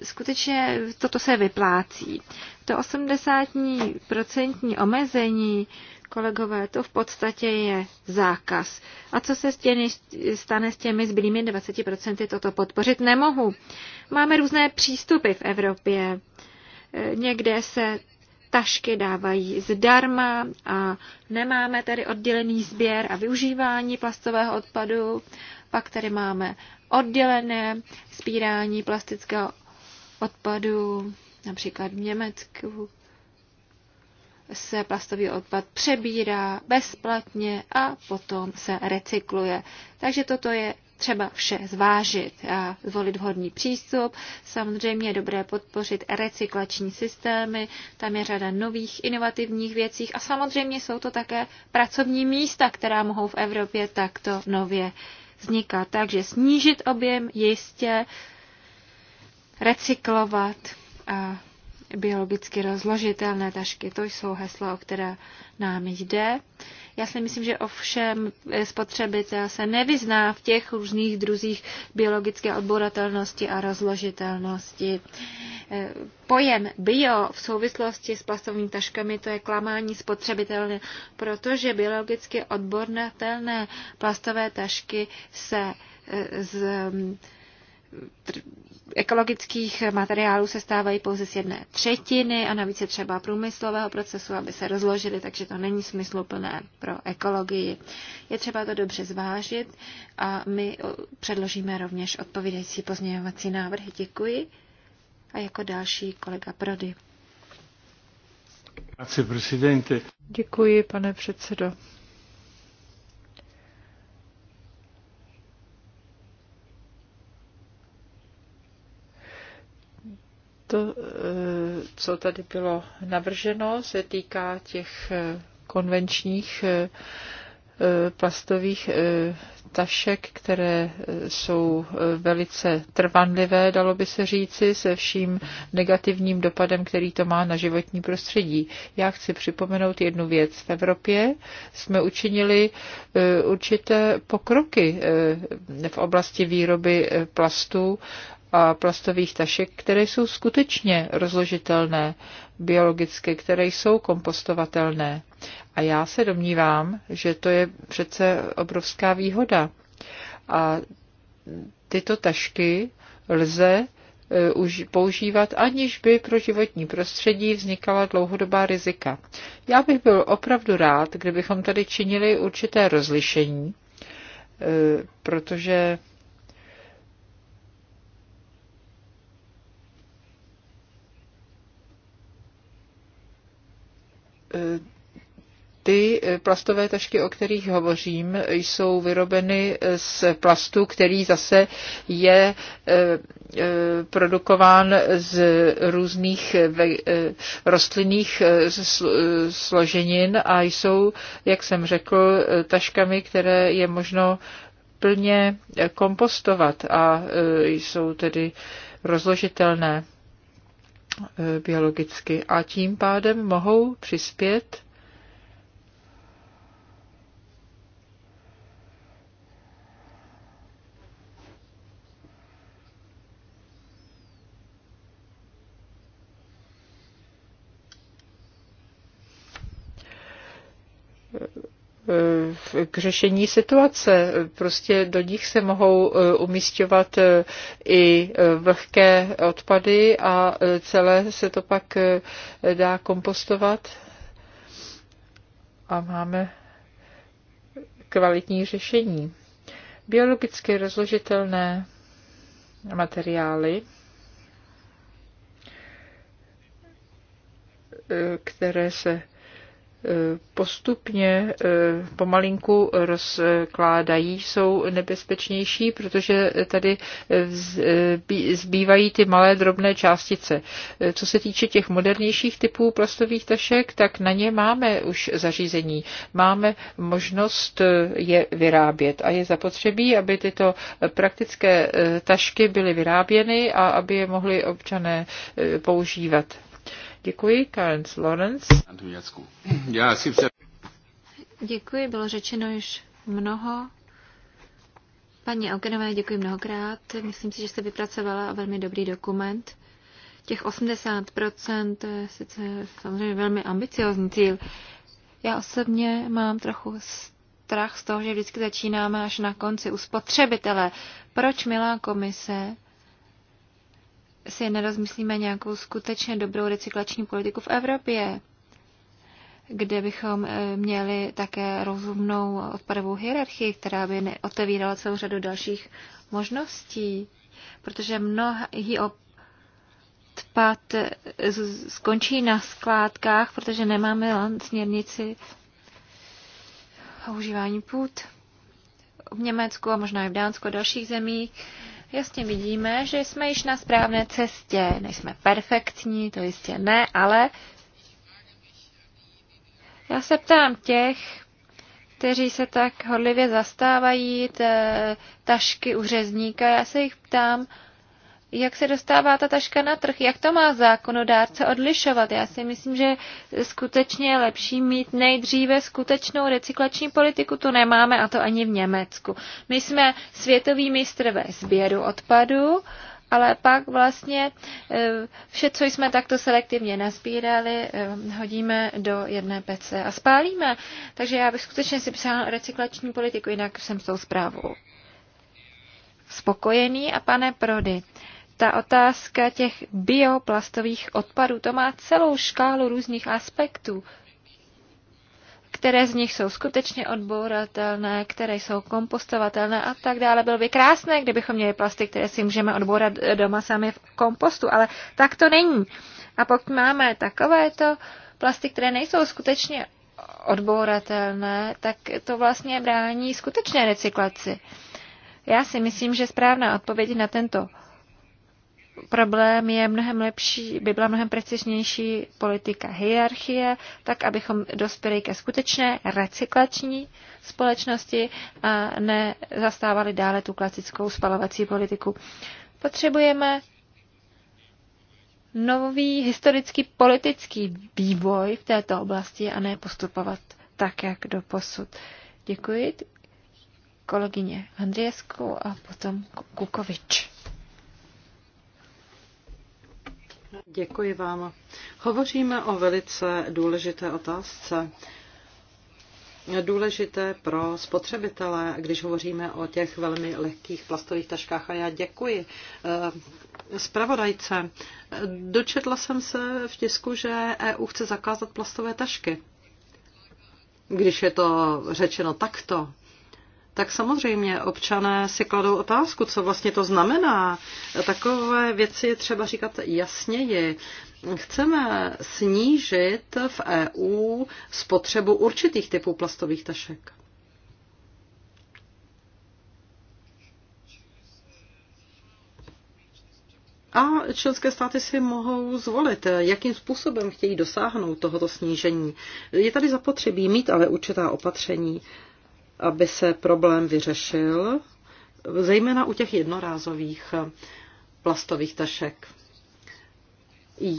Speaker 3: skutečně toto se vyplácí. To 80% omezení Kolegové, to v podstatě je zákaz. A co se stěny, stane s těmi zbylými 20%, toto podpořit nemohu. Máme různé přístupy v Evropě. E, někde se tašky dávají zdarma a nemáme tady oddělený sběr a využívání plastového odpadu. Pak tady máme oddělené spírání plastického odpadu, například v Německu se plastový odpad přebírá bezplatně a potom se recykluje. Takže toto je třeba vše zvážit a zvolit vhodný přístup. Samozřejmě je dobré podpořit recyklační systémy, tam je řada nových inovativních věcí a samozřejmě jsou to také pracovní místa, která mohou v Evropě takto nově vznikat. Takže snížit objem jistě, recyklovat a biologicky rozložitelné tašky. To jsou hesla, o které nám jde. Já si myslím, že ovšem eh, spotřebitel se nevyzná v těch různých druzích biologické odboratelnosti a rozložitelnosti. Eh, pojem bio v souvislosti s plastovými taškami to je klamání spotřebitelné, protože biologicky odbornatelné plastové tašky se eh, z ekologických materiálů se stávají pouze z jedné třetiny a navíc je třeba průmyslového procesu, aby se rozložily, takže to není smysluplné pro ekologii. Je třeba to dobře zvážit a my předložíme rovněž odpovídající pozměňovací návrhy. Děkuji. A jako další kolega Prody.
Speaker 4: Děkuji, pane předsedo. To, eh, co tady bylo navrženo, se týká těch eh, konvenčních eh, plastových tašek, které jsou velice trvanlivé, dalo by se říci, se vším negativním dopadem, který to má na životní prostředí. Já chci připomenout jednu věc. V Evropě jsme učinili určité pokroky v oblasti výroby plastů a plastových tašek, které jsou skutečně rozložitelné biologicky, které jsou kompostovatelné. A já se domnívám, že to je přece obrovská výhoda. A tyto tašky lze e, už používat, aniž by pro životní prostředí vznikala dlouhodobá rizika. Já bych byl opravdu rád, kdybychom tady činili určité rozlišení, e, protože ty plastové tašky, o kterých hovořím, jsou vyrobeny z plastu, který zase je eh, eh, produkován z různých eh, rostlinných složenin a jsou, jak jsem řekl, taškami, které je možno plně kompostovat a jsou tedy rozložitelné. Eh, biologicky a tím pádem mohou přispět Eh, k řešení situace. Prostě do nich se mohou eh, umístěvat eh, i vlhké odpady a celé se to pak dá kompostovat. A máme kvalitní řešení. Biologicky rozložitelné materiály, které se postupně eh, pomalinku rozkládají, jsou nebezpečnější, protože tady eh, eh, zbývají ty malé drobné částice. Co se týče těch modernějších typů plastových tašek, tak na ně máme už zařízení. Máme možnost je vyrábět a je zapotřebí, aby tyto praktické tašky byly vyráběny a aby je mohli občané používat. Děkuji, Karen Lawrence. Děkuji,
Speaker 3: bylo řečeno již mnoho. Paní Augenové, děkuji mnohokrát. Myslím si, že jste vypracovala velmi dobrý dokument. Těch 80% je sice samozřejmě velmi ambiciozní cíl. Já osobně mám trochu strach z toho, že vždycky začínáme až na konci u spotřebitele. Proč, milá komise, si nerozmyslíme nějakou skutečně dobrou recyklační politiku v Evropě, kde bychom eh, měli také rozumnou odpadovou hierarchii, která by otevírala celou řadu dalších možností, protože mnohý odpad eh, skončí na skládkách, protože nemáme směrnici o užívání půd v Německu a možná i v Dánsku a dalších zemích jasně vidíme, že jsme již na správné cestě. Nejsme perfektní, to jistě ne, ale já se ptám těch, kteří se tak horlivě zastávají té tašky u řezníka, já se jich ptám, jak se dostává ta taška na trh, jak to má zákonodárce odlišovat. Já si myslím, že skutečně je lepší mít nejdříve skutečnou recyklační politiku, to nemáme a to ani v Německu. My jsme světový mistr ve sběru odpadu, ale pak vlastně e, vše, co jsme takto selektivně nazbírali, e, hodíme do jedné pece a spálíme. Takže já bych skutečně si psala recyklační politiku, jinak jsem s tou zprávou spokojený a pane Prody, ta otázka těch bioplastových odpadů, to má celou škálu různých aspektů, které z nich jsou skutečně odbouratelné, které jsou kompostovatelné a tak dále. Bylo by krásné, kdybychom měli plasty, které si můžeme odbourat doma sami v kompostu, ale tak to není. A pokud máme takovéto plasty, které nejsou skutečně odbouratelné, tak to vlastně brání skutečné recyklaci. Já si myslím, že správná odpověď na tento problém je mnohem lepší, by byla mnohem preciznější politika hierarchie, tak abychom dospěli ke skutečné recyklační společnosti a nezastávali dále tu klasickou spalovací politiku. Potřebujeme nový historický politický vývoj v této oblasti a ne postupovat tak, jak do posud. Děkuji kolegyně Andriesku a potom Kukovič.
Speaker 2: Děkuji vám. Hovoříme o velice důležité otázce. Důležité pro spotřebitele, když hovoříme o těch velmi lehkých plastových taškách. A já děkuji eh, zpravodajce. Dočetla jsem se v tisku, že EU chce zakázat plastové tašky. Když je to řečeno takto, tak samozřejmě občané si kladou otázku, co vlastně to znamená. Takové věci je třeba říkat jasněji. Chceme snížit v EU spotřebu určitých typů plastových tašek. A členské státy si mohou zvolit, jakým způsobem chtějí dosáhnout tohoto snížení. Je tady zapotřebí mít ale určitá opatření aby se problém vyřešil, zejména u těch jednorázových plastových tašek.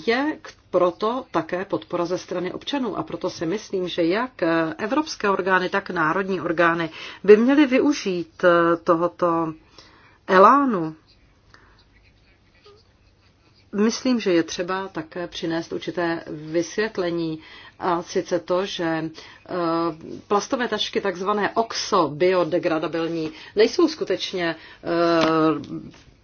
Speaker 2: Je proto také podpora ze strany občanů a proto si myslím, že jak evropské orgány, tak národní orgány by měly využít tohoto elánu Myslím, že je třeba také přinést určité vysvětlení, a sice to, že e, plastové tašky, takzvané OXO biodegradabilní, nejsou skutečně e,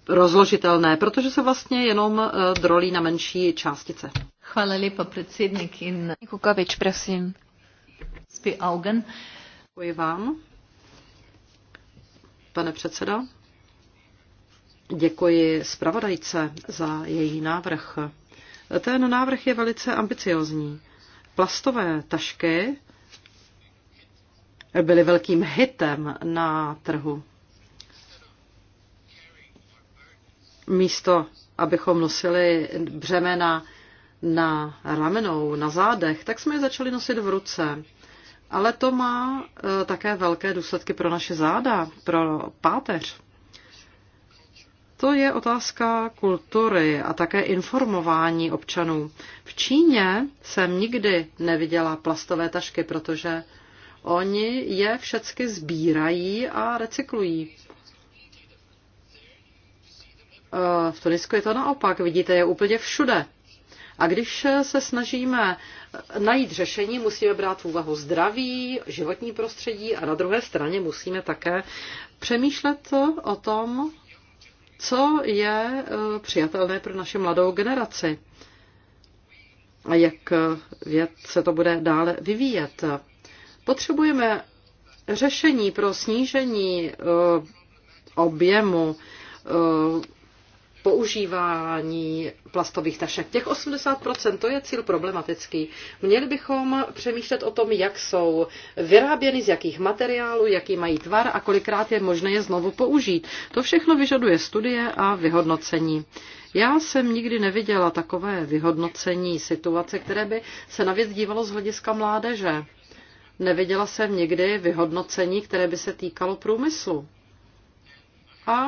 Speaker 2: rozložitelné, protože se vlastně jenom e, drolí na menší částice. Hvala
Speaker 3: lepa, predsednik. In... Kukavič, prosím. Spi Augen.
Speaker 2: Děkuji vám, pane předsedo. Děkuji zpravodajce za její návrh. Ten návrh je velice ambiciozní. Plastové tašky byly velkým hitem na trhu. Místo, abychom nosili břemena na ramenou, na zádech, tak jsme je začali nosit v ruce. Ale to má eh, také velké důsledky pro naše záda, pro páteř to je otázka kultury a také informování občanů. V Číně jsem nikdy neviděla plastové tašky, protože oni je všecky sbírají a recyklují. Eh, v Tunisku je to naopak, vidíte je úplně všude. A když se snažíme najít řešení, musíme brát v úvahu zdraví, životní prostředí a na druhé straně musíme také přemýšlet o tom, co je eh, přijatelné pro naši mladou generaci a jak eh, věd se to bude dále vyvíjet. Potřebujeme řešení pro snížení eh, objemu používání plastových tašek. Těch 80% to je cíl problematický. Měli bychom přemýšlet o tom, jak jsou vyráběny, z jakých materiálů, jaký mají tvar a kolikrát je možné je znovu použít. To všechno vyžaduje studie a vyhodnocení. Já jsem nikdy neviděla takové vyhodnocení situace, které by se na věc dívalo z hlediska mládeže. Neviděla jsem nikdy vyhodnocení, které by se týkalo průmyslu. A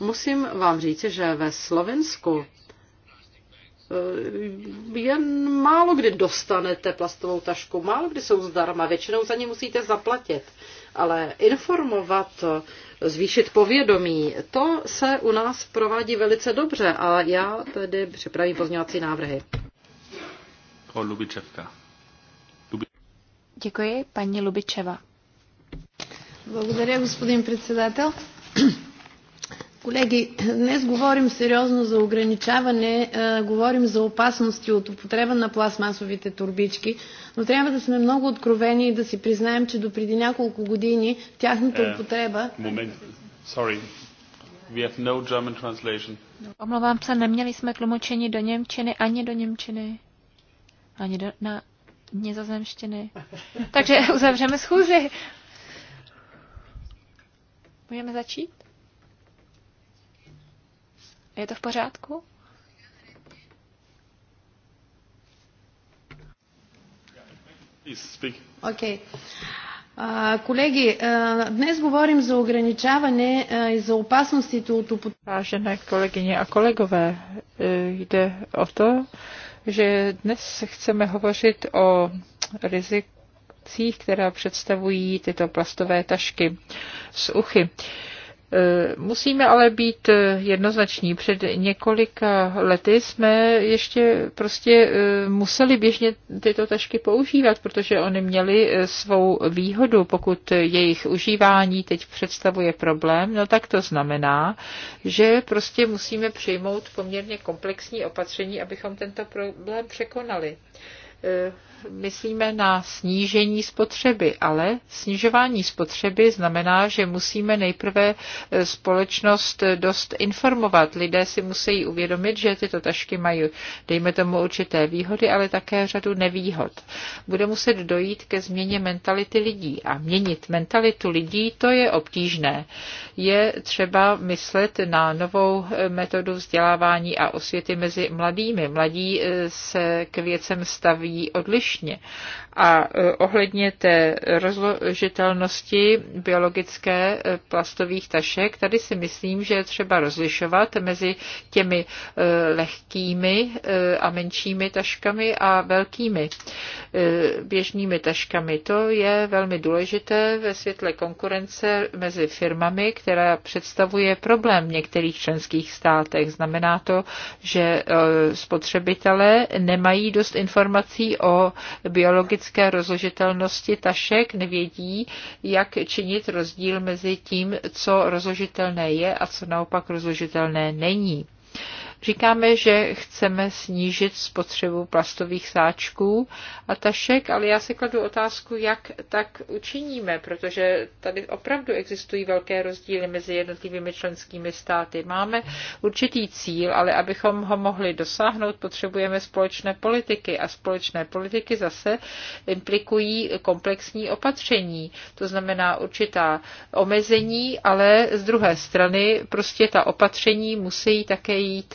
Speaker 2: Musím vám říci, že ve Slovensku eh, jen málo kdy dostanete plastovou tašku, málo kdy jsou zdarma, většinou za ně musíte zaplatit. Ale informovat, eh, zvýšit povědomí, to se u nás provádí velice dobře a já tedy připravím pozměňovací návrhy.
Speaker 1: O Lubičevka. Lubi...
Speaker 3: Děkuji, paní Lubičeva.
Speaker 2: Благодаря, господин председател. Колеги, днес говорим сериозно за ограничаване, говорим за опасности от употреба на пластмасовите турбички, но трябва да сме много откровени и да си признаем, че до преди няколко години тяхната употреба...
Speaker 1: Moment. Sorry. We have no German translation.
Speaker 3: Omlouvám se, neměli jsme tlumočení do Němčiny, ani do Němčiny, ani do, na nizozemštiny. Takže uzavřeme schůzi. Můžeme začít? Je to v pořádku?
Speaker 2: Okay.
Speaker 4: Колеги, uh, uh, dnes говорим za ограничаване i uh, za opasnosti от употреба. Vážené kolegyně a kolegové, eh, jde o to, že dnes chceme hovořit o rizicích, která představují tyto plastové tašky s uchy. Uh, Eh, musíme ale být eh, jednoznační. Před několika lety jsme ještě prostě eh, museli běžně tyto tašky používat, protože oni měli svou výhodu. Pokud jejich užívání teď představuje problém, no tak to znamená, že prostě musíme přijmout poměrně komplexní opatření, abychom tento problém překonali. E, myslíme na snížení spotřeby, ale snižování spotřeby znamená, že musíme nejprve e, společnost e, dost informovat. Lidé si musí uvědomit, že tyto tašky mají, dejme tomu, určité výhody, ale také řadu nevýhod. Bude muset dojít ke změně mentality lidí a měnit mentalitu lidí, to je obtížné. Je třeba myslet na novou metodu vzdělávání a osvěty mezi mladými. Mladí se k věcem staví reagují odlišně. A e, ohledně té rozložitelnosti biologické e, plastových tašek, tady si myslím, že je třeba rozlišovat mezi těmi e, lehkými a menšími taškami a velkými běžnými taškami. To je velmi důležité ve světle konkurence mezi firmami, která představuje problém v některých členských státech. Znamená to, že spotřebitelé nemají dost informací, nevědí o biologické rozložitelnosti tašek, nevědí, jak činit rozdíl mezi tím, co rozložitelné je a co naopak rozložitelné není. Říkáme, že chceme snížit spotřebu plastových sáčků a tašek, ale já si kladu otázku, jak tak učiníme, protože tady opravdu existují velké rozdíly mezi jednotlivými členskými státy. Máme určitý cíl, ale abychom ho mohli dosáhnout, potřebujeme společné politiky a společné politiky zase implikují komplexní opatření, to znamená určitá omezení, ale z druhé strany prostě ta opatření musí také jít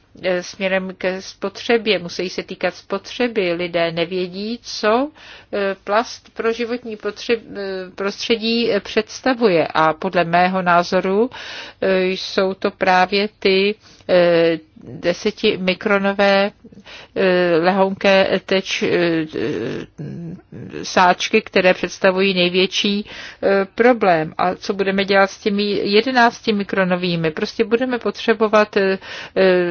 Speaker 4: E, směrem ke spotřebě, musí se týkat spotřeby. Lidé nevědí, co e, plast pro životní potřeb, e, prostředí představuje. A podle mého názoru jsou to právě ty deseti mikronové lehonké teč sáčky, které představují největší problém. A co budeme dělat s těmi jedenácti mikronovými? Prostě budeme potřebovat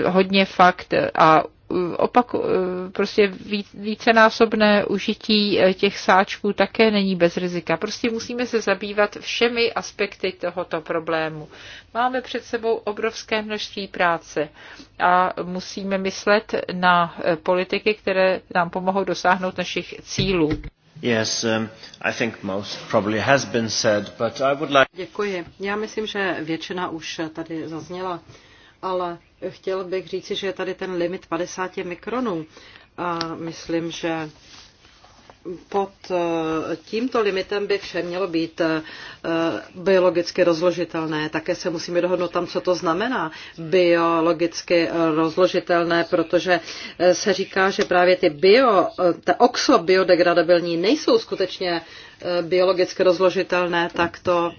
Speaker 4: hodně hodně fakt a uh, opak, uh, prostě vícenásobné užití eh, těch sáčků také není bez rizika. Prostě musíme se zabývat všemi aspekty tohoto problému. Máme před sebou obrovské množství práce a musíme myslet na eh, politiky, které nám pomohou dosáhnout našich cílů.
Speaker 3: Yes, um, I think most probably has been said, but I would like...
Speaker 2: Děkuji. Já myslím, že většina už tady zazněla ale chtěl bych říci, že je tady ten limit 50 mikronů a myslím, že pod eh, tímto limitem by vše mělo být eh, biologicky rozložitelné. Také se musíme dohodnout tam, co to znamená biologicky rozložitelné, protože eh, se říká, že právě ty bio, ta oxo biodegradabilní nejsou skutečně biologicky rozložitelné, tak to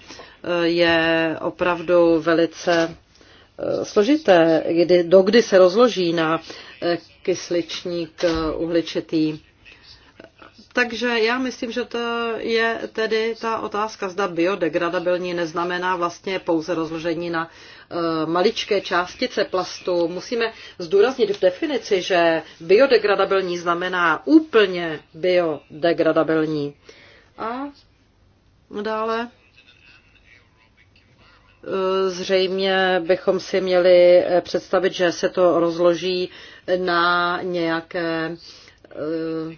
Speaker 2: je opravdu velice Eh, složité, kdy, dokdy se rozloží na eh, kysličník eh, uhličitý. Takže já myslím, že to je tedy ta otázka, zda biodegradabilní neznamená vlastně pouze rozložení na maličké částice plastu. Musíme zdůraznit v definici, že biodegradabilní znamená úplně biodegradabilní. A dále Zřejmě bychom si měli eh, představit, že se to rozloží na nějaké eh,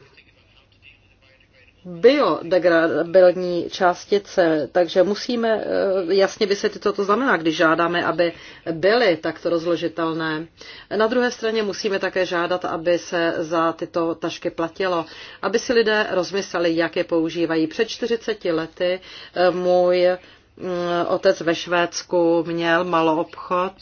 Speaker 2: biodegradabilní částice, takže musíme eh, jasně vysvětlit, co to znamená, když žádáme, aby byly takto rozložitelné. Na druhé straně musíme také žádat, aby se za tyto tašky platilo, aby si lidé rozmysleli, jak je používají. Před 40 lety můj Eh, otec ve Švédsku měl malou obchod,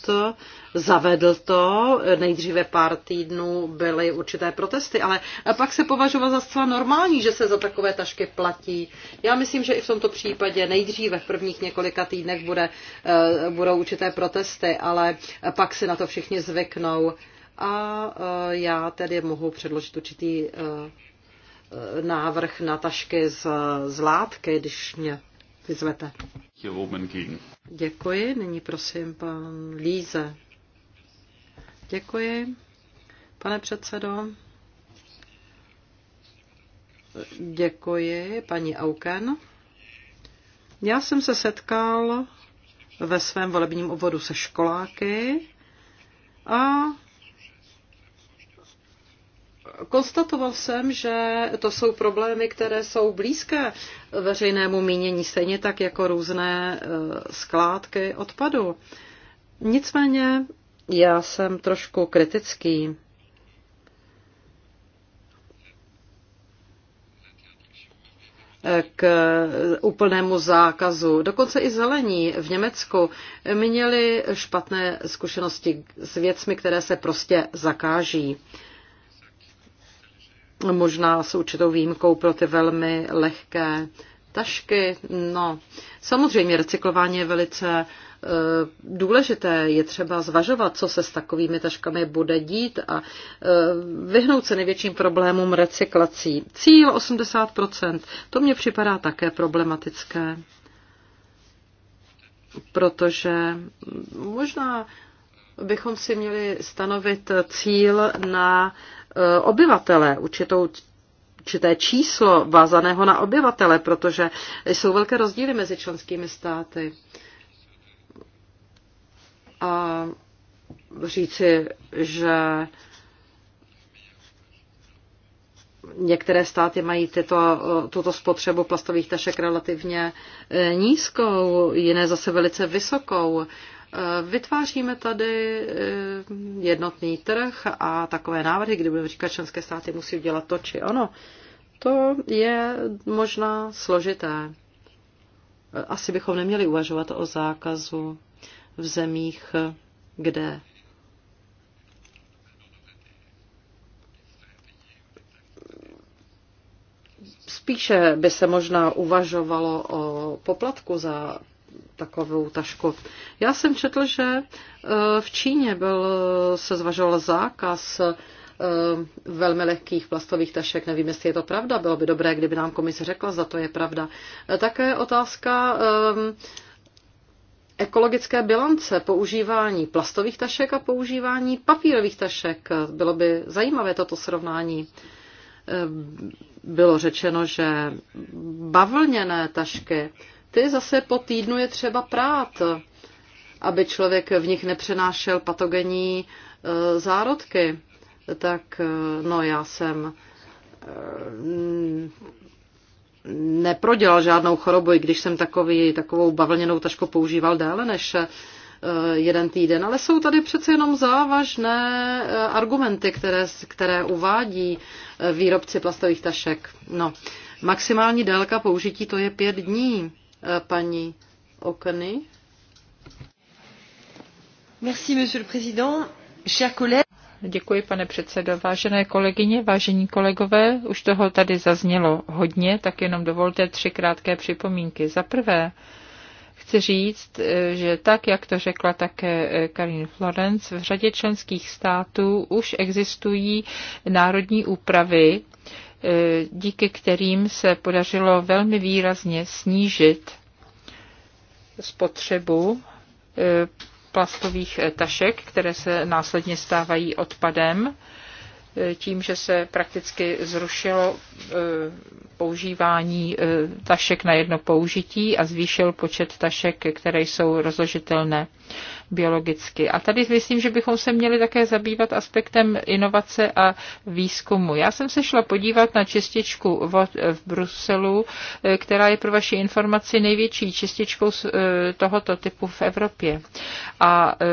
Speaker 2: zavedl to, nejdříve pár týdnů byly určité protesty, ale pak se považoval za zcela normální, že se za takové tašky platí. Já myslím, že i v tomto případě nejdříve v prvních několika týdnech bude, eh, budou určité protesty, ale pak si na to všichni zvyknou. A eh, já tedy mohu předložit určitý návrh na tašky z, z látky, když mě vyzvete. Děkuji. Nyní prosím pan Líze. Děkuji, pane předsedo. Děkuji, paní Auken. Já jsem se setkal ve svém volebním obvodu se školáky a Konstatoval jsem, že to jsou problémy, které jsou blízké veřejnému mínění, stejně tak jako různé e, skládky odpadu. Nicméně já jsem trošku kritický. k úplnému zákazu. Dokonce i zelení v Německu měli špatné zkušenosti s věcmi, které se prostě zakáží možná s určitou výjimkou pro ty velmi lehké tašky. No, samozřejmě recyklování je velice eh, důležité. Je třeba zvažovat, co se s takovými taškami bude dít a eh, vyhnout se největším problémům recyklací. Cíl 80%, to mně připadá také problematické, protože možná bychom si měli stanovit cíl na E, obyvatele, určitou určité číslo vázaného na obyvatele, protože jsou velké rozdíly mezi členskými státy. A říci, že některé státy mají tyto, tuto spotřebu plastových tašek relativně e, nízkou, jiné zase velice vysokou. Vytváříme tady eh, jednotný trh a takové návrhy, kdy budeme říkat, členské státy musí udělat to či ono, to je možná složité. Asi bychom neměli uvažovat o zákazu v zemích, kde spíše by se možná uvažovalo o poplatku za takovou tašku. Já jsem četl, že e, v Číně byl, e, se zvažoval zákaz e, velmi lehkých plastových tašek. Nevím, jestli je to pravda. Bylo by dobré, kdyby nám komise řekla, za to je pravda. Také otázka ekologické bilance, používání plastových tašek a používání papírových tašek. Bylo by zajímavé toto srovnání. Bylo řečeno, že bavlněné tašky ty zase po týdnu je třeba prát, aby člověk v nich nepřenášel patogenní e, zárodky. Tak e, no já jsem e, neprodělal žádnou chorobu, i když jsem takový, takovou bavlněnou tašku používal déle než jeden týden. Ale jsou tady přece jenom závažné argumenty, které, které uvádí výrobci plastových tašek. No, maximální délka použití to je pět dní. Eh, paní Okny.
Speaker 4: Merci, monsieur le président. Chers collègues, Děkuji, pane předsedo. Vážené kolegyně, vážení kolegové, už toho tady zaznělo hodně, tak jenom dovolte tři krátké připomínky. Za prvé, chci říct, eh, že tak, jak to řekla také eh, Karin Florence, v řadě členských států už existují národní úpravy E, díky kterým se podařilo velmi výrazně snížit spotřebu e, plastových e, tašek, které se následně stávají odpadem, tím, že se prakticky zrušilo používání tašek na jedno použití a zvýšil počet tašek, které jsou rozložitelné biologicky. A tady myslím, že bychom se měli také zabývat aspektem inovace a výzkumu. Já jsem se šla podívat na čističku v Bruselu, eh, která je pro vaši informaci největší čističkou eh, tohoto typu v Evropě. A eh,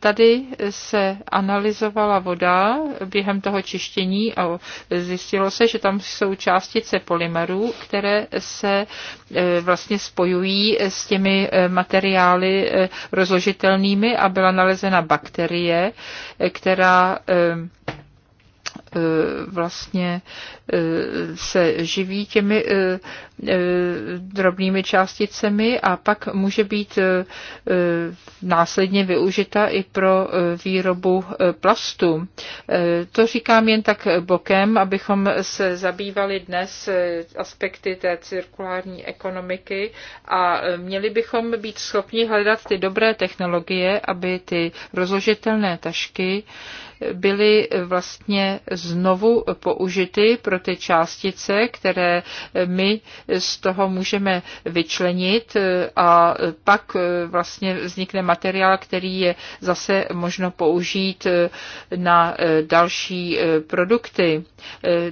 Speaker 4: Tady se analyzovala voda během toho čištění a zjistilo se, že tam jsou částice polymerů, které se vlastně spojují s těmi materiály rozložitelnými a byla nalezena bakterie, která eh, E, vlastně e, se živí těmi e, drobnými částicemi a pak může být následně využita i pro výrobu plastu. To říkám jen tak bokem, abychom se zabývali dnes aspekty té cirkulární ekonomiky a měli bychom být schopni hledat ty dobré technologie, aby ty rozložitelné tašky byly vlastně znovu použity pro ty částice, které my z toho můžeme vyčlenit a pak vlastně vznikne materiál, který je zase možno použít na další produkty.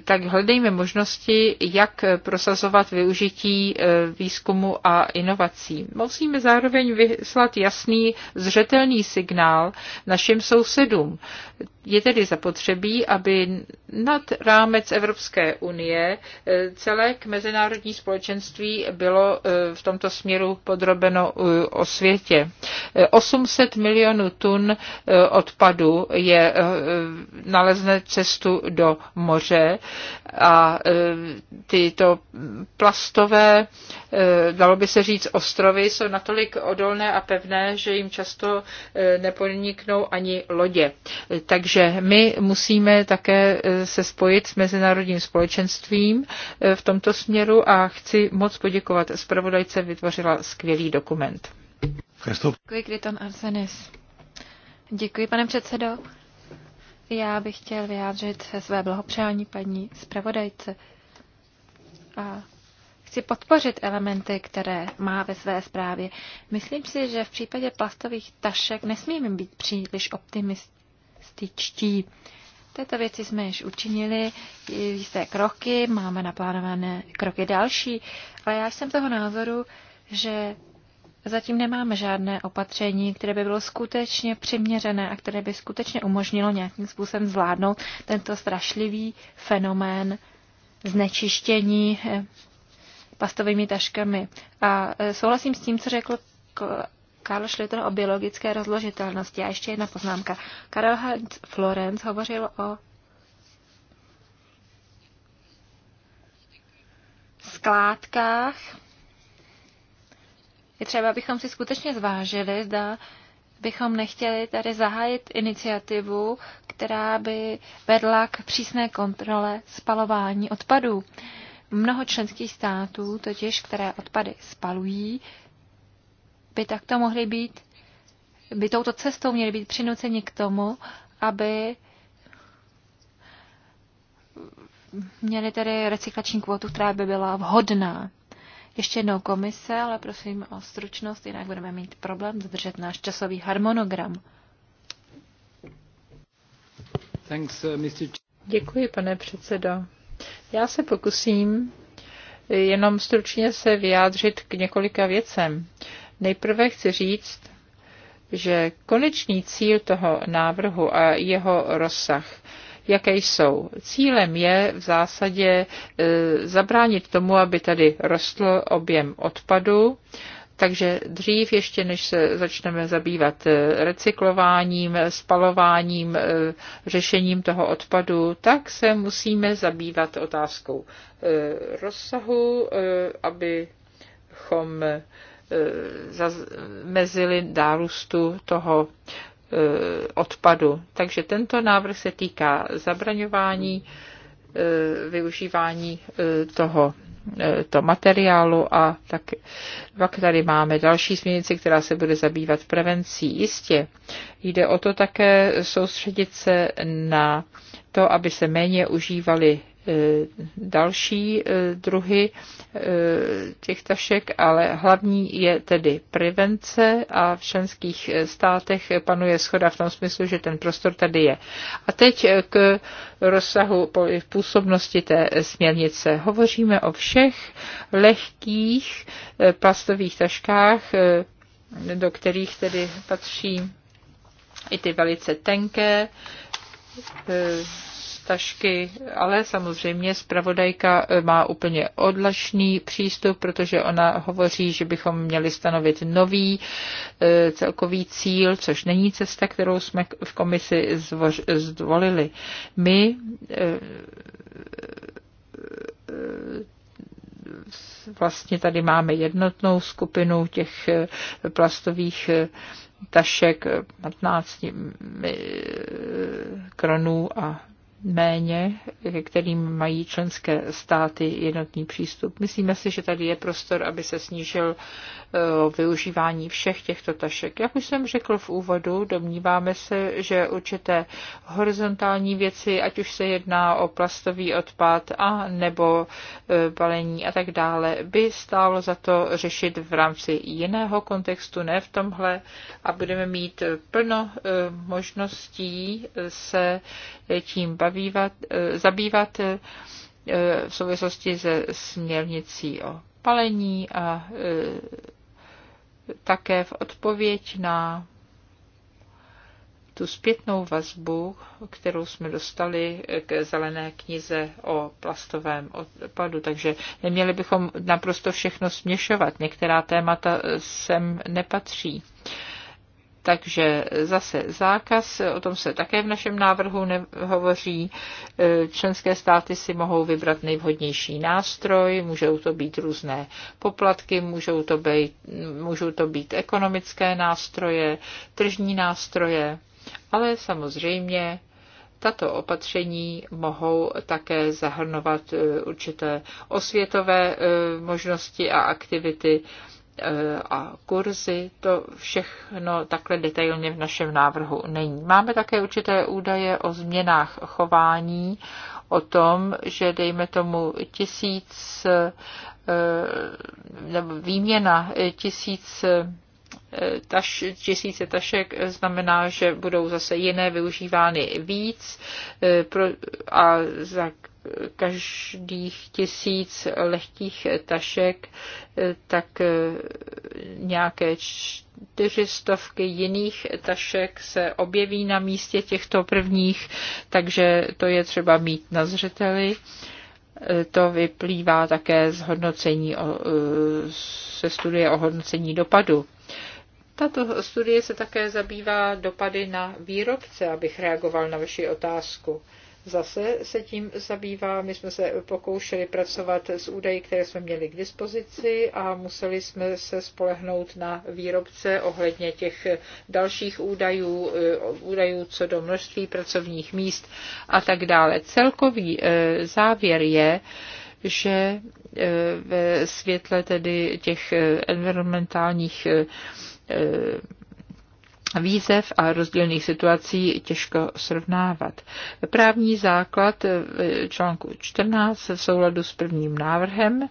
Speaker 4: Tak hledejme možnosti, jak prosazovat využití výzkumu a inovací. Musíme zároveň vyslat jasný, zřetelný signál našim sousedům. Je tedy zapotřebí, aby nad rámec Evropské unie eh, celé k mezinárodní společenství bylo eh, v tomto směru podrobeno eh, o světě. 800 milionů tun odpadu je nalezne cestu do moře a tyto plastové, dalo by se říct, ostrovy jsou natolik odolné a pevné, že jim často neponiknou ani lodě. Takže že my musíme také e, se spojit s mezinárodním společenstvím e, v tomto směru a chci moc poděkovat spravodajce vytvořila skvělý dokument.
Speaker 2: Děkuji,
Speaker 3: Kryton Arsenis. Děkuji, pane předsedo. Já bych chtěl vyjádřit své blahopřání paní zpravodajce. A chci podpořit elementy, které má ve své zprávě. Myslím si, že v případě plastových tašek nesmíme být příliš optimist, v Této věci jsme již učinili jisté kroky, máme naplánované kroky další, ale já jsem toho názoru, že zatím nemáme žádné opatření, které by bylo skutečně přiměřené a které by skutečně umožnilo nějakým způsobem zvládnout tento strašlivý fenomén znečištění eh, pastovými taškami. A eh, souhlasím s tím, co řekl Karl Schlitter o biologické rozložitelnosti. A ještě jedna poznámka. Karel Heinz Florenz hovořil o skládkách. Je třeba, abychom si skutečně zvážili, zda bychom nechtěli tady zahájit iniciativu, která by vedla k přísné kontrole spalování odpadů. Mnoho členských států, totiž které odpady spalují, by takto mohli být, by touto cestou měli být přinuceni k tomu, aby měli tedy recyklační kvotu, která by byla vhodná. Ještě jednou komise, ale prosím o stručnost, jinak budeme mít problém zdržet náš časový harmonogram.
Speaker 4: Thanks, uh, Mr. Děkuji, pane předsedo. Já se pokusím jenom stručně se vyjádřit k několika věcem. Nejprve chci říct, že konečný cíl toho návrhu a jeho rozsah jaké jsou. Cílem je v zásadě e, zabránit tomu, aby tady rostl objem odpadu, takže dřív, ještě než se začneme zabývat e, recyklováním, spalováním, e, řešením toho odpadu, tak se musíme zabývat otázkou rozsahu, abychom Eh, zamezili nárůstu toho eh, odpadu. Takže tento návrh se týká zabraňování eh, využívání toho to materiálu a tak pak tady máme další směnici, která se bude zabývat prevencí. Jistě jde o to také soustředit se na to, aby se méně užívaly Eh, další eh, druhy eh, těch tašek, ale hlavní je tedy prevence a v členských státech panuje schoda v tom smyslu, že ten prostor tady je. A teď k rozsahu působnosti té směrnice. Hovoříme o všech lehkých plastových taškách, do kterých tedy patří i ty velice tenké, tašky, ale samozřejmě zpravodajka eh, má úplně odlašný přístup, protože ona hovoří, že bychom měli stanovit nový eh, celkový cíl, což není cesta, kterou jsme v komisi zvolili. My eh, vlastně tady máme jednotnou skupinu těch plastových tašek 15 mm, kronů a méně, ke kterým mají členské státy jednotný přístup. Myslíme si, že tady je prostor, aby se snížil eh, využívání všech těchto tašek. Jak už jsem řekl v úvodu, domníváme se, že určité horizontální věci, ať už se jedná o plastový odpad a nebo eh, balení a tak dále, by stálo za to řešit v rámci jiného kontextu, ne v tomhle, a budeme mít plno eh, možností se tím bavit zabývat, eh, zabývat eh, v souvislosti se směrnicí o palení a eh, také v odpověď na tu zpětnou vazbu, kterou jsme dostali k zelené knize o plastovém odpadu. Takže neměli bychom naprosto všechno směšovat. Některá témata sem nepatří. Uh, takže zase zákaz, o tom se také v našem návrhu nehovoří. E, členské státy si mohou vybrat nejvhodnější nástroj, můžou to být různé poplatky, můžou to být, můžou to být ekonomické nástroje, tržní nástroje, ale samozřejmě tato opatření mohou také zahrnovat e, určité osvětové e, možnosti a aktivity, Eh, a kurzy, to všechno takhle detailně v našem návrhu není. Máme také určité údaje o změnách chování, o tom, že dejme tomu tisíc eh, nebo výměna tisíc eh, taš, tisíce tašek znamená, že budou zase jiné využívány víc pro, a za každých tisíc lehkých tašek, tak eh, nějaké čtyřistovky jiných tašek se objeví na místě těchto prvních, takže to je třeba mít na zřeteli. Eh, to vyplývá také z hodnocení, se eh, studie o hodnocení dopadu. Tato studie se také zabývá dopady na výrobce, abych reagoval na vaši otázku zase se tím zabývá. My jsme se pokoušeli pracovat s údaji, které jsme měli k dispozici a museli jsme se spolehnout na výrobce ohledně těch dalších údajů, eh, údajů co do množství pracovních míst a tak dále. Celkový eh, závěr je, že eh, ve světle tedy těch environmentálních výzev a rozdílných situací těžko srovnávat. Právní základ eh, článku 14 v souladu s prvním návrhem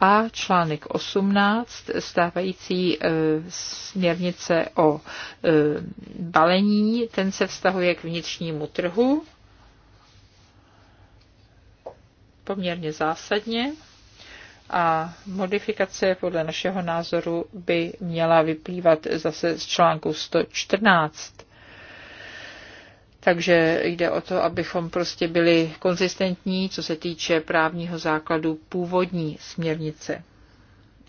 Speaker 4: a článek 18 stávající eh, směrnice o eh, balení, ten se vztahuje k vnitřnímu trhu poměrně zásadně a modifikace podle našeho názoru by měla vyplývat zase z článku 114. Takže jde o to, abychom prostě byli konzistentní, co se týče právního základu původní směrnice.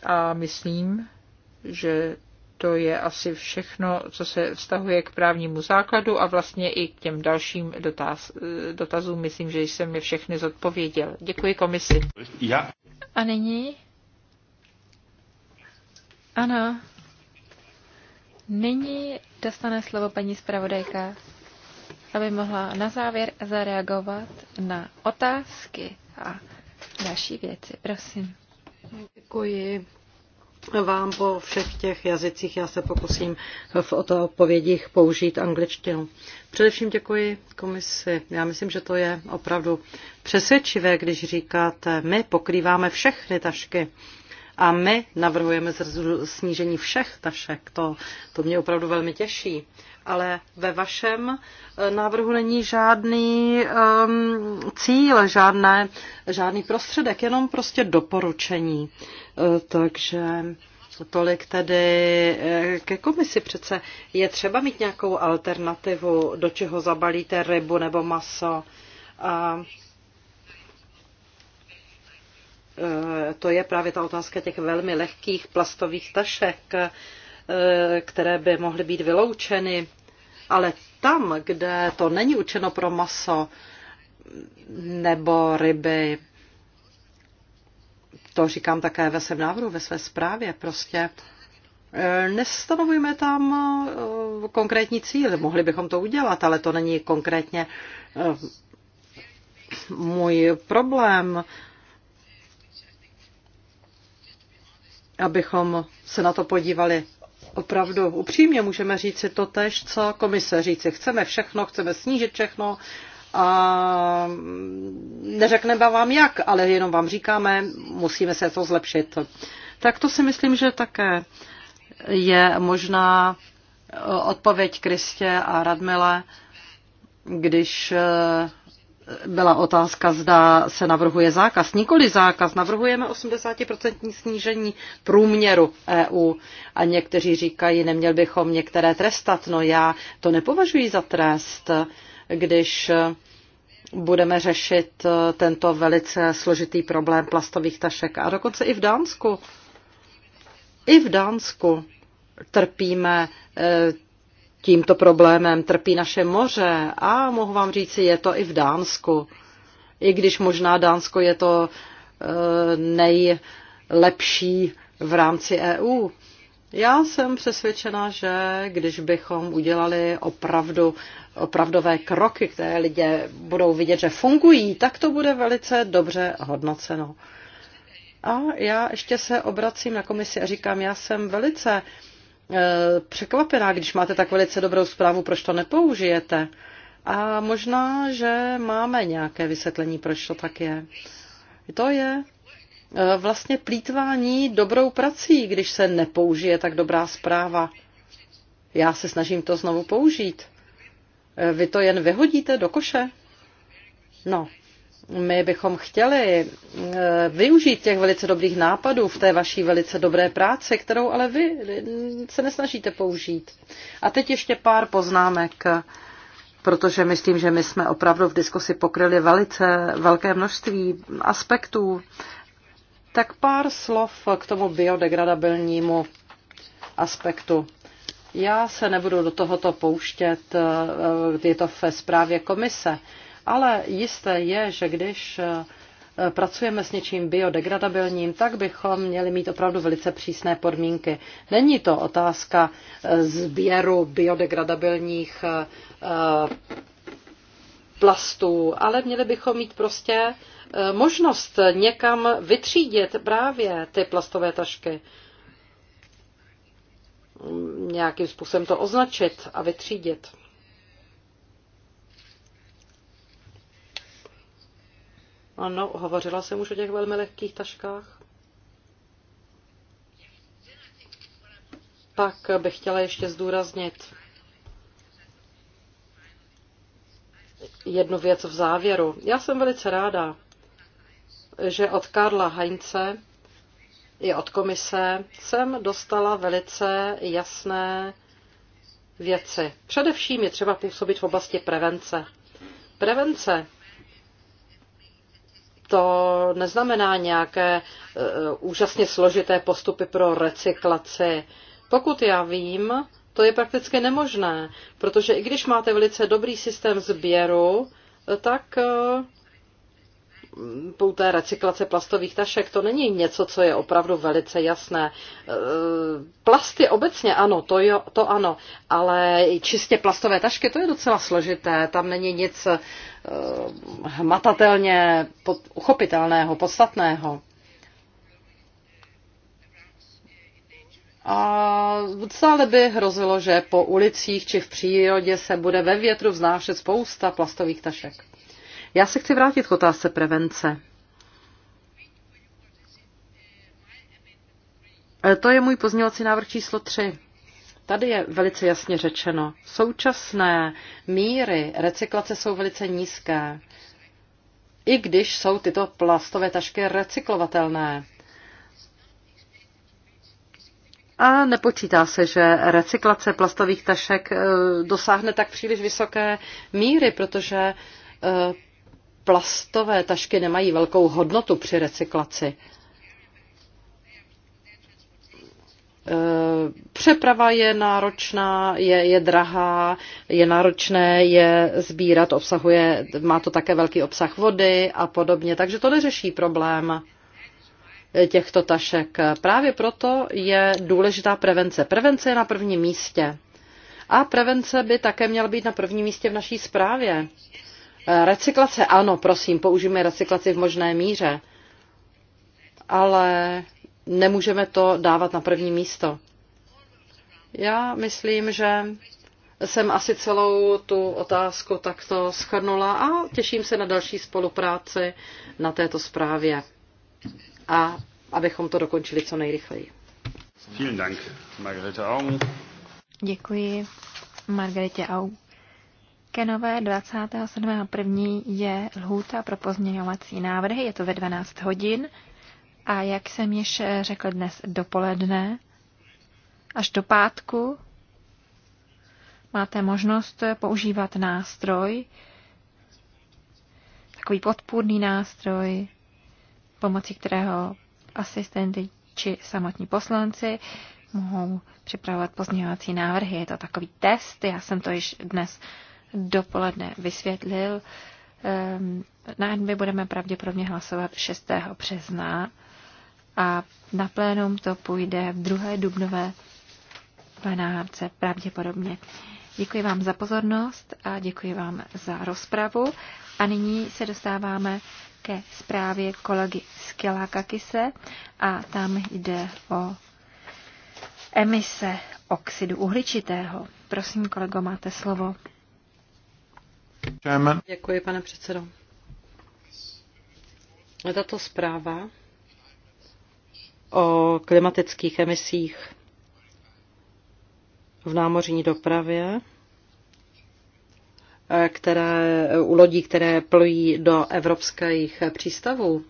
Speaker 4: A myslím, že to je asi všechno, co se vztahuje k právnímu základu a vlastně i k těm dalším dotaz, dotazům. Myslím, že jsem je všechny zodpověděl. Děkuji komisi. Já. A nyní?
Speaker 3: Ano. Nyní dostane slovo paní zpravodajka, aby mohla na závěr zareagovat na otázky a další věci. Prosím.
Speaker 2: Děkuji, vám po všech těch jazycích. Já se pokusím v odpovědích použít angličtinu. Především děkuji komisi. Já myslím, že to je opravdu přesvědčivé, když říkáte, my pokrýváme všechny tašky a my navrhujeme snížení všech tašek. To, to mě opravdu velmi těší ale ve vašem eh, návrhu není žádný um, cíl, žádné, žádný prostředek, jenom prostě doporučení. Eh, takže tolik tedy eh, ke komisi přece. Je třeba mít nějakou alternativu, do čeho zabalíte rybu nebo maso. A to je právě ta otázka těch velmi lehkých plastových tašek. Eh, které by mohly být vyloučeny, ale tam, kde to není učeno pro maso nebo ryby, to říkám také ve svém návrhu, ve své zprávě, prostě eh, Nestanovujeme tam eh, konkrétní cíl. Mohli bychom to udělat, ale to není konkrétně můj problém, abychom se na to podívali opravdu upřímně můžeme říct si to tež, co komise říci. Chceme všechno, chceme snížit všechno a neřekneme vám jak, ale jenom vám říkáme, musíme se to zlepšit. Tak to si myslím, že také je možná eh, odpověď Kristě a Radmile, když eh, byla otázka, zda se navrhuje zákaz. Nikoli zákaz, navrhujeme 80% snížení průměru EU. A někteří říkají, neměl bychom některé trestat. No já to nepovažuji za trest, když budeme řešit tento velice složitý problém plastových tašek. A dokonce i v Dánsku. I v Dánsku trpíme eh, Tímto problémem trpí naše moře a mohu vám říci, je to i v Dánsku. I když možná Dánsko je to e, nejlepší v rámci EU. Já jsem přesvědčena, že když bychom udělali opravdu, opravdové kroky, které lidé budou vidět, že fungují, tak to bude velice dobře hodnoceno. A já ještě se obracím na komisi a říkám, já jsem velice uh, Eh, překvapená, když máte tak velice dobrou zprávu, proč to nepoužijete. A možná, že máme nějaké vysvětlení, proč to tak je. To je eh, vlastně plítvání dobrou prací, když se nepoužije tak dobrá zpráva. Já se snažím to znovu použít. Eh, vy to jen vyhodíte do koše. No, my bychom chtěli eh, využít těch velice dobrých nápadů v té vaší velice dobré práci, kterou ale vy se nesnažíte použít. A teď ještě pár poznámek, protože myslím, že my jsme opravdu v diskusi pokryli velice velké množství aspektů. Tak pár slov k tomu biodegradabilnímu aspektu. Já se nebudu do tohoto pouštět, eh, je to ve zprávě komise ale jisté je, že když eh, pracujeme s něčím biodegradabilním, tak bychom měli mít opravdu velice přísné podmínky. Není to otázka eh, sběru biodegradabilních eh, plastů, ale měli bychom mít prostě možnost někam vytřídit právě ty plastové tašky. Nějakým způsobem to označit a vytřídit. Ano, hovořila jsem už o těch velmi lehkých taškách. Pak bych chtěla ještě zdůraznit jednu věc v závěru. Já jsem velice ráda, že od Karla Heinze i od komise jsem dostala velice jasné věci. Především je třeba působit v oblasti prevence. Prevence to neznamená nějaké e, úžasně složité postupy pro recyklaci. Pokud já vím, to je prakticky nemožné, protože i když máte velice dobrý systém sběru, e, tak e, u té recyklace plastových tašek, to není něco, co je opravdu velice jasné. E, plasty obecně ano, to, jo, to ano, ale čistě plastové tašky, to je docela složité, tam není nic e, hmatatelně uchopitelného, podstatného. A stále by hrozilo, že po ulicích či v přírodě se bude ve větru vznášet spousta plastových tašek. Já se chci vrátit k otázce prevence. E, to je můj pozměňovací návrh číslo 3. Tady je velice jasně řečeno, současné míry recyklace jsou velice nízké, i když jsou tyto plastové tašky recyklovatelné. A nepočítá se, že recyklace plastových tašek e, dosáhne tak příliš vysoké míry, protože e, plastové tašky nemají velkou hodnotu při recyklaci. E, přeprava je náročná, je, je drahá, je náročné je sbírat, obsahuje, má to také velký obsah vody a podobně, takže to neřeší problém těchto tašek. Právě proto je důležitá prevence. Prevence je na prvním místě. A prevence by také měla být na prvním místě v naší zprávě. Eh, recyklace, ano, prosím, použijeme recyklaci v možné míře, ale nemůžeme to dávat na první místo. Já myslím, že jsem asi celou tu otázku takto schrnula a těším se na další spolupráci na této zprávě a abychom to dokončili co nejrychleji. Děkuji
Speaker 3: Margaretě Augen. Harkenové 27.1. je lhůta pro pozměňovací návrhy, je to ve 12 hodin. A jak jsem již řekl dnes dopoledne, až do pátku máte možnost používat nástroj, takový podpůrný nástroj, pomocí kterého asistenty či samotní poslanci mohou připravovat pozměňovací návrhy. Je to takový test, já jsem to již dnes dopoledne vysvětlil. Ehm, na NB budeme pravděpodobně hlasovat 6. března a na plénum to půjde v druhé dubnové plenárce pravděpodobně. Děkuji vám za pozornost a děkuji vám za rozpravu. A nyní se dostáváme ke zprávě kolegy Kakise a tam jde o emise oxidu uhličitého. Prosím, kolego, máte slovo.
Speaker 2: Děkuji, pane předsedo. Tato zpráva o klimatických emisích v námořní dopravě, které, u lodí, které plují do evropských přístavů,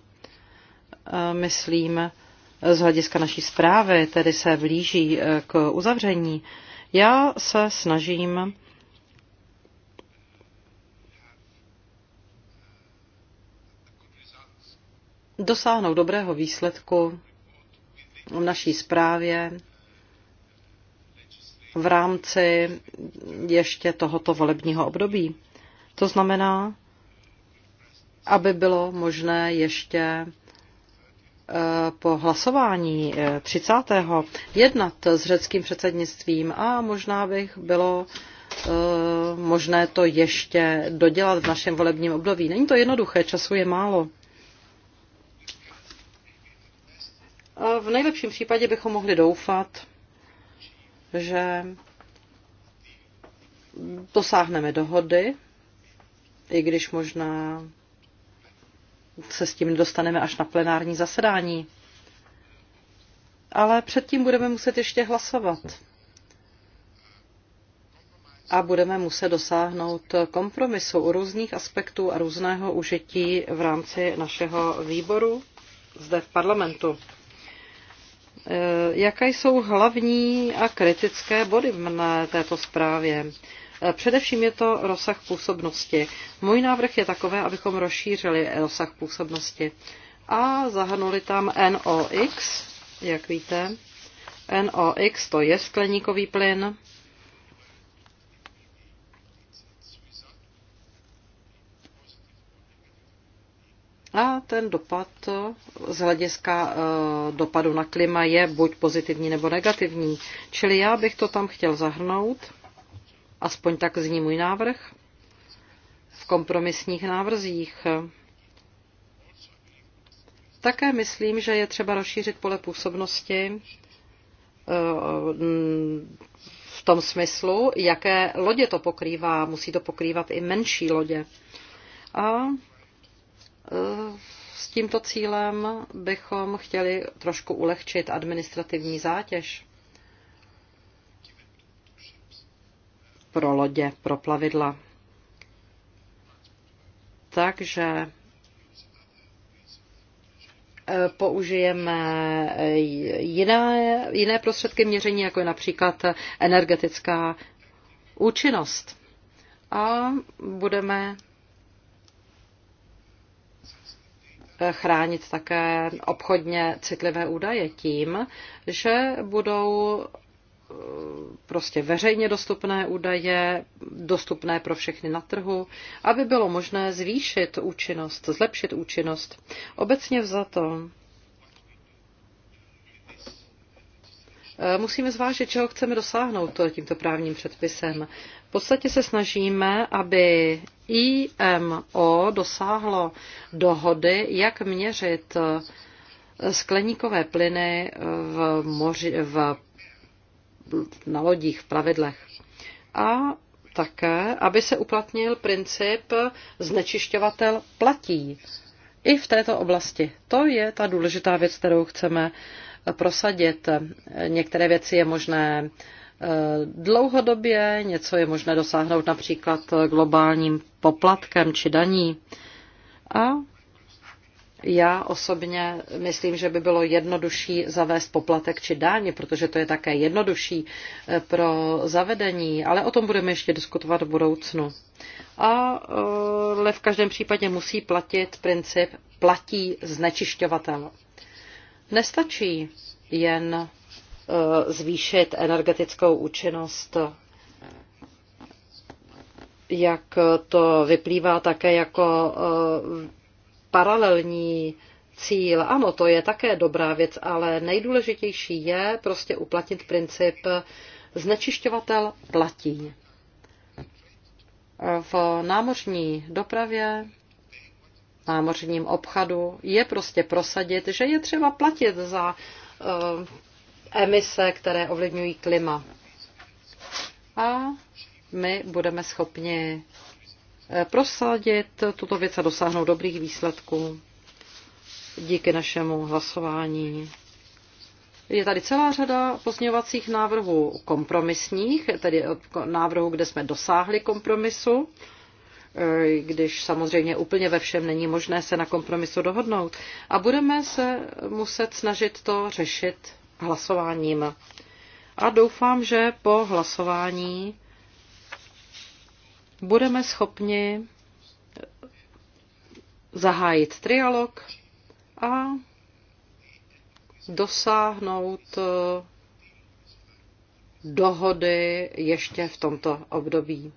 Speaker 2: myslím, z hlediska naší zprávy, tedy se blíží k uzavření. Já se snažím dosáhnout dobrého výsledku v naší zprávě v rámci ještě tohoto volebního období. To znamená, aby bylo možné ještě eh, po hlasování 30. Eh, jednat s řeckým předsednictvím a možná bych bylo eh, možné to ještě dodělat v našem volebním období. Není to jednoduché, času je málo. V nejlepším případě bychom mohli doufat, že dosáhneme dohody, i když možná se s tím dostaneme až na plenární zasedání. Ale předtím budeme muset ještě hlasovat. A budeme muset dosáhnout kompromisu u různých aspektů a různého užití v rámci našeho výboru zde v parlamentu. Eh, jaké jsou hlavní a kritické body v této zprávě? Eh, především je to rozsah působnosti. Můj návrh je takové, abychom rozšířili rozsah působnosti a zahrnuli tam NOx, jak víte. NOx to je skleníkový plyn A ten dopad z hlediska eh, dopadu na klima je buď pozitivní nebo negativní. Čili já bych to tam chtěl zahrnout, aspoň tak zní můj návrh, v kompromisních návrzích. Také myslím, že je třeba rozšířit pole působnosti eh, v tom smyslu, jaké lodě to pokrývá. Musí to pokrývat i menší lodě. A s tímto cílem bychom chtěli trošku ulehčit administrativní zátěž pro lodě, pro plavidla. Takže e, použijeme jiné, jiné prostředky měření, jako je například energetická účinnost. A budeme chránit také obchodně citlivé údaje tím, že budou eh, prostě veřejně dostupné údaje, dostupné pro všechny na trhu, aby bylo možné zvýšit účinnost, zlepšit účinnost. Obecně vzato eh, musíme zvážit, čeho chceme dosáhnout tímto právním předpisem. V podstatě se snažíme, aby IMO dosáhlo dohody, jak měřit skleníkové plyny v moři, v, na lodích, v pravidlech. A také, aby se uplatnil princip znečišťovatel platí. I v této oblasti. To je ta důležitá věc, kterou chceme prosadit. Některé věci je možné eh, dlouhodobě, něco je možné dosáhnout například globálním poplatkem či daní. A já osobně myslím, že by bylo jednodušší zavést poplatek či daň, protože to je také jednodušší eh, pro zavedení, ale o tom budeme ještě diskutovat v budoucnu. A, eh, ale v každém případě musí platit princip platí znečišťovatel. Nestačí jen eh, zvýšit energetickou účinnost jak to vyplývá také jako eh, paralelní cíl. Ano, to je také dobrá věc, ale nejdůležitější je prostě uplatnit princip eh, znečišťovatel platí. V námořní dopravě, námořním obchadu je prostě prosadit, že je třeba platit za eh, emise, které ovlivňují klima. A my budeme schopni eh, prosadit tuto věc a dosáhnout dobrých výsledků díky našemu hlasování. Je tady celá řada pozměňovacích návrhů kompromisních, tedy eh, návrhů, kde jsme dosáhli kompromisu, eh, když samozřejmě úplně ve všem není možné se na kompromisu dohodnout. A budeme se muset snažit to řešit hlasováním. A doufám, že po hlasování budeme schopni zahájit trialog a dosáhnout eh, dohody ještě v tomto období.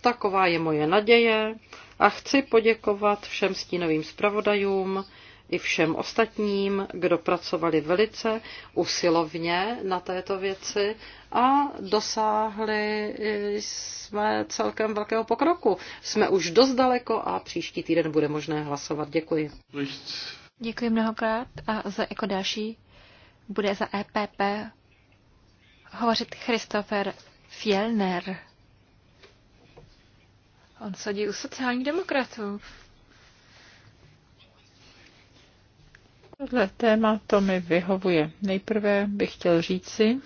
Speaker 2: Taková je moje naděje a chci poděkovat všem stínovým zpravodajům, i všem ostatním, kdo pracovali velice usilovně na této věci a dosáhli jsme celkem velkého pokroku. Jsme už dost daleko a příští týden bude možné hlasovat. Děkuji.
Speaker 3: Děkuji mnohokrát a za jako další bude za EPP hovořit Christopher Fjellner. On sedí u sociálních demokratů.
Speaker 4: Tohle téma to mi vyhovuje. Nejprve bych chtěl říci,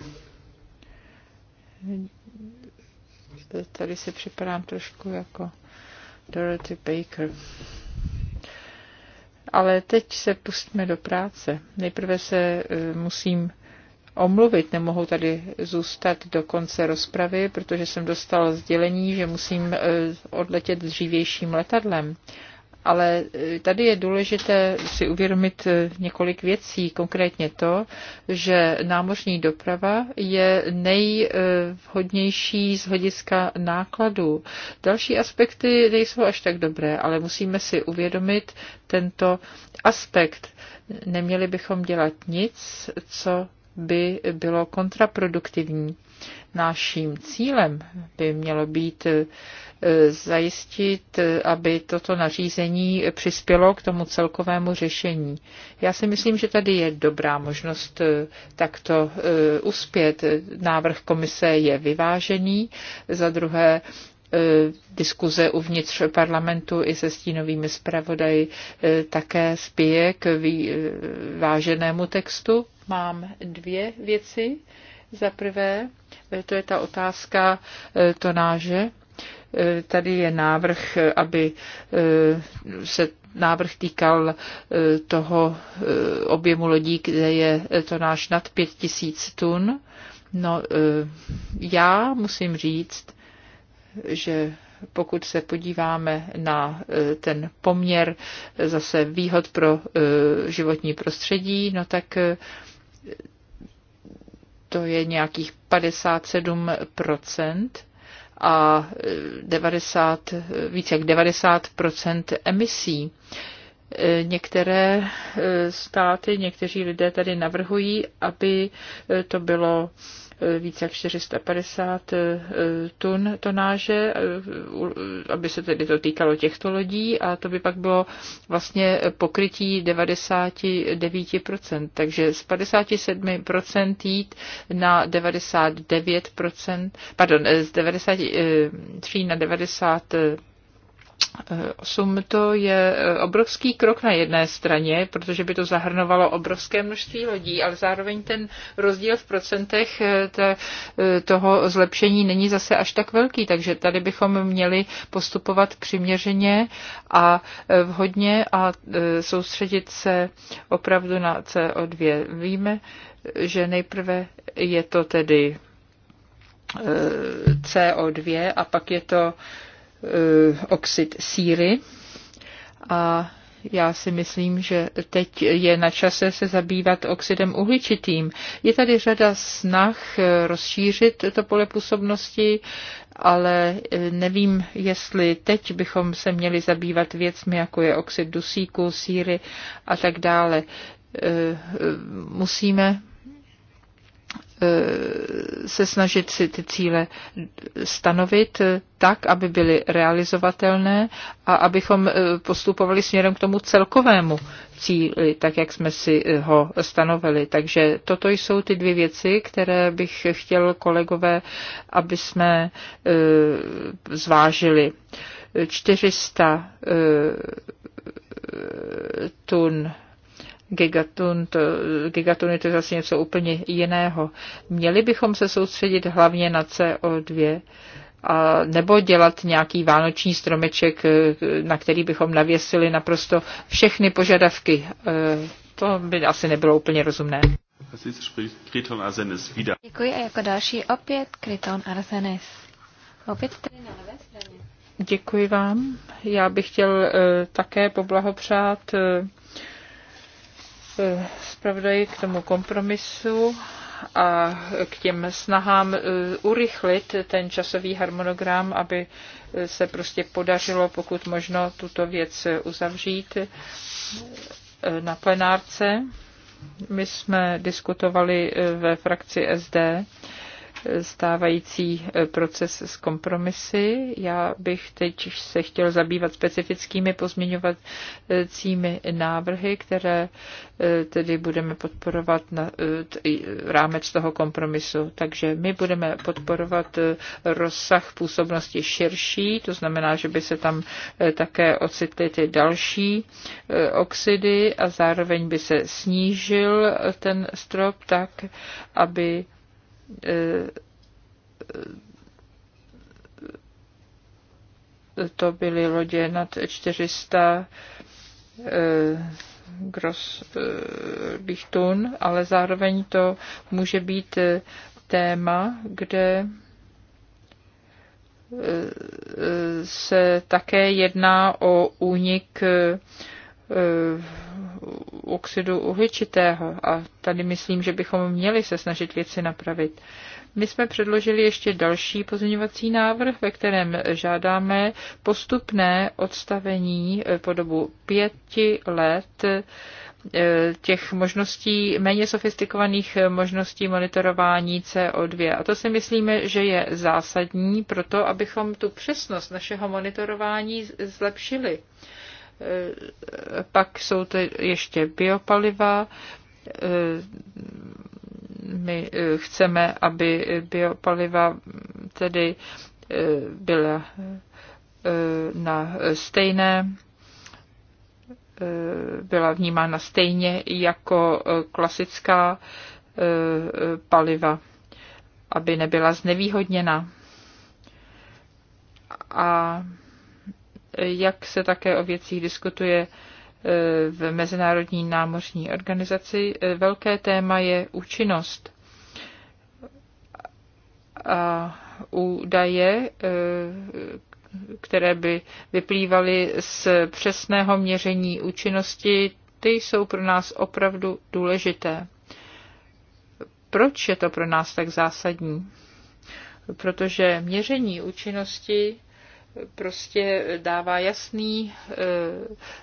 Speaker 4: tady si připadám trošku jako Dorothy Baker. Ale teď se pustíme do práce. Nejprve se eh, musím omluvit, nemohu tady zůstat do konce rozpravy, protože jsem dostal sdělení, že musím eh, odletět dřívějším letadlem. Ale eh, tady je důležité si uvědomit eh, několik věcí, konkrétně to, že námořní doprava je nejvhodnější eh, z hlediska nákladů. Další aspekty nejsou až tak dobré, ale musíme si uvědomit tento aspekt. Neměli bychom dělat nic, co by bylo kontraproduktivní. Naším cílem by mělo být eh, zajistit, aby toto nařízení přispělo k tomu celkovému řešení. Já si myslím, že tady je dobrá možnost eh, takto eh, uspět. Návrh komise je vyvážený, za druhé Eh, diskuze uvnitř parlamentu i se stínovými zpravodaji eh, také spěje k eh, váženému textu. Mám dvě věci. Za prvé, to je ta otázka tonáže. Tady je návrh, aby se návrh týkal toho objemu lodí, kde je tonáž nad 5000 tun. No, já musím říct, že pokud se podíváme na e, ten poměr e, zase výhod pro e, životní prostředí, no tak to je nějakých 57 a 90, více jak 90 emisí. Některé státy, někteří lidé tady navrhují, aby to bylo více jak 450 eh, tun tonáže, eh, aby se tedy to týkalo těchto lodí a to by pak bylo vlastně pokrytí 99%, takže z 57% jít na 99%, pardon, eh, z 93 na 90 8 to je eh, obrovský krok na jedné straně, protože by to zahrnovalo obrovské množství lodí, ale zároveň ten rozdíl v procentech eh, eh, toho zlepšení není zase až tak velký, takže tady bychom měli postupovat přiměřeně a vhodně a soustředit se opravdu na CO2. Víme, že nejprve je to tedy CO2 a pak je to Eh, oxid síry. A já si myslím, že teď je na čase se zabývat oxidem uhličitým. Je tady řada snah eh, rozšířit to pole působnosti, ale eh, nevím, jestli teď bychom se měli zabývat věcmi, jako je oxid dusíku, síry a tak dále. Musíme Eh, se snažit si ty cíle stanovit tak, aby byly realizovatelné a abychom eh, postupovali směrem k tomu celkovému cíli, tak jak jsme si eh, ho stanovili. Takže toto jsou ty dvě věci, které bych chtěl kolegové, aby jsme zvážili. 400 tun gigatun, to, gigatuny to je zase něco úplně jiného. Měli bychom se soustředit hlavně na CO2 a nebo dělat nějaký vánoční stromeček, eh, na který bychom navěsili naprosto všechny požadavky. Eh, to by asi nebylo úplně rozumné. Děkuji a jako
Speaker 3: další opět Kryton Arzenes. Opět tady na levé straně. Děkuji
Speaker 4: vám. Já bych chtěl eh, také poblahopřát zpravodaji k tomu kompromisu a k těm snahám e, urychlit ten časový harmonogram, aby e, se prostě podařilo pokud možno tuto věc uzavřít e, na plenárce. My jsme diskutovali ve frakci SD stávající eh, proces s kompromisy. Já bych teď se chtěl zabývat specifickými pozměňovacími návrhy, které eh, tedy budeme podporovat na eh, rámec toho kompromisu. Takže my budeme podporovat rozsah působnosti širší, to znamená, že by se tam také ocitly ty další oxidy a zároveň by se snížil ten strop tak, aby Eh, to byly lodě nad 400 eh, gros lichtun, eh, ale zároveň to může být téma, kde se také jedná o únik Eh, oxidu uhličitého a tady myslím, že bychom měli se snažit věci napravit. My jsme předložili ještě další pozměňovací návrh, ve kterém žádáme postupné odstavení eh, po dobu pěti let eh, těch možností, méně sofistikovaných možností monitorování CO2. A to si myslíme, že je zásadní pro to, abychom tu přesnost našeho monitorování zlepšili. Eh, pak jsou to ještě biopaliva. Eh, my eh, chceme, aby biopaliva tedy byla na stejné byla vnímána stejně jako klasická paliva, aby nebyla znevýhodněna. A jak se také o věcích diskutuje e, v Mezinárodní námořní organizaci. E, velké téma je účinnost a údaje, e, které by vyplývaly z přesného měření účinnosti, ty jsou pro nás opravdu důležité. Proč je to pro nás tak zásadní? Protože měření účinnosti prostě dává jasný eh,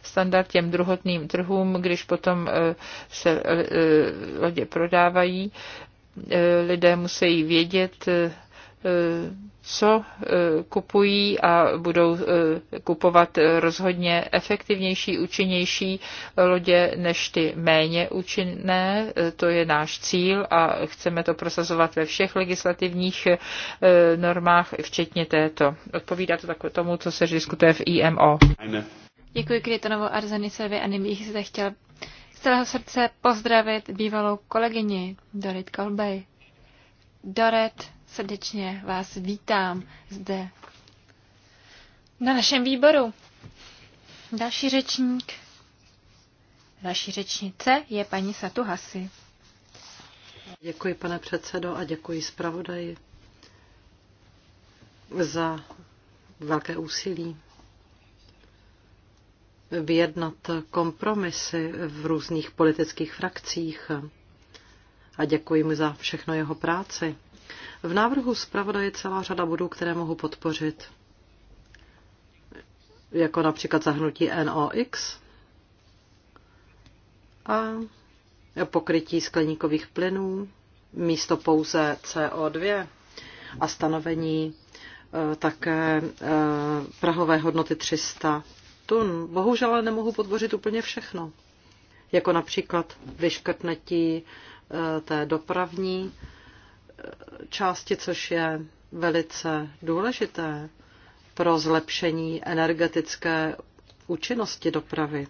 Speaker 4: standard těm druhotným trhům, když potom eh, se eh, lodě prodávají. Lidé musí vědět, co e, kupují a budou e, kupovat e, rozhodně efektivnější, účinnější lodě než ty méně účinné. To je náš cíl a chceme to prosazovat ve všech legislativních normách, včetně této. Odpovídá to tomu, co se diskutuje v IMO.
Speaker 3: Děkuji Krytonovo Arzenisovi a nyní bych se chtěla z celého srdce pozdravit bývalou kolegyni Dorit Kolbej. Dorit. Srdečně vás vítám zde na našem výboru. Další řečník, další řečnice je paní Satu Hasi.
Speaker 2: Děkuji, pane předsedo, a děkuji zpravodaji za velké úsilí vyjednat kompromisy v různých politických frakcích a děkuji mu za všechno jeho práci. V návrhu zpravodaje je celá řada bodů, které mohu podpořit, jako například zahnutí NOx a pokrytí skleníkových plynů místo pouze CO2 a stanovení eh, také eh, prahové hodnoty 300 tun. Bohužel ale nemohu podpořit úplně všechno, jako například vyškrtnutí eh, té dopravní části, což je velice důležité pro zlepšení energetické účinnosti dopravy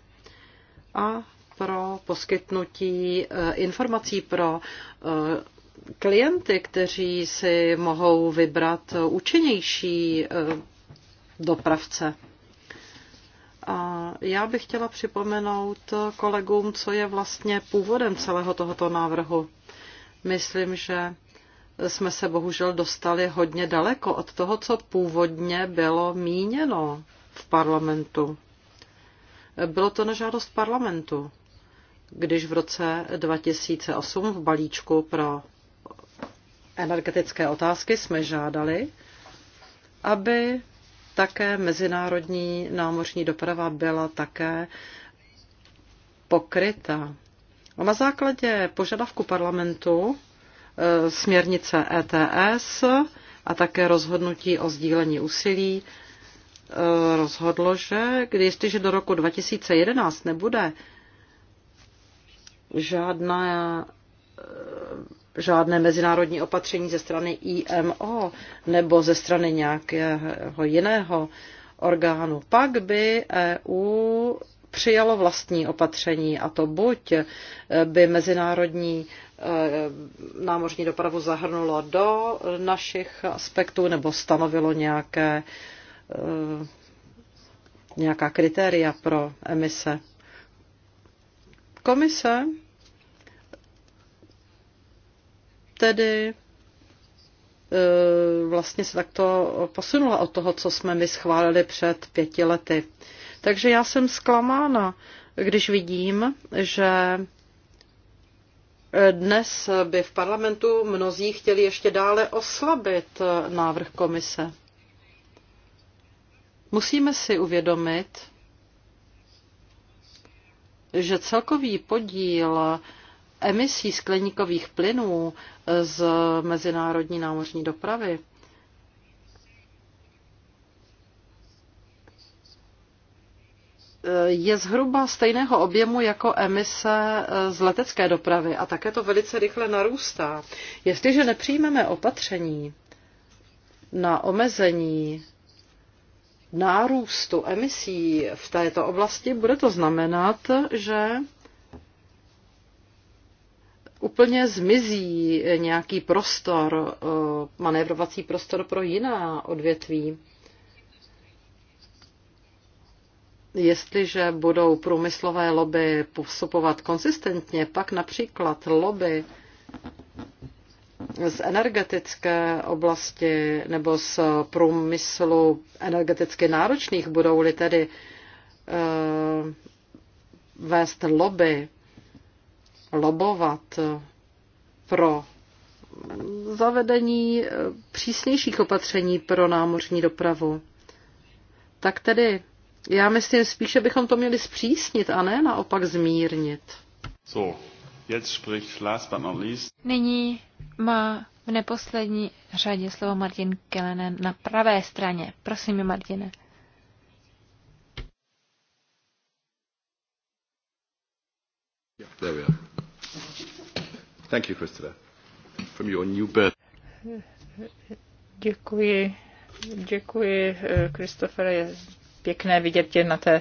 Speaker 2: a pro poskytnutí eh, informací pro eh, klienty, kteří si mohou vybrat účinnější eh, dopravce. A já bych chtěla připomenout kolegům, co je vlastně původem celého tohoto návrhu. Myslím, že jsme se bohužel dostali hodně daleko od toho, co původně bylo míněno v parlamentu. Bylo to na žádost parlamentu, když v roce 2008 v balíčku pro energetické otázky jsme žádali, aby také mezinárodní námořní doprava byla také pokryta. A na základě požadavku parlamentu E, směrnice ETS a také rozhodnutí o sdílení úsilí e, rozhodlo, že když jestliže do roku 2011 nebude žádná, e, žádné mezinárodní opatření ze strany IMO nebo ze strany nějakého jiného orgánu, pak by EU přijalo vlastní opatření a to buď eh, by mezinárodní eh, námořní dopravu zahrnulo do našich aspektů nebo stanovilo nějaké, eh, nějaká kritéria pro emise. Komise tedy vlastně se takto posunula od toho, co jsme my schválili před pěti lety. Takže já jsem zklamána, když vidím, že dnes by v parlamentu mnozí chtěli ještě dále oslabit návrh komise. Musíme si uvědomit, že celkový podíl emisí skleníkových plynů z mezinárodní námořní dopravy je zhruba stejného objemu jako emise eh, z letecké dopravy a také to velice rychle narůstá. Jestliže nepřijmeme opatření na omezení nárůstu emisí v této oblasti, bude to znamenat, že úplně zmizí nějaký prostor, eh, manévrovací prostor pro jiná odvětví. Jestliže budou průmyslové lobby postupovat konsistentně, pak například lobby z energetické oblasti nebo z průmyslu energeticky náročných budou-li tedy uh, vést lobby, lobovat pro zavedení eh, přísnějších opatření pro námořní dopravu. Tak tedy já myslím, spíše bychom to měli zpřísnit a ne naopak zmírnit.
Speaker 1: So, jetzt spricht last but not least.
Speaker 2: Nyní má v neposlední
Speaker 3: řadě slovo Martin Kellenen na pravé straně. Prosím, Martine.
Speaker 1: There we are. Thank you, Christopher. From your new birth.
Speaker 4: Děkuji. Děkuji, Kristofere, eh, pěkné vidět je na té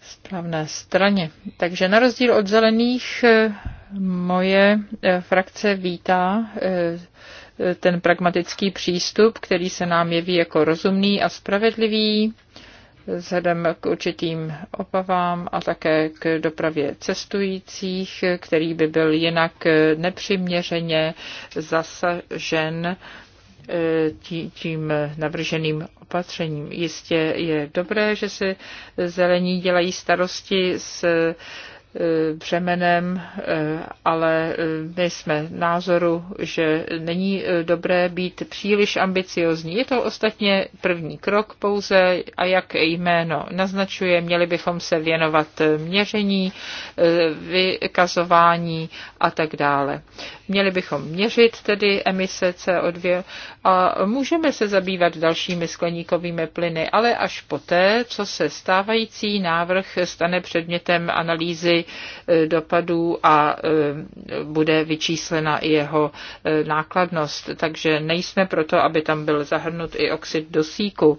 Speaker 4: správné straně. Takže na rozdíl od zelených eh, moje eh, frakce vítá eh, ten pragmatický přístup, který se nám jeví jako rozumný a spravedlivý vzhledem k určitým obavám a také k dopravě cestujících, který by byl jinak nepřiměřeně zasažen tím navrženým opatřením. Jistě je dobré, že si zelení dělají starosti s e, břemenem, e, ale e, my jsme názoru, že není dobré být příliš ambiciozní. Je to ostatně první krok pouze a jak jméno naznačuje, měli bychom se věnovat měření, vykazování a tak dále. Měli bychom měřit tedy emise CO2 a můžeme se zabývat dalšími skleníkovými plyny, ale až poté, co se stávající návrh stane předmětem analýzy e, dopadů a e, bude vyčíslena i jeho e, nákladnost. Takže nejsme proto, aby tam byl zahrnut i oxid dosíku.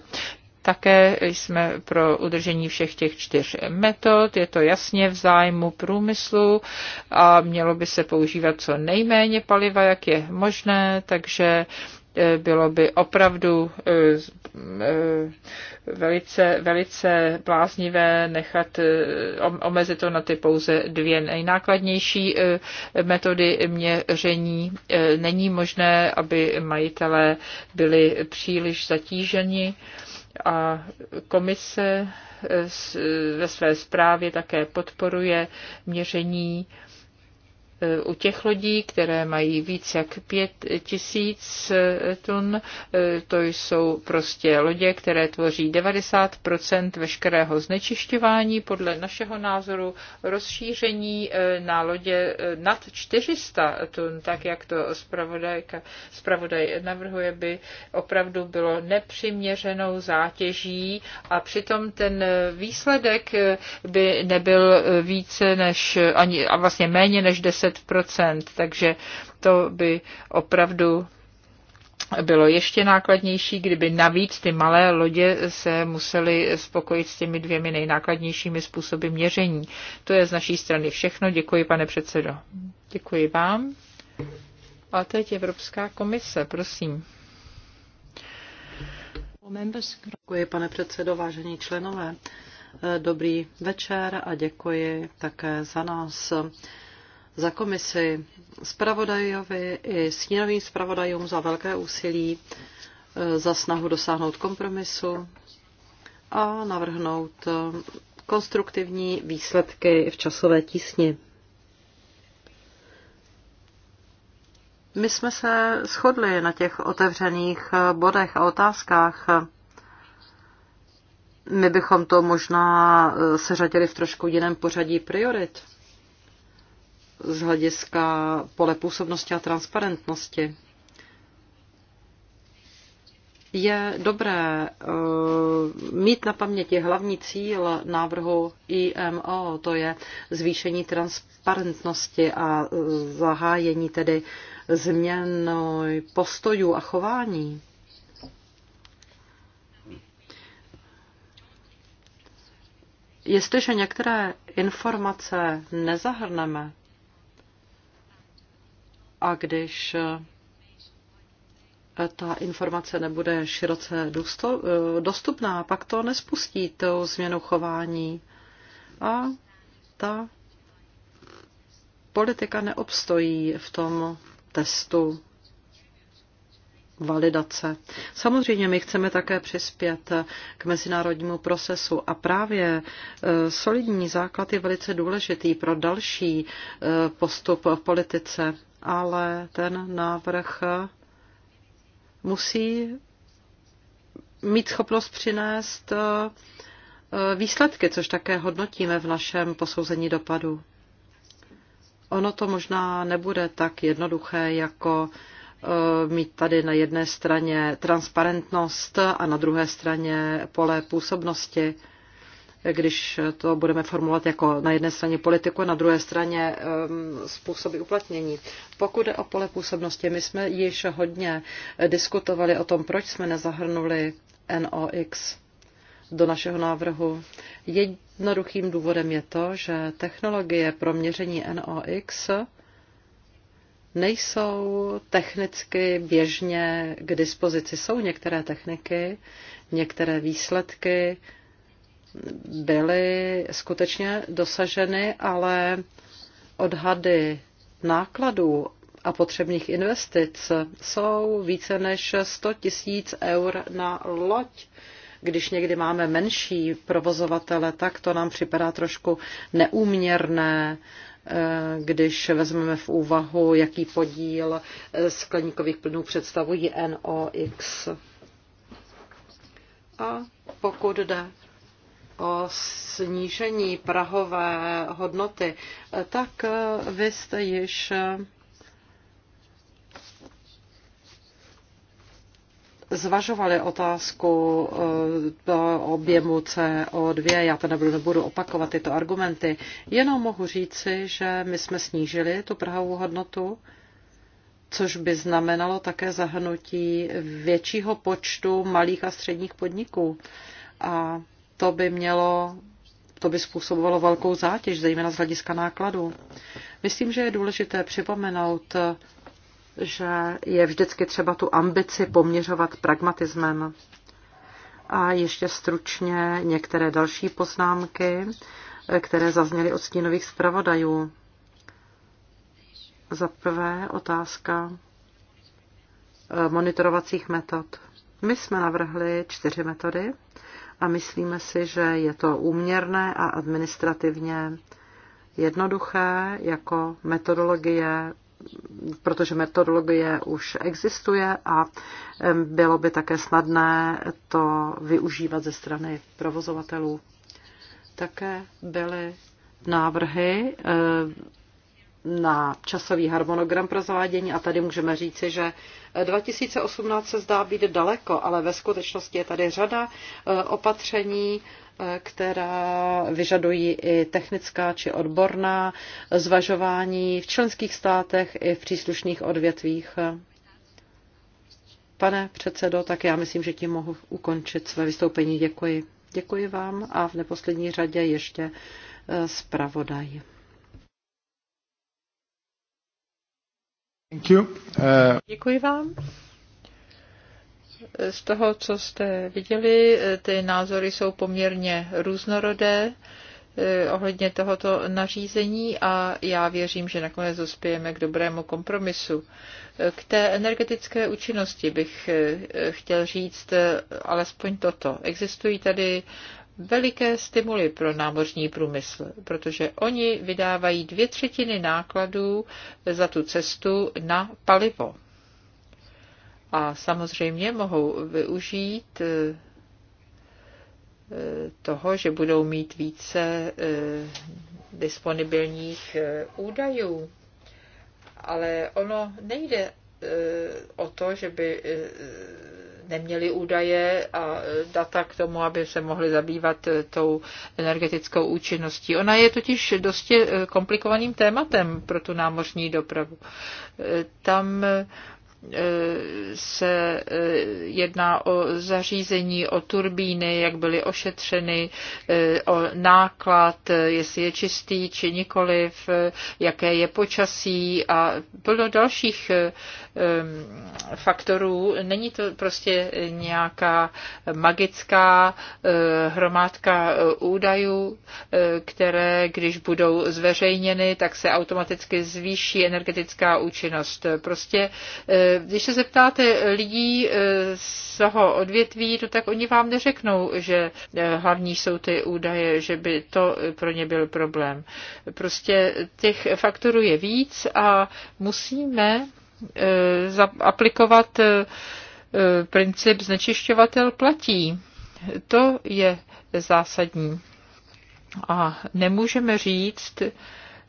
Speaker 4: Také jsme pro udržení všech těch čtyř metod, je to jasně v zájmu průmyslu a mělo by se používat co nejméně paliva, jak je možné, takže eh, bylo by opravdu eh, eh, velice, velice bláznivé nechat, omezit to na ty pouze dvě nejnákladnější metody měření. Není možné, aby majitelé byli příliš zatíženi a komise ve své zprávě také podporuje měření u těch lodí, které mají více jak pět tisíc eh, tun. Eh, to jsou prostě lodě, které tvoří 90 veškerého znečišťování. Podle našeho názoru rozšíření eh, na lodě nad 400 tun, tak jak to zpravodaj navrhuje, by opravdu bylo nepřiměřenou zátěží a přitom ten výsledek by nebyl více než ani, a vlastně méně než 10 20 takže to by opravdu bylo ještě nákladnější, kdyby navíc ty malé lodě se musely spokojit s těmi dvěmi nejnákladnějšími způsoby měření. To je z naší strany všechno. Děkuji, pane předsedo. Děkuji vám. A teď Evropská komise, prosím.
Speaker 2: Děkuji, pane předsedo, vážení členové. Dobrý večer a děkuji také za nás za komisi, zpravodajovi i sněnovým zpravodajům za velké úsilí, e, za snahu dosáhnout kompromisu a navrhnout e, konstruktivní výsledky v časové tísni. My jsme se shodli na těch otevřených e, bodech a otázkách. My bychom to možná seřadili v trošku jiném pořadí priorit z hlediska pole působnosti a transparentnosti. Je dobré eh, mít na paměti hlavní cíl návrhu IMO, to je zvýšení transparentnosti a eh, zahájení tedy změn postojů a chování. Jestliže některé informace nezahrneme, a když eh, ta informace nebude široce eh, dostupná, pak to nespustí tou změnu chování a ta politika neobstojí v tom testu validace. Samozřejmě my chceme také přispět k mezinárodnímu procesu a právě eh, solidní základ je velice důležitý pro další postup v politice ale ten návrh musí mít schopnost přinést eh, výsledky, což také hodnotíme v našem posouzení dopadu. Ono to možná nebude tak jednoduché, jako eh, mít tady na jedné straně transparentnost a na druhé straně pole působnosti když to budeme formulovat jako na jedné straně politiku, na druhé straně způsoby uplatnění. Pokud je o pole působnosti, my jsme již hodně diskutovali o tom, proč jsme nezahrnuli NOx do našeho návrhu. Jednoduchým důvodem je to, že technologie pro měření NOx nejsou technicky běžně k dispozici. Jsou některé techniky, některé výsledky, byly skutečně dosaženy, ale odhady nákladů a potřebných investic jsou více než 100 tisíc eur na loď. Když někdy máme menší provozovatele, tak to nám připadá trošku neúměrné, eh, když vezmeme v úvahu, jaký podíl skleníkových plynů představují NOx. A pokud jde o snížení prahové hodnoty, tak vy jste již eh, zvažovali otázku eh, objemu CO2. Já to nebudu, nebudu opakovat tyto argumenty. Jenom mohu říci, že my jsme snížili tu prahovou hodnotu, což by znamenalo také zahrnutí většího počtu malých a středních podniků. A to by mělo to by způsobovalo velkou zátěž, zejména z hlediska nákladů. Myslím, že je důležité připomenout, že je vždycky třeba tu ambici poměřovat pragmatismem. A ještě stručně některé další poznámky, které zazněly od stínových zpravodajů. Za prvé otázka eh, monitorovacích metod. My jsme navrhli čtyři metody a myslíme si, že je to úměrné a administrativně jednoduché jako metodologie, protože metodologie už existuje a bylo by také snadné to využívat ze strany provozovatelů. Také byly návrhy na časový harmonogram pro zavádění a tady můžeme říci, že 2018 se zdá být daleko, ale ve skutečnosti je tady řada eh, opatření, eh, která vyžadují i technická či odborná zvažování v členských státech i v příslušných odvětvích. Pane předsedo, tak já myslím, že tím mohu ukončit své vystoupení. Děkuji. Děkuji vám a v neposlední řadě ještě eh, zpravodaj.
Speaker 4: Thank you. Uh... Děkuji vám. Z toho, co jste viděli, ty názory jsou poměrně různorodé eh, ohledně tohoto nařízení a já věřím, že nakonec dospějeme k dobrému kompromisu. Eh, k té energetické účinnosti bych eh, chtěl říct alespoň toto. Existují tady veliké stimuly pro námořní průmysl, protože oni vydávají dvě třetiny nákladů za tu cestu na palivo. A samozřejmě mohou využít eh, eh, toho, že budou mít více eh, disponibilních údajů. Ale ono nejde o to, že by neměli údaje a data k tomu, aby se mohli zabývat eh, tou energetickou účinností. Ona je totiž dosti eh, komplikovaným tématem pro tu námořní dopravu. Eh, tam se eh, jedná o zařízení, o turbíny, jak byly ošetřeny, eh, o náklad, eh, jestli je čistý či nikoliv, jaké je počasí a plno dalších faktorů. Není to prostě nějaká magická hromádka údajů, které, když budou zveřejněny, tak se automaticky zvýší energetická účinnost. Prostě když se zeptáte lidí eh, z toho odvětví, to tak oni vám neřeknou, že eh, hlavní jsou ty údaje, že by to eh, pro ně byl problém. Prostě těch faktorů je víc a musíme aplikovat princip znečišťovatel platí. To je zásadní. A nemůžeme říct,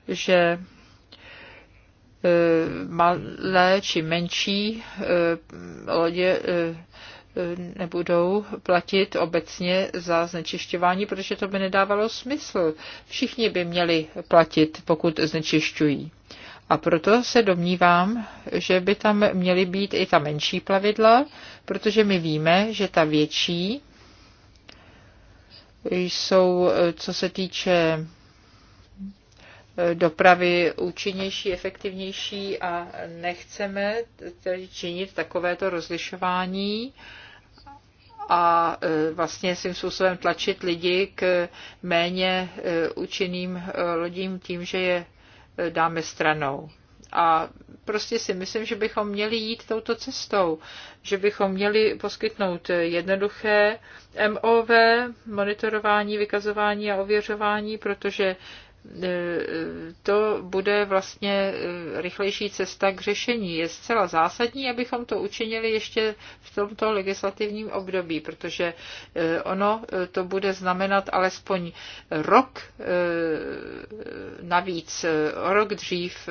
Speaker 4: že Eh, malé či menší eh, lodě eh, nebudou platit obecně za znečišťování, protože to by nedávalo smysl. Všichni by měli platit, pokud znečišťují. A proto se domnívám, že by tam měly být i ta menší plavidla, protože my víme, že ta větší jsou, co se týče dopravy účinnější, efektivnější a nechceme tedy činit takovéto rozlišování a e, vlastně svým způsobem tlačit lidi k méně e, účinným e, lodím tím, že je dáme stranou. A prostě si myslím, že bychom měli jít touto cestou, že bychom měli poskytnout jednoduché MOV, monitorování, vykazování a ověřování, protože to bude vlastně eh, rychlejší cesta k řešení. Je zcela zásadní, abychom to učinili ještě v tomto legislativním období, protože eh, ono eh, to bude znamenat alespoň rok navíc, rok dřív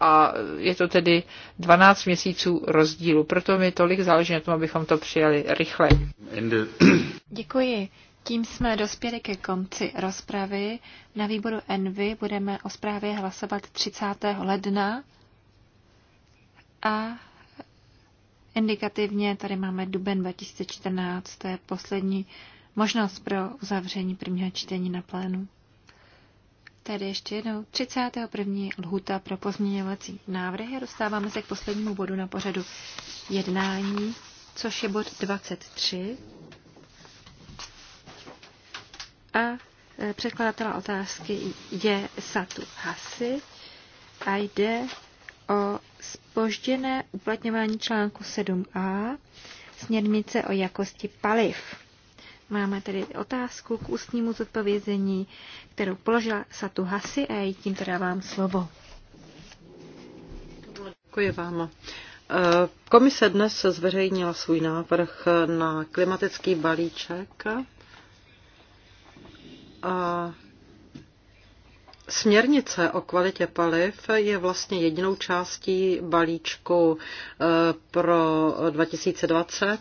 Speaker 4: a je to tedy 12 měsíců rozdílu. Proto mi tolik záleží na tom, abychom to přijali rychle.
Speaker 3: Děkuji. Tím jsme dospěli ke konci rozpravy. Na výboru Envy budeme o zprávě hlasovat 30. ledna a indikativně tady máme duben 2014, to je poslední možnost pro uzavření prvního čtení na plénu. Tady ještě jednou 31. lhuta pro pozměňovací návrhy. Dostáváme se k poslednímu bodu na pořadu jednání, což je bod 23. A e, překladatela otázky je Satu Hasi a jde o spožděné uplatňování článku 7a směrnice o jakosti paliv. Máme tedy otázku k ústnímu zodpovězení, kterou položila Satu Hasi a já jí teda dávám slovo.
Speaker 2: Děkuji vám. E, komise dnes zveřejnila svůj návrh na klimatický balíček a Směrnice o kvalitě paliv je vlastně jedinou částí balíčku eh, pro 2020,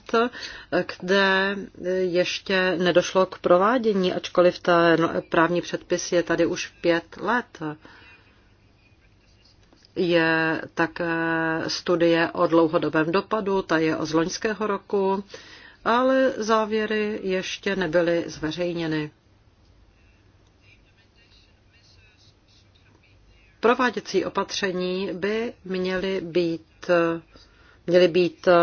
Speaker 2: kde ještě nedošlo k provádění, ačkoliv ten právní předpis je tady už pět let. Je také studie o dlouhodobém dopadu, ta je z loňského roku, ale závěry ještě nebyly zveřejněny. Prováděcí opatření by měly být, měly být eh,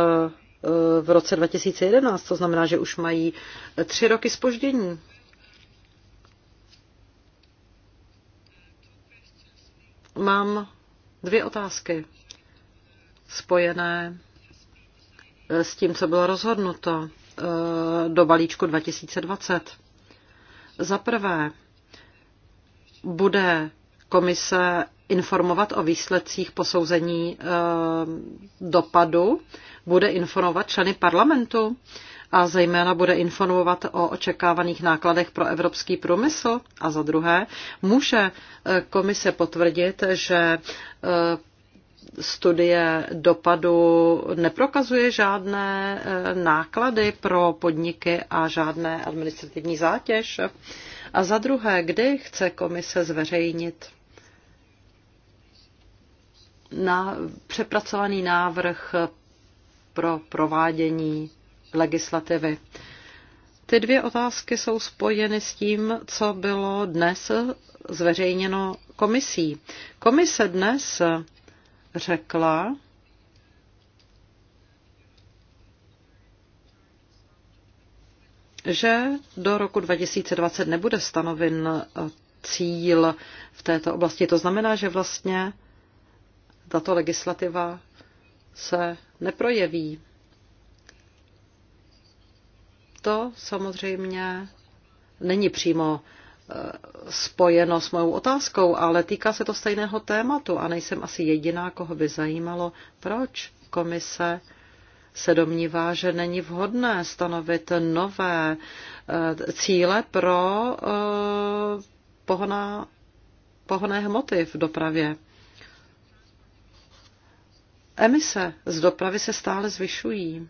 Speaker 2: v roce 2011, to znamená, že už mají tři roky spoždění. Mám dvě otázky spojené eh, s tím, co bylo rozhodnuto eh, do balíčku 2020. Za prvé, bude komise informovat o výsledcích posouzení eh, dopadu, bude informovat členy parlamentu a zejména bude informovat o očekávaných nákladech pro evropský průmysl. A za druhé, může eh, komise potvrdit, že eh, studie dopadu neprokazuje žádné náklady pro podniky a žádné administrativní zátěž. A za druhé, kdy chce komise zveřejnit na přepracovaný návrh pro provádění legislativy. Ty dvě otázky jsou spojeny s tím, co bylo dnes zveřejněno komisí. Komise dnes řekla, že do roku 2020 nebude stanoven cíl v této oblasti. To znamená, že vlastně tato legislativa se neprojeví. To samozřejmě není přímo eh, spojeno s mou otázkou, ale týká se to stejného tématu a nejsem asi jediná, koho by zajímalo, proč komise se domnívá, že není vhodné stanovit nové eh, cíle pro pohoná, eh, pohoné hmoty v dopravě. Emise z dopravy se stále zvyšují,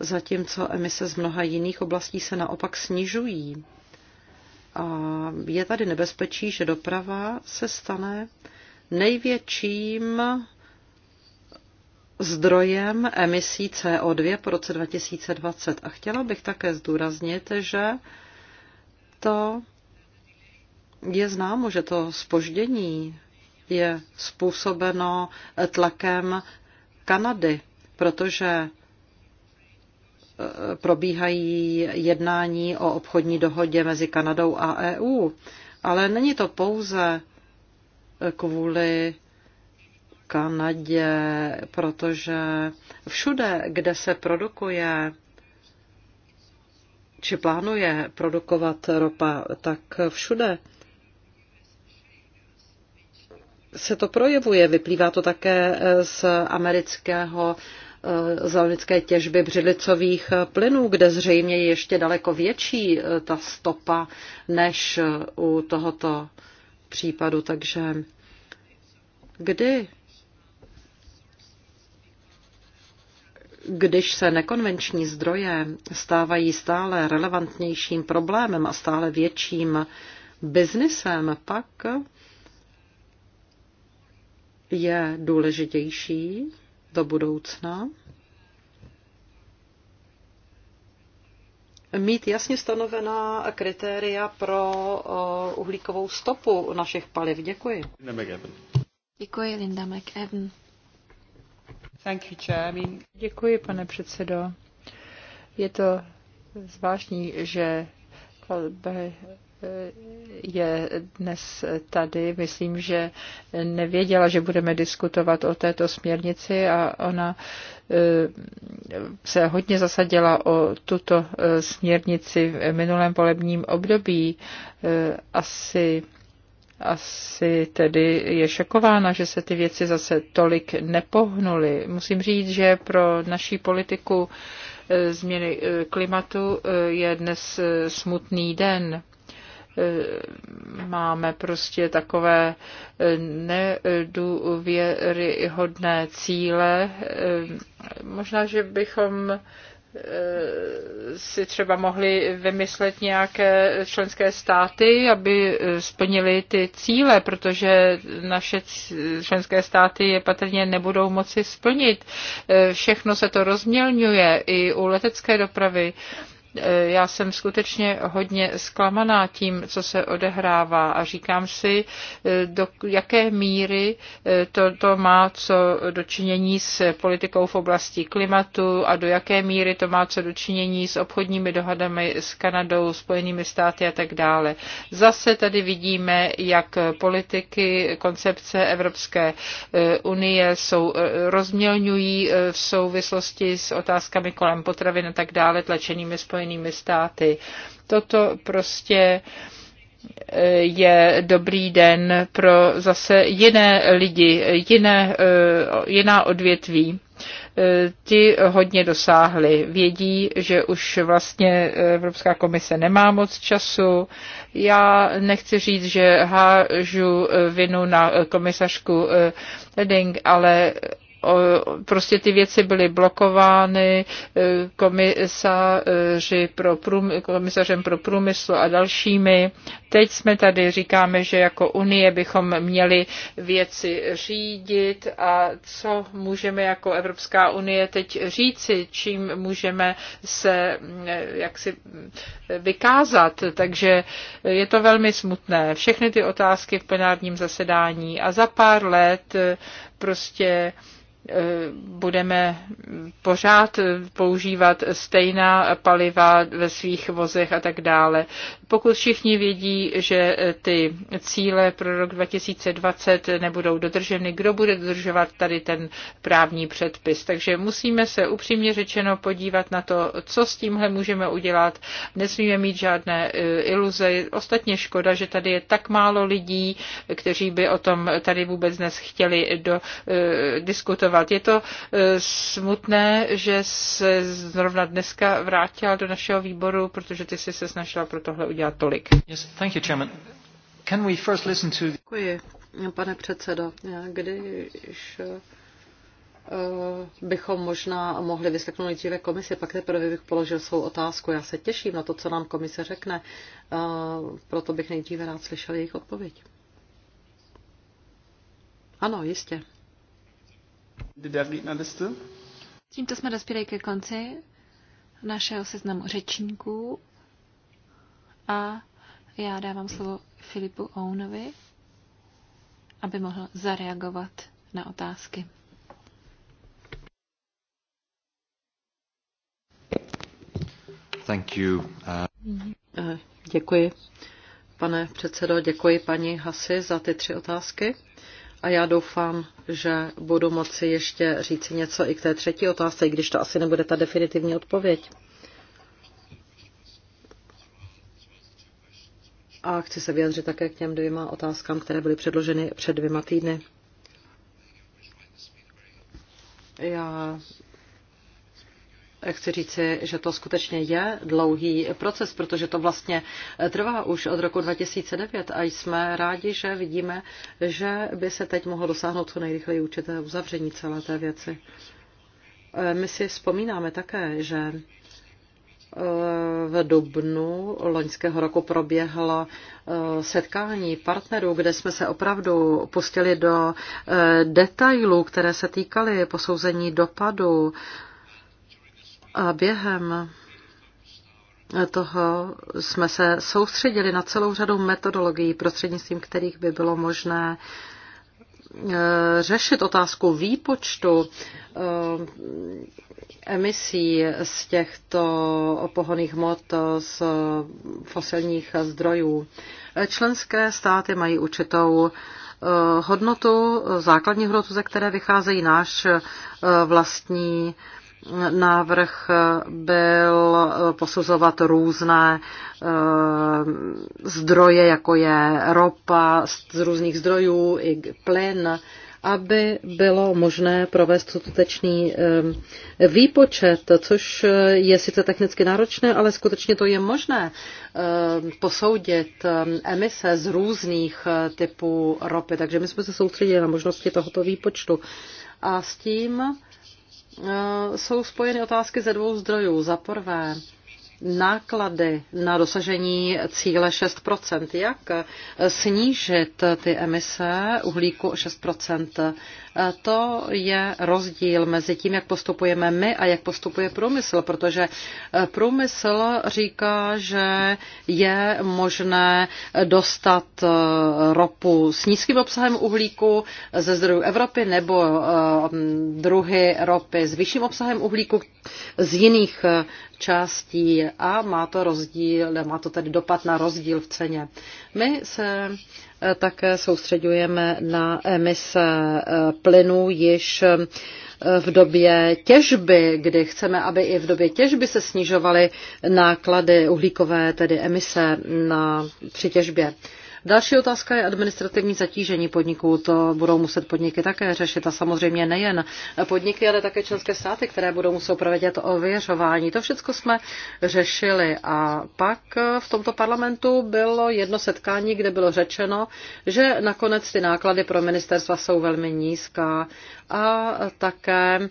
Speaker 2: zatímco emise z mnoha jiných oblastí se naopak snižují. A je tady nebezpečí, že doprava se stane největším zdrojem emisí CO2 po roce 2020. A chtěla bych také zdůraznit, že to je známo, že to spoždění je způsobeno tlakem Kanady, protože eh, probíhají jednání o obchodní dohodě mezi Kanadou a EU. Ale není to pouze eh, kvůli Kanadě, protože všude, kde se produkuje či plánuje produkovat ropa, tak všude se to projevuje. Vyplývá to také eh, z amerického eh, zelnické těžby břidlicových eh, plynů, kde zřejmě je ještě daleko větší ta stopa než u tohoto případu. Takže kdy když se nekonvenční zdroje stávají stále relevantnějším problémem a stále větším biznesem, pak je důležitější do budoucna. Mít jasně stanovená kritéria pro uhlíkovou stopu našich paliv.
Speaker 4: Děkuji. Děkuji, Linda McEwen. Thank you, Děkuji, pane předsedo. Je to zvláštní, že je dnes tady. Myslím, že nevěděla, že budeme diskutovat o této směrnici a ona eh, se hodně zasadila o tuto eh, směrnici v minulém volebním období. Eh, asi asi tedy je šokována, že se ty věci zase tolik nepohnuly. Musím říct, že pro naší politiku změny klimatu je dnes smutný den. Eh, máme prostě takové eh, nedůvěryhodné cíle. Eh, možná, že bychom si třeba mohli vymyslet nějaké členské státy, aby splnili ty cíle, protože naše členské státy je patrně nebudou moci splnit. Všechno se to rozmělňuje i u letecké dopravy. Eh, já jsem skutečně hodně zklamaná tím, co se odehrává a říkám si, eh, do jaké míry eh, to, to má co dočinění s politikou v oblasti klimatu a do jaké míry to má co dočinění s obchodními dohadami s Kanadou, Spojenými státy a tak dále. Zase tady vidíme, jak politiky, koncepce Evropské unie jsou, rozmělňují v souvislosti s otázkami kolem potravin a tak dále, tlačenými spojenými Spojenými státy. Toto prostě eh, je dobrý den pro zase jiné lidi, jiné, eh, jiná odvětví. Eh, ti hodně dosáhli. Vědí, že už vlastně Evropská komise nemá moc času. Já nechci říct, že hážu vinu na komisařku Reding, ale prostě ty věci byly blokovány e, komisaři pro prům, komisařem pro průmysl a dalšími. Teď jsme tady, říkáme, že jako Unie bychom měli věci řídit a co můžeme jako Evropská unie teď říci, čím můžeme se jaksi vykázat. Takže je to velmi smutné. Všechny ty otázky v plenárním zasedání a za pár let e, prostě Eh, budeme pořád používat stejná paliva ve svých vozech a tak dále. Pokud všichni vědí, že ty cíle pro rok 2020 nebudou dodrženy, kdo bude dodržovat tady ten právní předpis. Takže musíme se upřímně řečeno podívat na to, co s tímhle můžeme udělat. Nesmíme mít žádné eh, iluze. Ostatně škoda, že tady je tak málo lidí, kteří by o tom tady vůbec dnes chtěli do, eh, diskutovat vyjednávat. Je to e, smutné, že se zrovna dneska vrátila do našeho výboru, protože ty jsi se snažila pro tohle udělat tolik. Yes, thank you, Chairman. Can we first listen to...
Speaker 2: Děkuji, pane předsedo. Když e, bychom možná mohli vyslechnout nejdříve komisi, pak teprve bych položil svou otázku. Já se těším na to, co nám komise řekne, e, proto bych nejdříve rád slyšel jejich odpověď. Ano, jistě.
Speaker 3: Tímto jsme dospěli ke konci našeho seznamu řečníků a já dávám slovo Filipu Ounovi, aby mohl zareagovat na otázky. Thank you. Uh...
Speaker 2: Eh, děkuji, pane předsedo, děkuji paní Hasi za ty tři otázky a já doufám, že budu moci ještě říci něco i k té třetí otázce, i když to asi nebude ta definitivní odpověď. A chci se vyjádřit také k těm dvěma otázkám, které byly předloženy před dvěma týdny. Já chci říci, že to skutečně je dlouhý proces, protože to vlastně trvá už od roku 2009 a jsme rádi, že vidíme, že by se teď mohlo dosáhnout co nejrychleji určité uzavření celé té věci. Eh, my si vzpomínáme také, že eh, v dubnu loňského roku proběhlo eh, setkání partnerů, kde jsme se opravdu pustili do detailů, které se týkaly posouzení dopadu a během toho jsme se soustředili na celou řadu metodologií, prostřednictvím kterých by bylo možné eh, řešit otázku výpočtu eh, emisí z těchto pohoných hmot z fosilních zdrojů. Členské státy mají určitou eh, hodnotu, základní hodnotu, ze které vycházejí náš vlastní návrh byl posuzovat různé eh, zdroje, jako je ropa z různých zdrojů i plyn, aby bylo možné provést skutečný eh, výpočet, což je sice technicky náročné, ale skutečně to je možné eh, posoudit emise z různých typů ropy. Takže my jsme se soustředili na možnosti tohoto výpočtu. A s tím Eh, jsou spojeny otázky ze dvou zdrojů. Za prvé, náklady na dosažení cíle 6 Jak snížit ty emise uhlíku o 6 to je rozdíl mezi tím, jak postupujeme my a jak postupuje průmysl, protože eh, průmysl říká, že je možné dostat eh, ropu s nízkým obsahem uhlíku ze zdrojů Evropy nebo eh, druhy ropy s vyšším obsahem uhlíku z jiných částí a má to rozdíl, má to tedy dopad na rozdíl v ceně. My se Eh, také soustředujeme na emise eh, plynů již eh, v době těžby, kdy chceme, aby i v době těžby se snižovaly náklady uhlíkové, tedy emise na, při těžbě. Další otázka je administrativní zatížení podniků. To budou muset podniky také řešit a samozřejmě nejen podniky, ale také členské státy, které budou muset provedět ověřování. To všechno jsme řešili a pak v tomto parlamentu bylo jedno setkání, kde bylo řečeno, že nakonec ty náklady pro ministerstva jsou velmi nízká a také eh,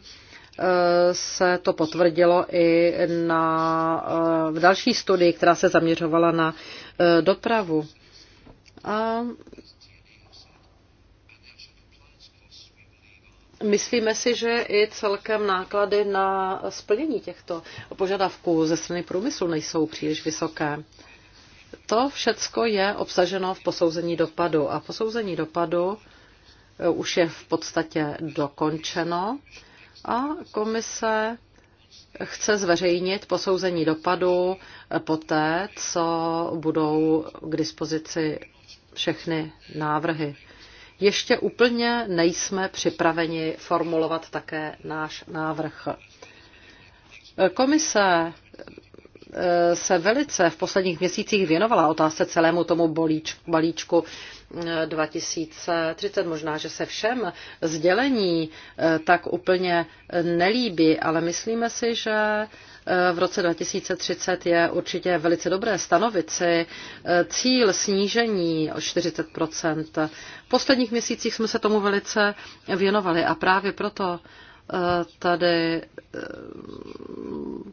Speaker 2: se to potvrdilo i na, eh, v další studii, která se zaměřovala na eh, dopravu. A myslíme si, že i celkem náklady na splnění těchto požadavků ze strany průmyslu nejsou příliš vysoké. To všecko je obsaženo v posouzení dopadu a posouzení dopadu eh, už je v podstatě dokončeno a komise chce zveřejnit posouzení dopadu eh, poté, co budou k dispozici všechny návrhy. Ještě úplně nejsme připraveni formulovat také náš návrh. Komise eh, se velice v posledních měsících věnovala otázce celému tomu balíčku 2030. Eh, Možná, že se všem sdělení eh, tak úplně nelíbí, ale myslíme si, že v roce 2030 je určitě velice dobré stanovit si eh, cíl snížení o 40 V posledních měsících jsme se tomu velice věnovali a právě proto eh, tady eh,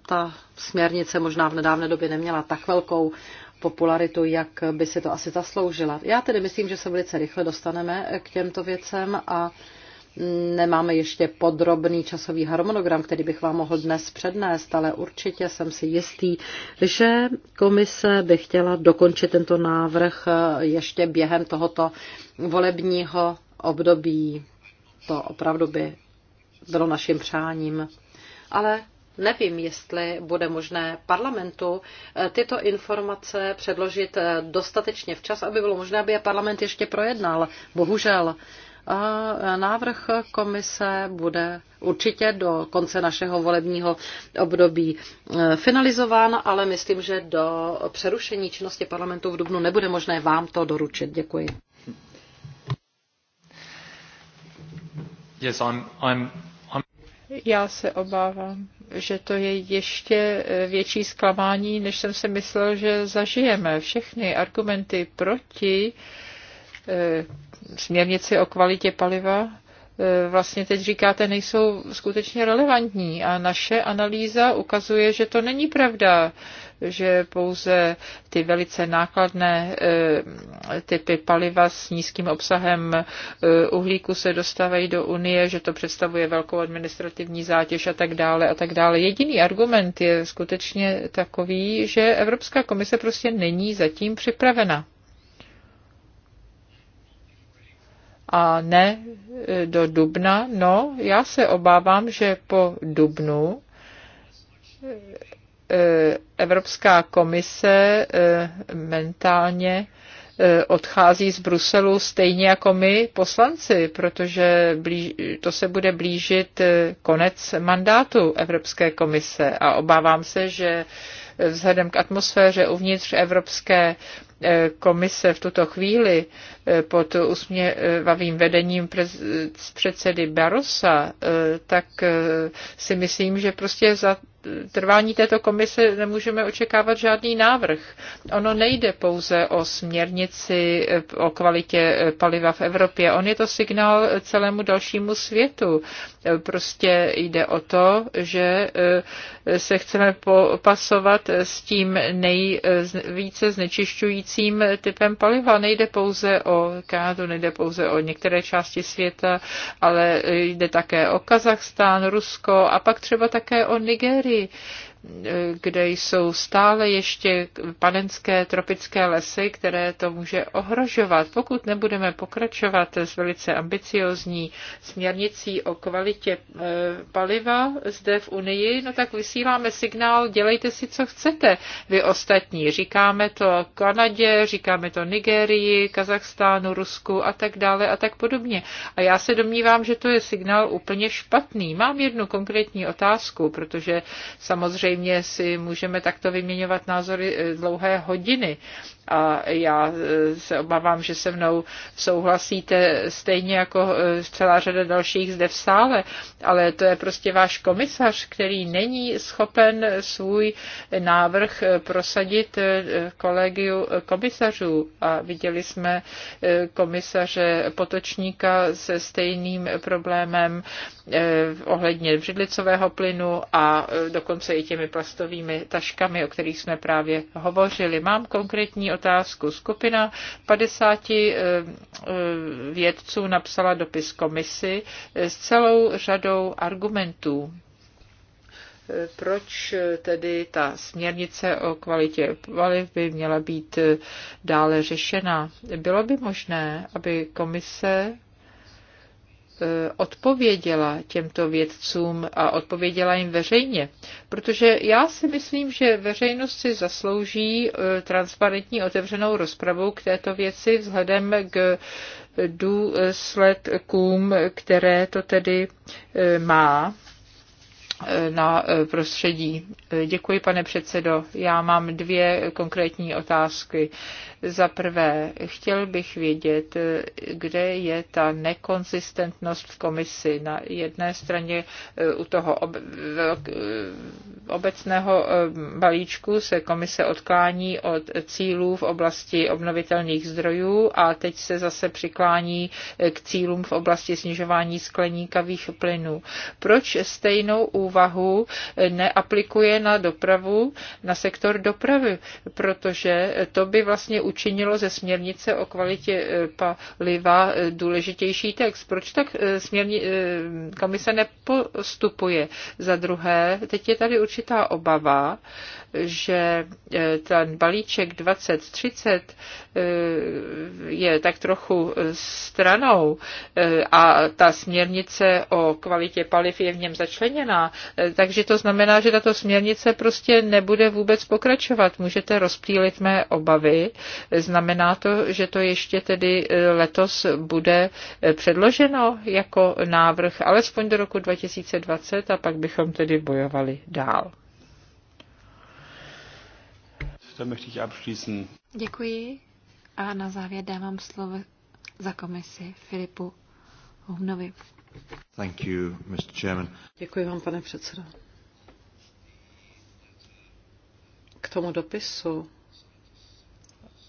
Speaker 2: ta směrnice možná v nedávné době neměla tak velkou popularitu, jak by si to asi zasloužila. Já tedy myslím, že se velice rychle dostaneme k těmto věcem a Nemáme ještě podrobný časový harmonogram, který bych vám mohl dnes přednést, ale určitě jsem si jistý, že komise by chtěla dokončit tento návrh eh, ještě během tohoto volebního období. To opravdu by bylo naším přáním. Ale Nevím, jestli bude možné parlamentu eh, tyto informace předložit eh, dostatečně včas, aby bylo možné, aby je parlament ještě projednal. Bohužel návrh komise bude určitě do konce našeho volebního období eh, finalizován, ale myslím, že do přerušení činnosti parlamentu v Dubnu nebude možné vám to doručit. Děkuji.
Speaker 1: Yes, I'm, I'm, I'm...
Speaker 4: Já se obávám, že to je ještě eh, větší zklamání, než jsem si myslel, že zažijeme. Všechny argumenty proti uh, Eh, směrnici o kvalitě paliva eh, vlastně teď říkáte, nejsou skutečně relevantní. A naše analýza ukazuje, že to není pravda, že pouze ty velice nákladné eh, typy paliva s nízkým obsahem uhlíku se dostávají do Unie, že to představuje velkou administrativní zátěž a tak dále a tak dále. Jediný argument je skutečně takový, že Evropská komise prostě není zatím připravena. a ne e, do dubna. No, já se obávám, že po dubnu e, e, Evropská komise mentálně odchází z Bruselu stejně jako my poslanci, protože to se bude blížit konec mandátu Evropské komise a obávám se, že vzhledem k atmosféře uvnitř Evropské eh, komise v tuto chvíli eh, pod usměvavým vedením předsedy Barosa, eh, tak si myslím, že prostě za trvání této komise nemůžeme očekávat žádný návrh. Ono nejde pouze o směrnici o kvalitě paliva v Evropě. On je to signál celému dalšímu světu. Prostě jde o to, že eh, se chceme popasovat s tím nejvíce znečišťujícím typem paliva. Nejde pouze o Kanadu, nejde pouze o některé části světa, ale jde také o Kazachstán, Rusko a pak třeba také o Nigérii Syrii kde jsou stále ještě panenské tropické lesy, které to může ohrožovat. Pokud nebudeme pokračovat s velice ambiciozní směrnicí o kvalitě e, paliva zde v Unii, no tak vysíláme signál, dělejte si, co chcete, vy ostatní. Říkáme to Kanadě, říkáme to Nigerii, Kazachstánu, Rusku a tak dále a tak podobně. A já se domnívám, že to je signál úplně špatný. Mám jednu konkrétní otázku, protože samozřejmě samozřejmě si můžeme takto vyměňovat názory eh, dlouhé hodiny a já eh, se obávám, že se mnou souhlasíte stejně jako eh, celá řada dalších zde v sále, ale to je prostě váš komisař, který není schopen svůj návrh prosadit kolegiu komisařů. A viděli jsme komisaře Potočníka se stejným problémem ohledně břidlicového plynu a dokonce i těmi těmi plastovými taškami, o kterých jsme právě hovořili. Mám konkrétní otázku. Skupina 50 eh, eh, vědců napsala dopis komisi eh, s celou řadou argumentů proč tedy ta směrnice o kvalitě paliv by měla být dále řešena. Bylo by možné, aby komise E, odpověděla těmto vědcům a odpověděla jim veřejně. Protože já si myslím, že veřejnost si zaslouží e, transparentní otevřenou rozpravu k této věci vzhledem k důsledkům, které to tedy e, má na prostředí. Děkuji, pane předsedo. Já mám dvě konkrétní otázky. Za prvé, chtěl bych vědět, kde je ta nekonzistentnost v komisi. Na jedné straně eh, u toho eh, obecného eh, balíčku se komise odklání od cílů v oblasti obnovitelných zdrojů a teď se zase přiklání k cílům v oblasti snižování skleníkavých plynů. Proč stejnou úvahu neaplikuje na dopravu, na sektor dopravy? Protože to by vlastně učinilo ze směrnice o kvalitě eh, paliva eh, důležitější text. Proč tak eh, směrni, komise nepostupuje? Za druhé, teď je tady určitá obava, že ten balíček 2030 je tak trochu stranou a ta směrnice o kvalitě paliv je v něm začleněná, takže to znamená, že tato směrnice prostě nebude vůbec pokračovat. Můžete rozptýlit mé obavy, Znamená to, že to ještě tedy e, letos bude e, předloženo jako návrh, alespoň do roku 2020 a pak bychom tedy bojovali dál.
Speaker 3: Děkuji a na závěr dávám slovo za komisi
Speaker 2: Filipu Humnovi.
Speaker 3: Thank you, Mr. Chairman.
Speaker 2: Děkuji vám, pane předsedo. K tomu dopisu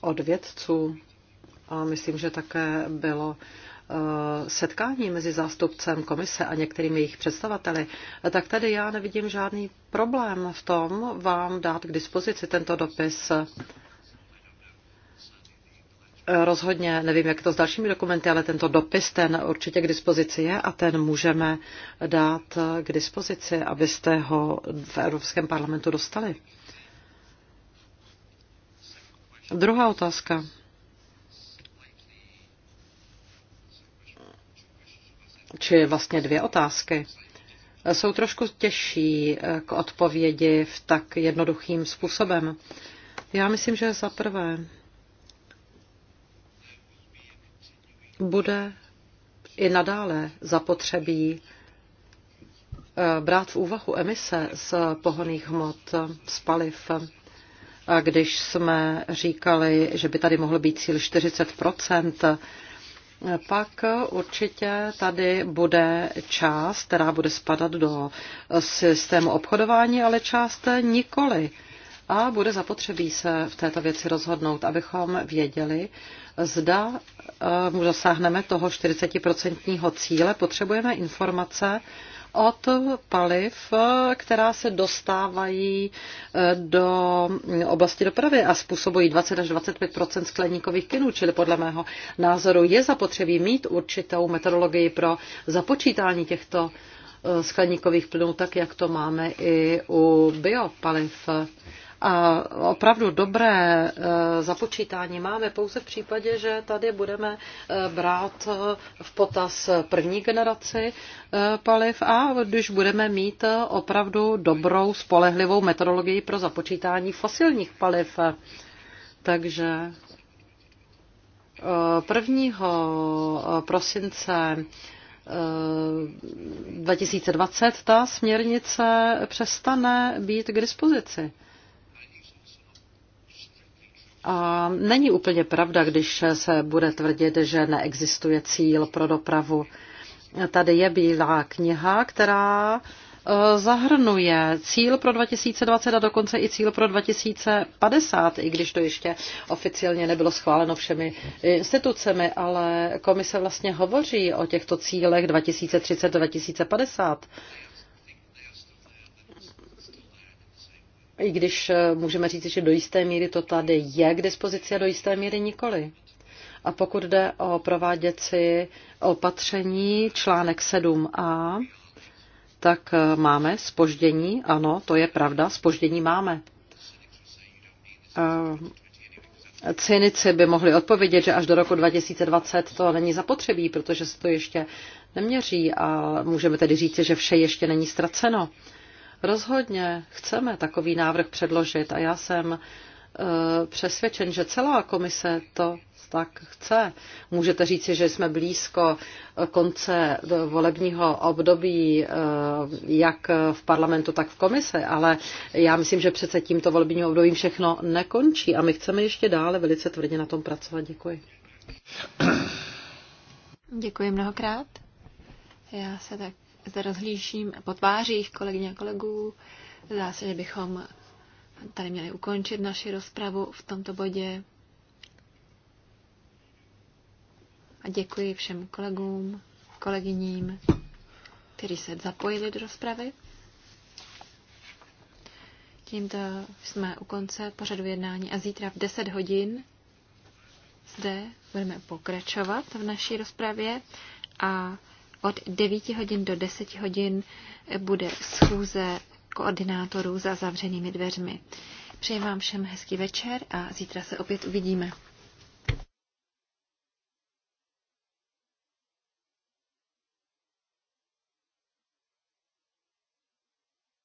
Speaker 2: od vědců a myslím, že také bylo eh, setkání mezi zástupcem komise a některými jejich představateli, tak tady já nevidím žádný problém v tom vám dát k dispozici tento dopis. Eh, rozhodně nevím, jak to s dalšími dokumenty, ale tento dopis, ten určitě k dispozici je a ten můžeme dát eh, k dispozici, abyste ho v Evropském parlamentu dostali. Druhá otázka. Či vlastně dvě otázky jsou trošku těžší eh, k odpovědi v tak jednoduchým způsobem. Já myslím, že za prvé bude i nadále zapotřebí eh, brát v úvahu emise z pohoných hmot, z paliv. A když jsme říkali, že by tady mohl být cíl 40 pak určitě tady bude část, která bude spadat do systému obchodování, ale část nikoli. A bude zapotřebí se v této věci rozhodnout, abychom věděli, zda eh, dosáhneme toho 40% cíle. Potřebujeme informace, od paliv, která se dostávají eh, do oblasti dopravy a způsobují 20 až 25 skleníkových plynů, čili podle mého názoru je zapotřebí mít určitou metodologii pro započítání těchto eh, skleníkových plynů, tak jak to máme i u biopaliv. A opravdu dobré eh, započítání máme pouze v případě, že tady budeme eh, brát eh, v potaz první generaci paliv a když budeme mít opravdu dobrou spolehlivou metodologii pro započítání fosilních paliv. Takže 1. prosince 2020 ta směrnice přestane být k dispozici. A není úplně pravda, když se bude tvrdit, že neexistuje cíl pro dopravu. Tady je bílá kniha, která e, zahrnuje cíl pro 2020 a dokonce i cíl pro 2050, i když to ještě oficiálně nebylo schváleno všemi institucemi, ale komise vlastně hovoří o těchto cílech 2030-2050. i když eh, můžeme říct, že do jisté míry to tady je k dispozici a do jisté míry nikoli. A pokud jde o prováděcí opatření článek 7a, tak eh, máme spoždění, ano, to je pravda, spoždění máme. Eh, cynici by mohli odpovědět, že až do roku 2020 to není zapotřebí, protože se to ještě neměří a můžeme tedy říct, že vše ještě není ztraceno. Rozhodně chceme takový návrh předložit a já jsem e, přesvědčen, že celá komise to tak chce. Můžete říci, že jsme blízko konce volebního období, e, jak v parlamentu, tak v komise, ale já myslím, že přece tímto volebním obdobím všechno nekončí a my chceme ještě dále velice tvrdě na tom pracovat. Děkuji.
Speaker 3: Děkuji mnohokrát. Já se tak zde rozhlížím po tvářích kolegyně a kolegů. Zdá se, že bychom tady měli ukončit naši rozpravu v tomto bodě. A děkuji všem kolegům, kolegyním, kteří se zapojili do rozpravy. Tímto jsme u konce pořadu jednání a zítra v 10 hodin zde budeme pokračovat v naší rozpravě a od 9 hodin do 10 hodin bude schůze koordinátorů za zavřenými dveřmi. Přeji vám všem hezký večer a zítra se opět uvidíme.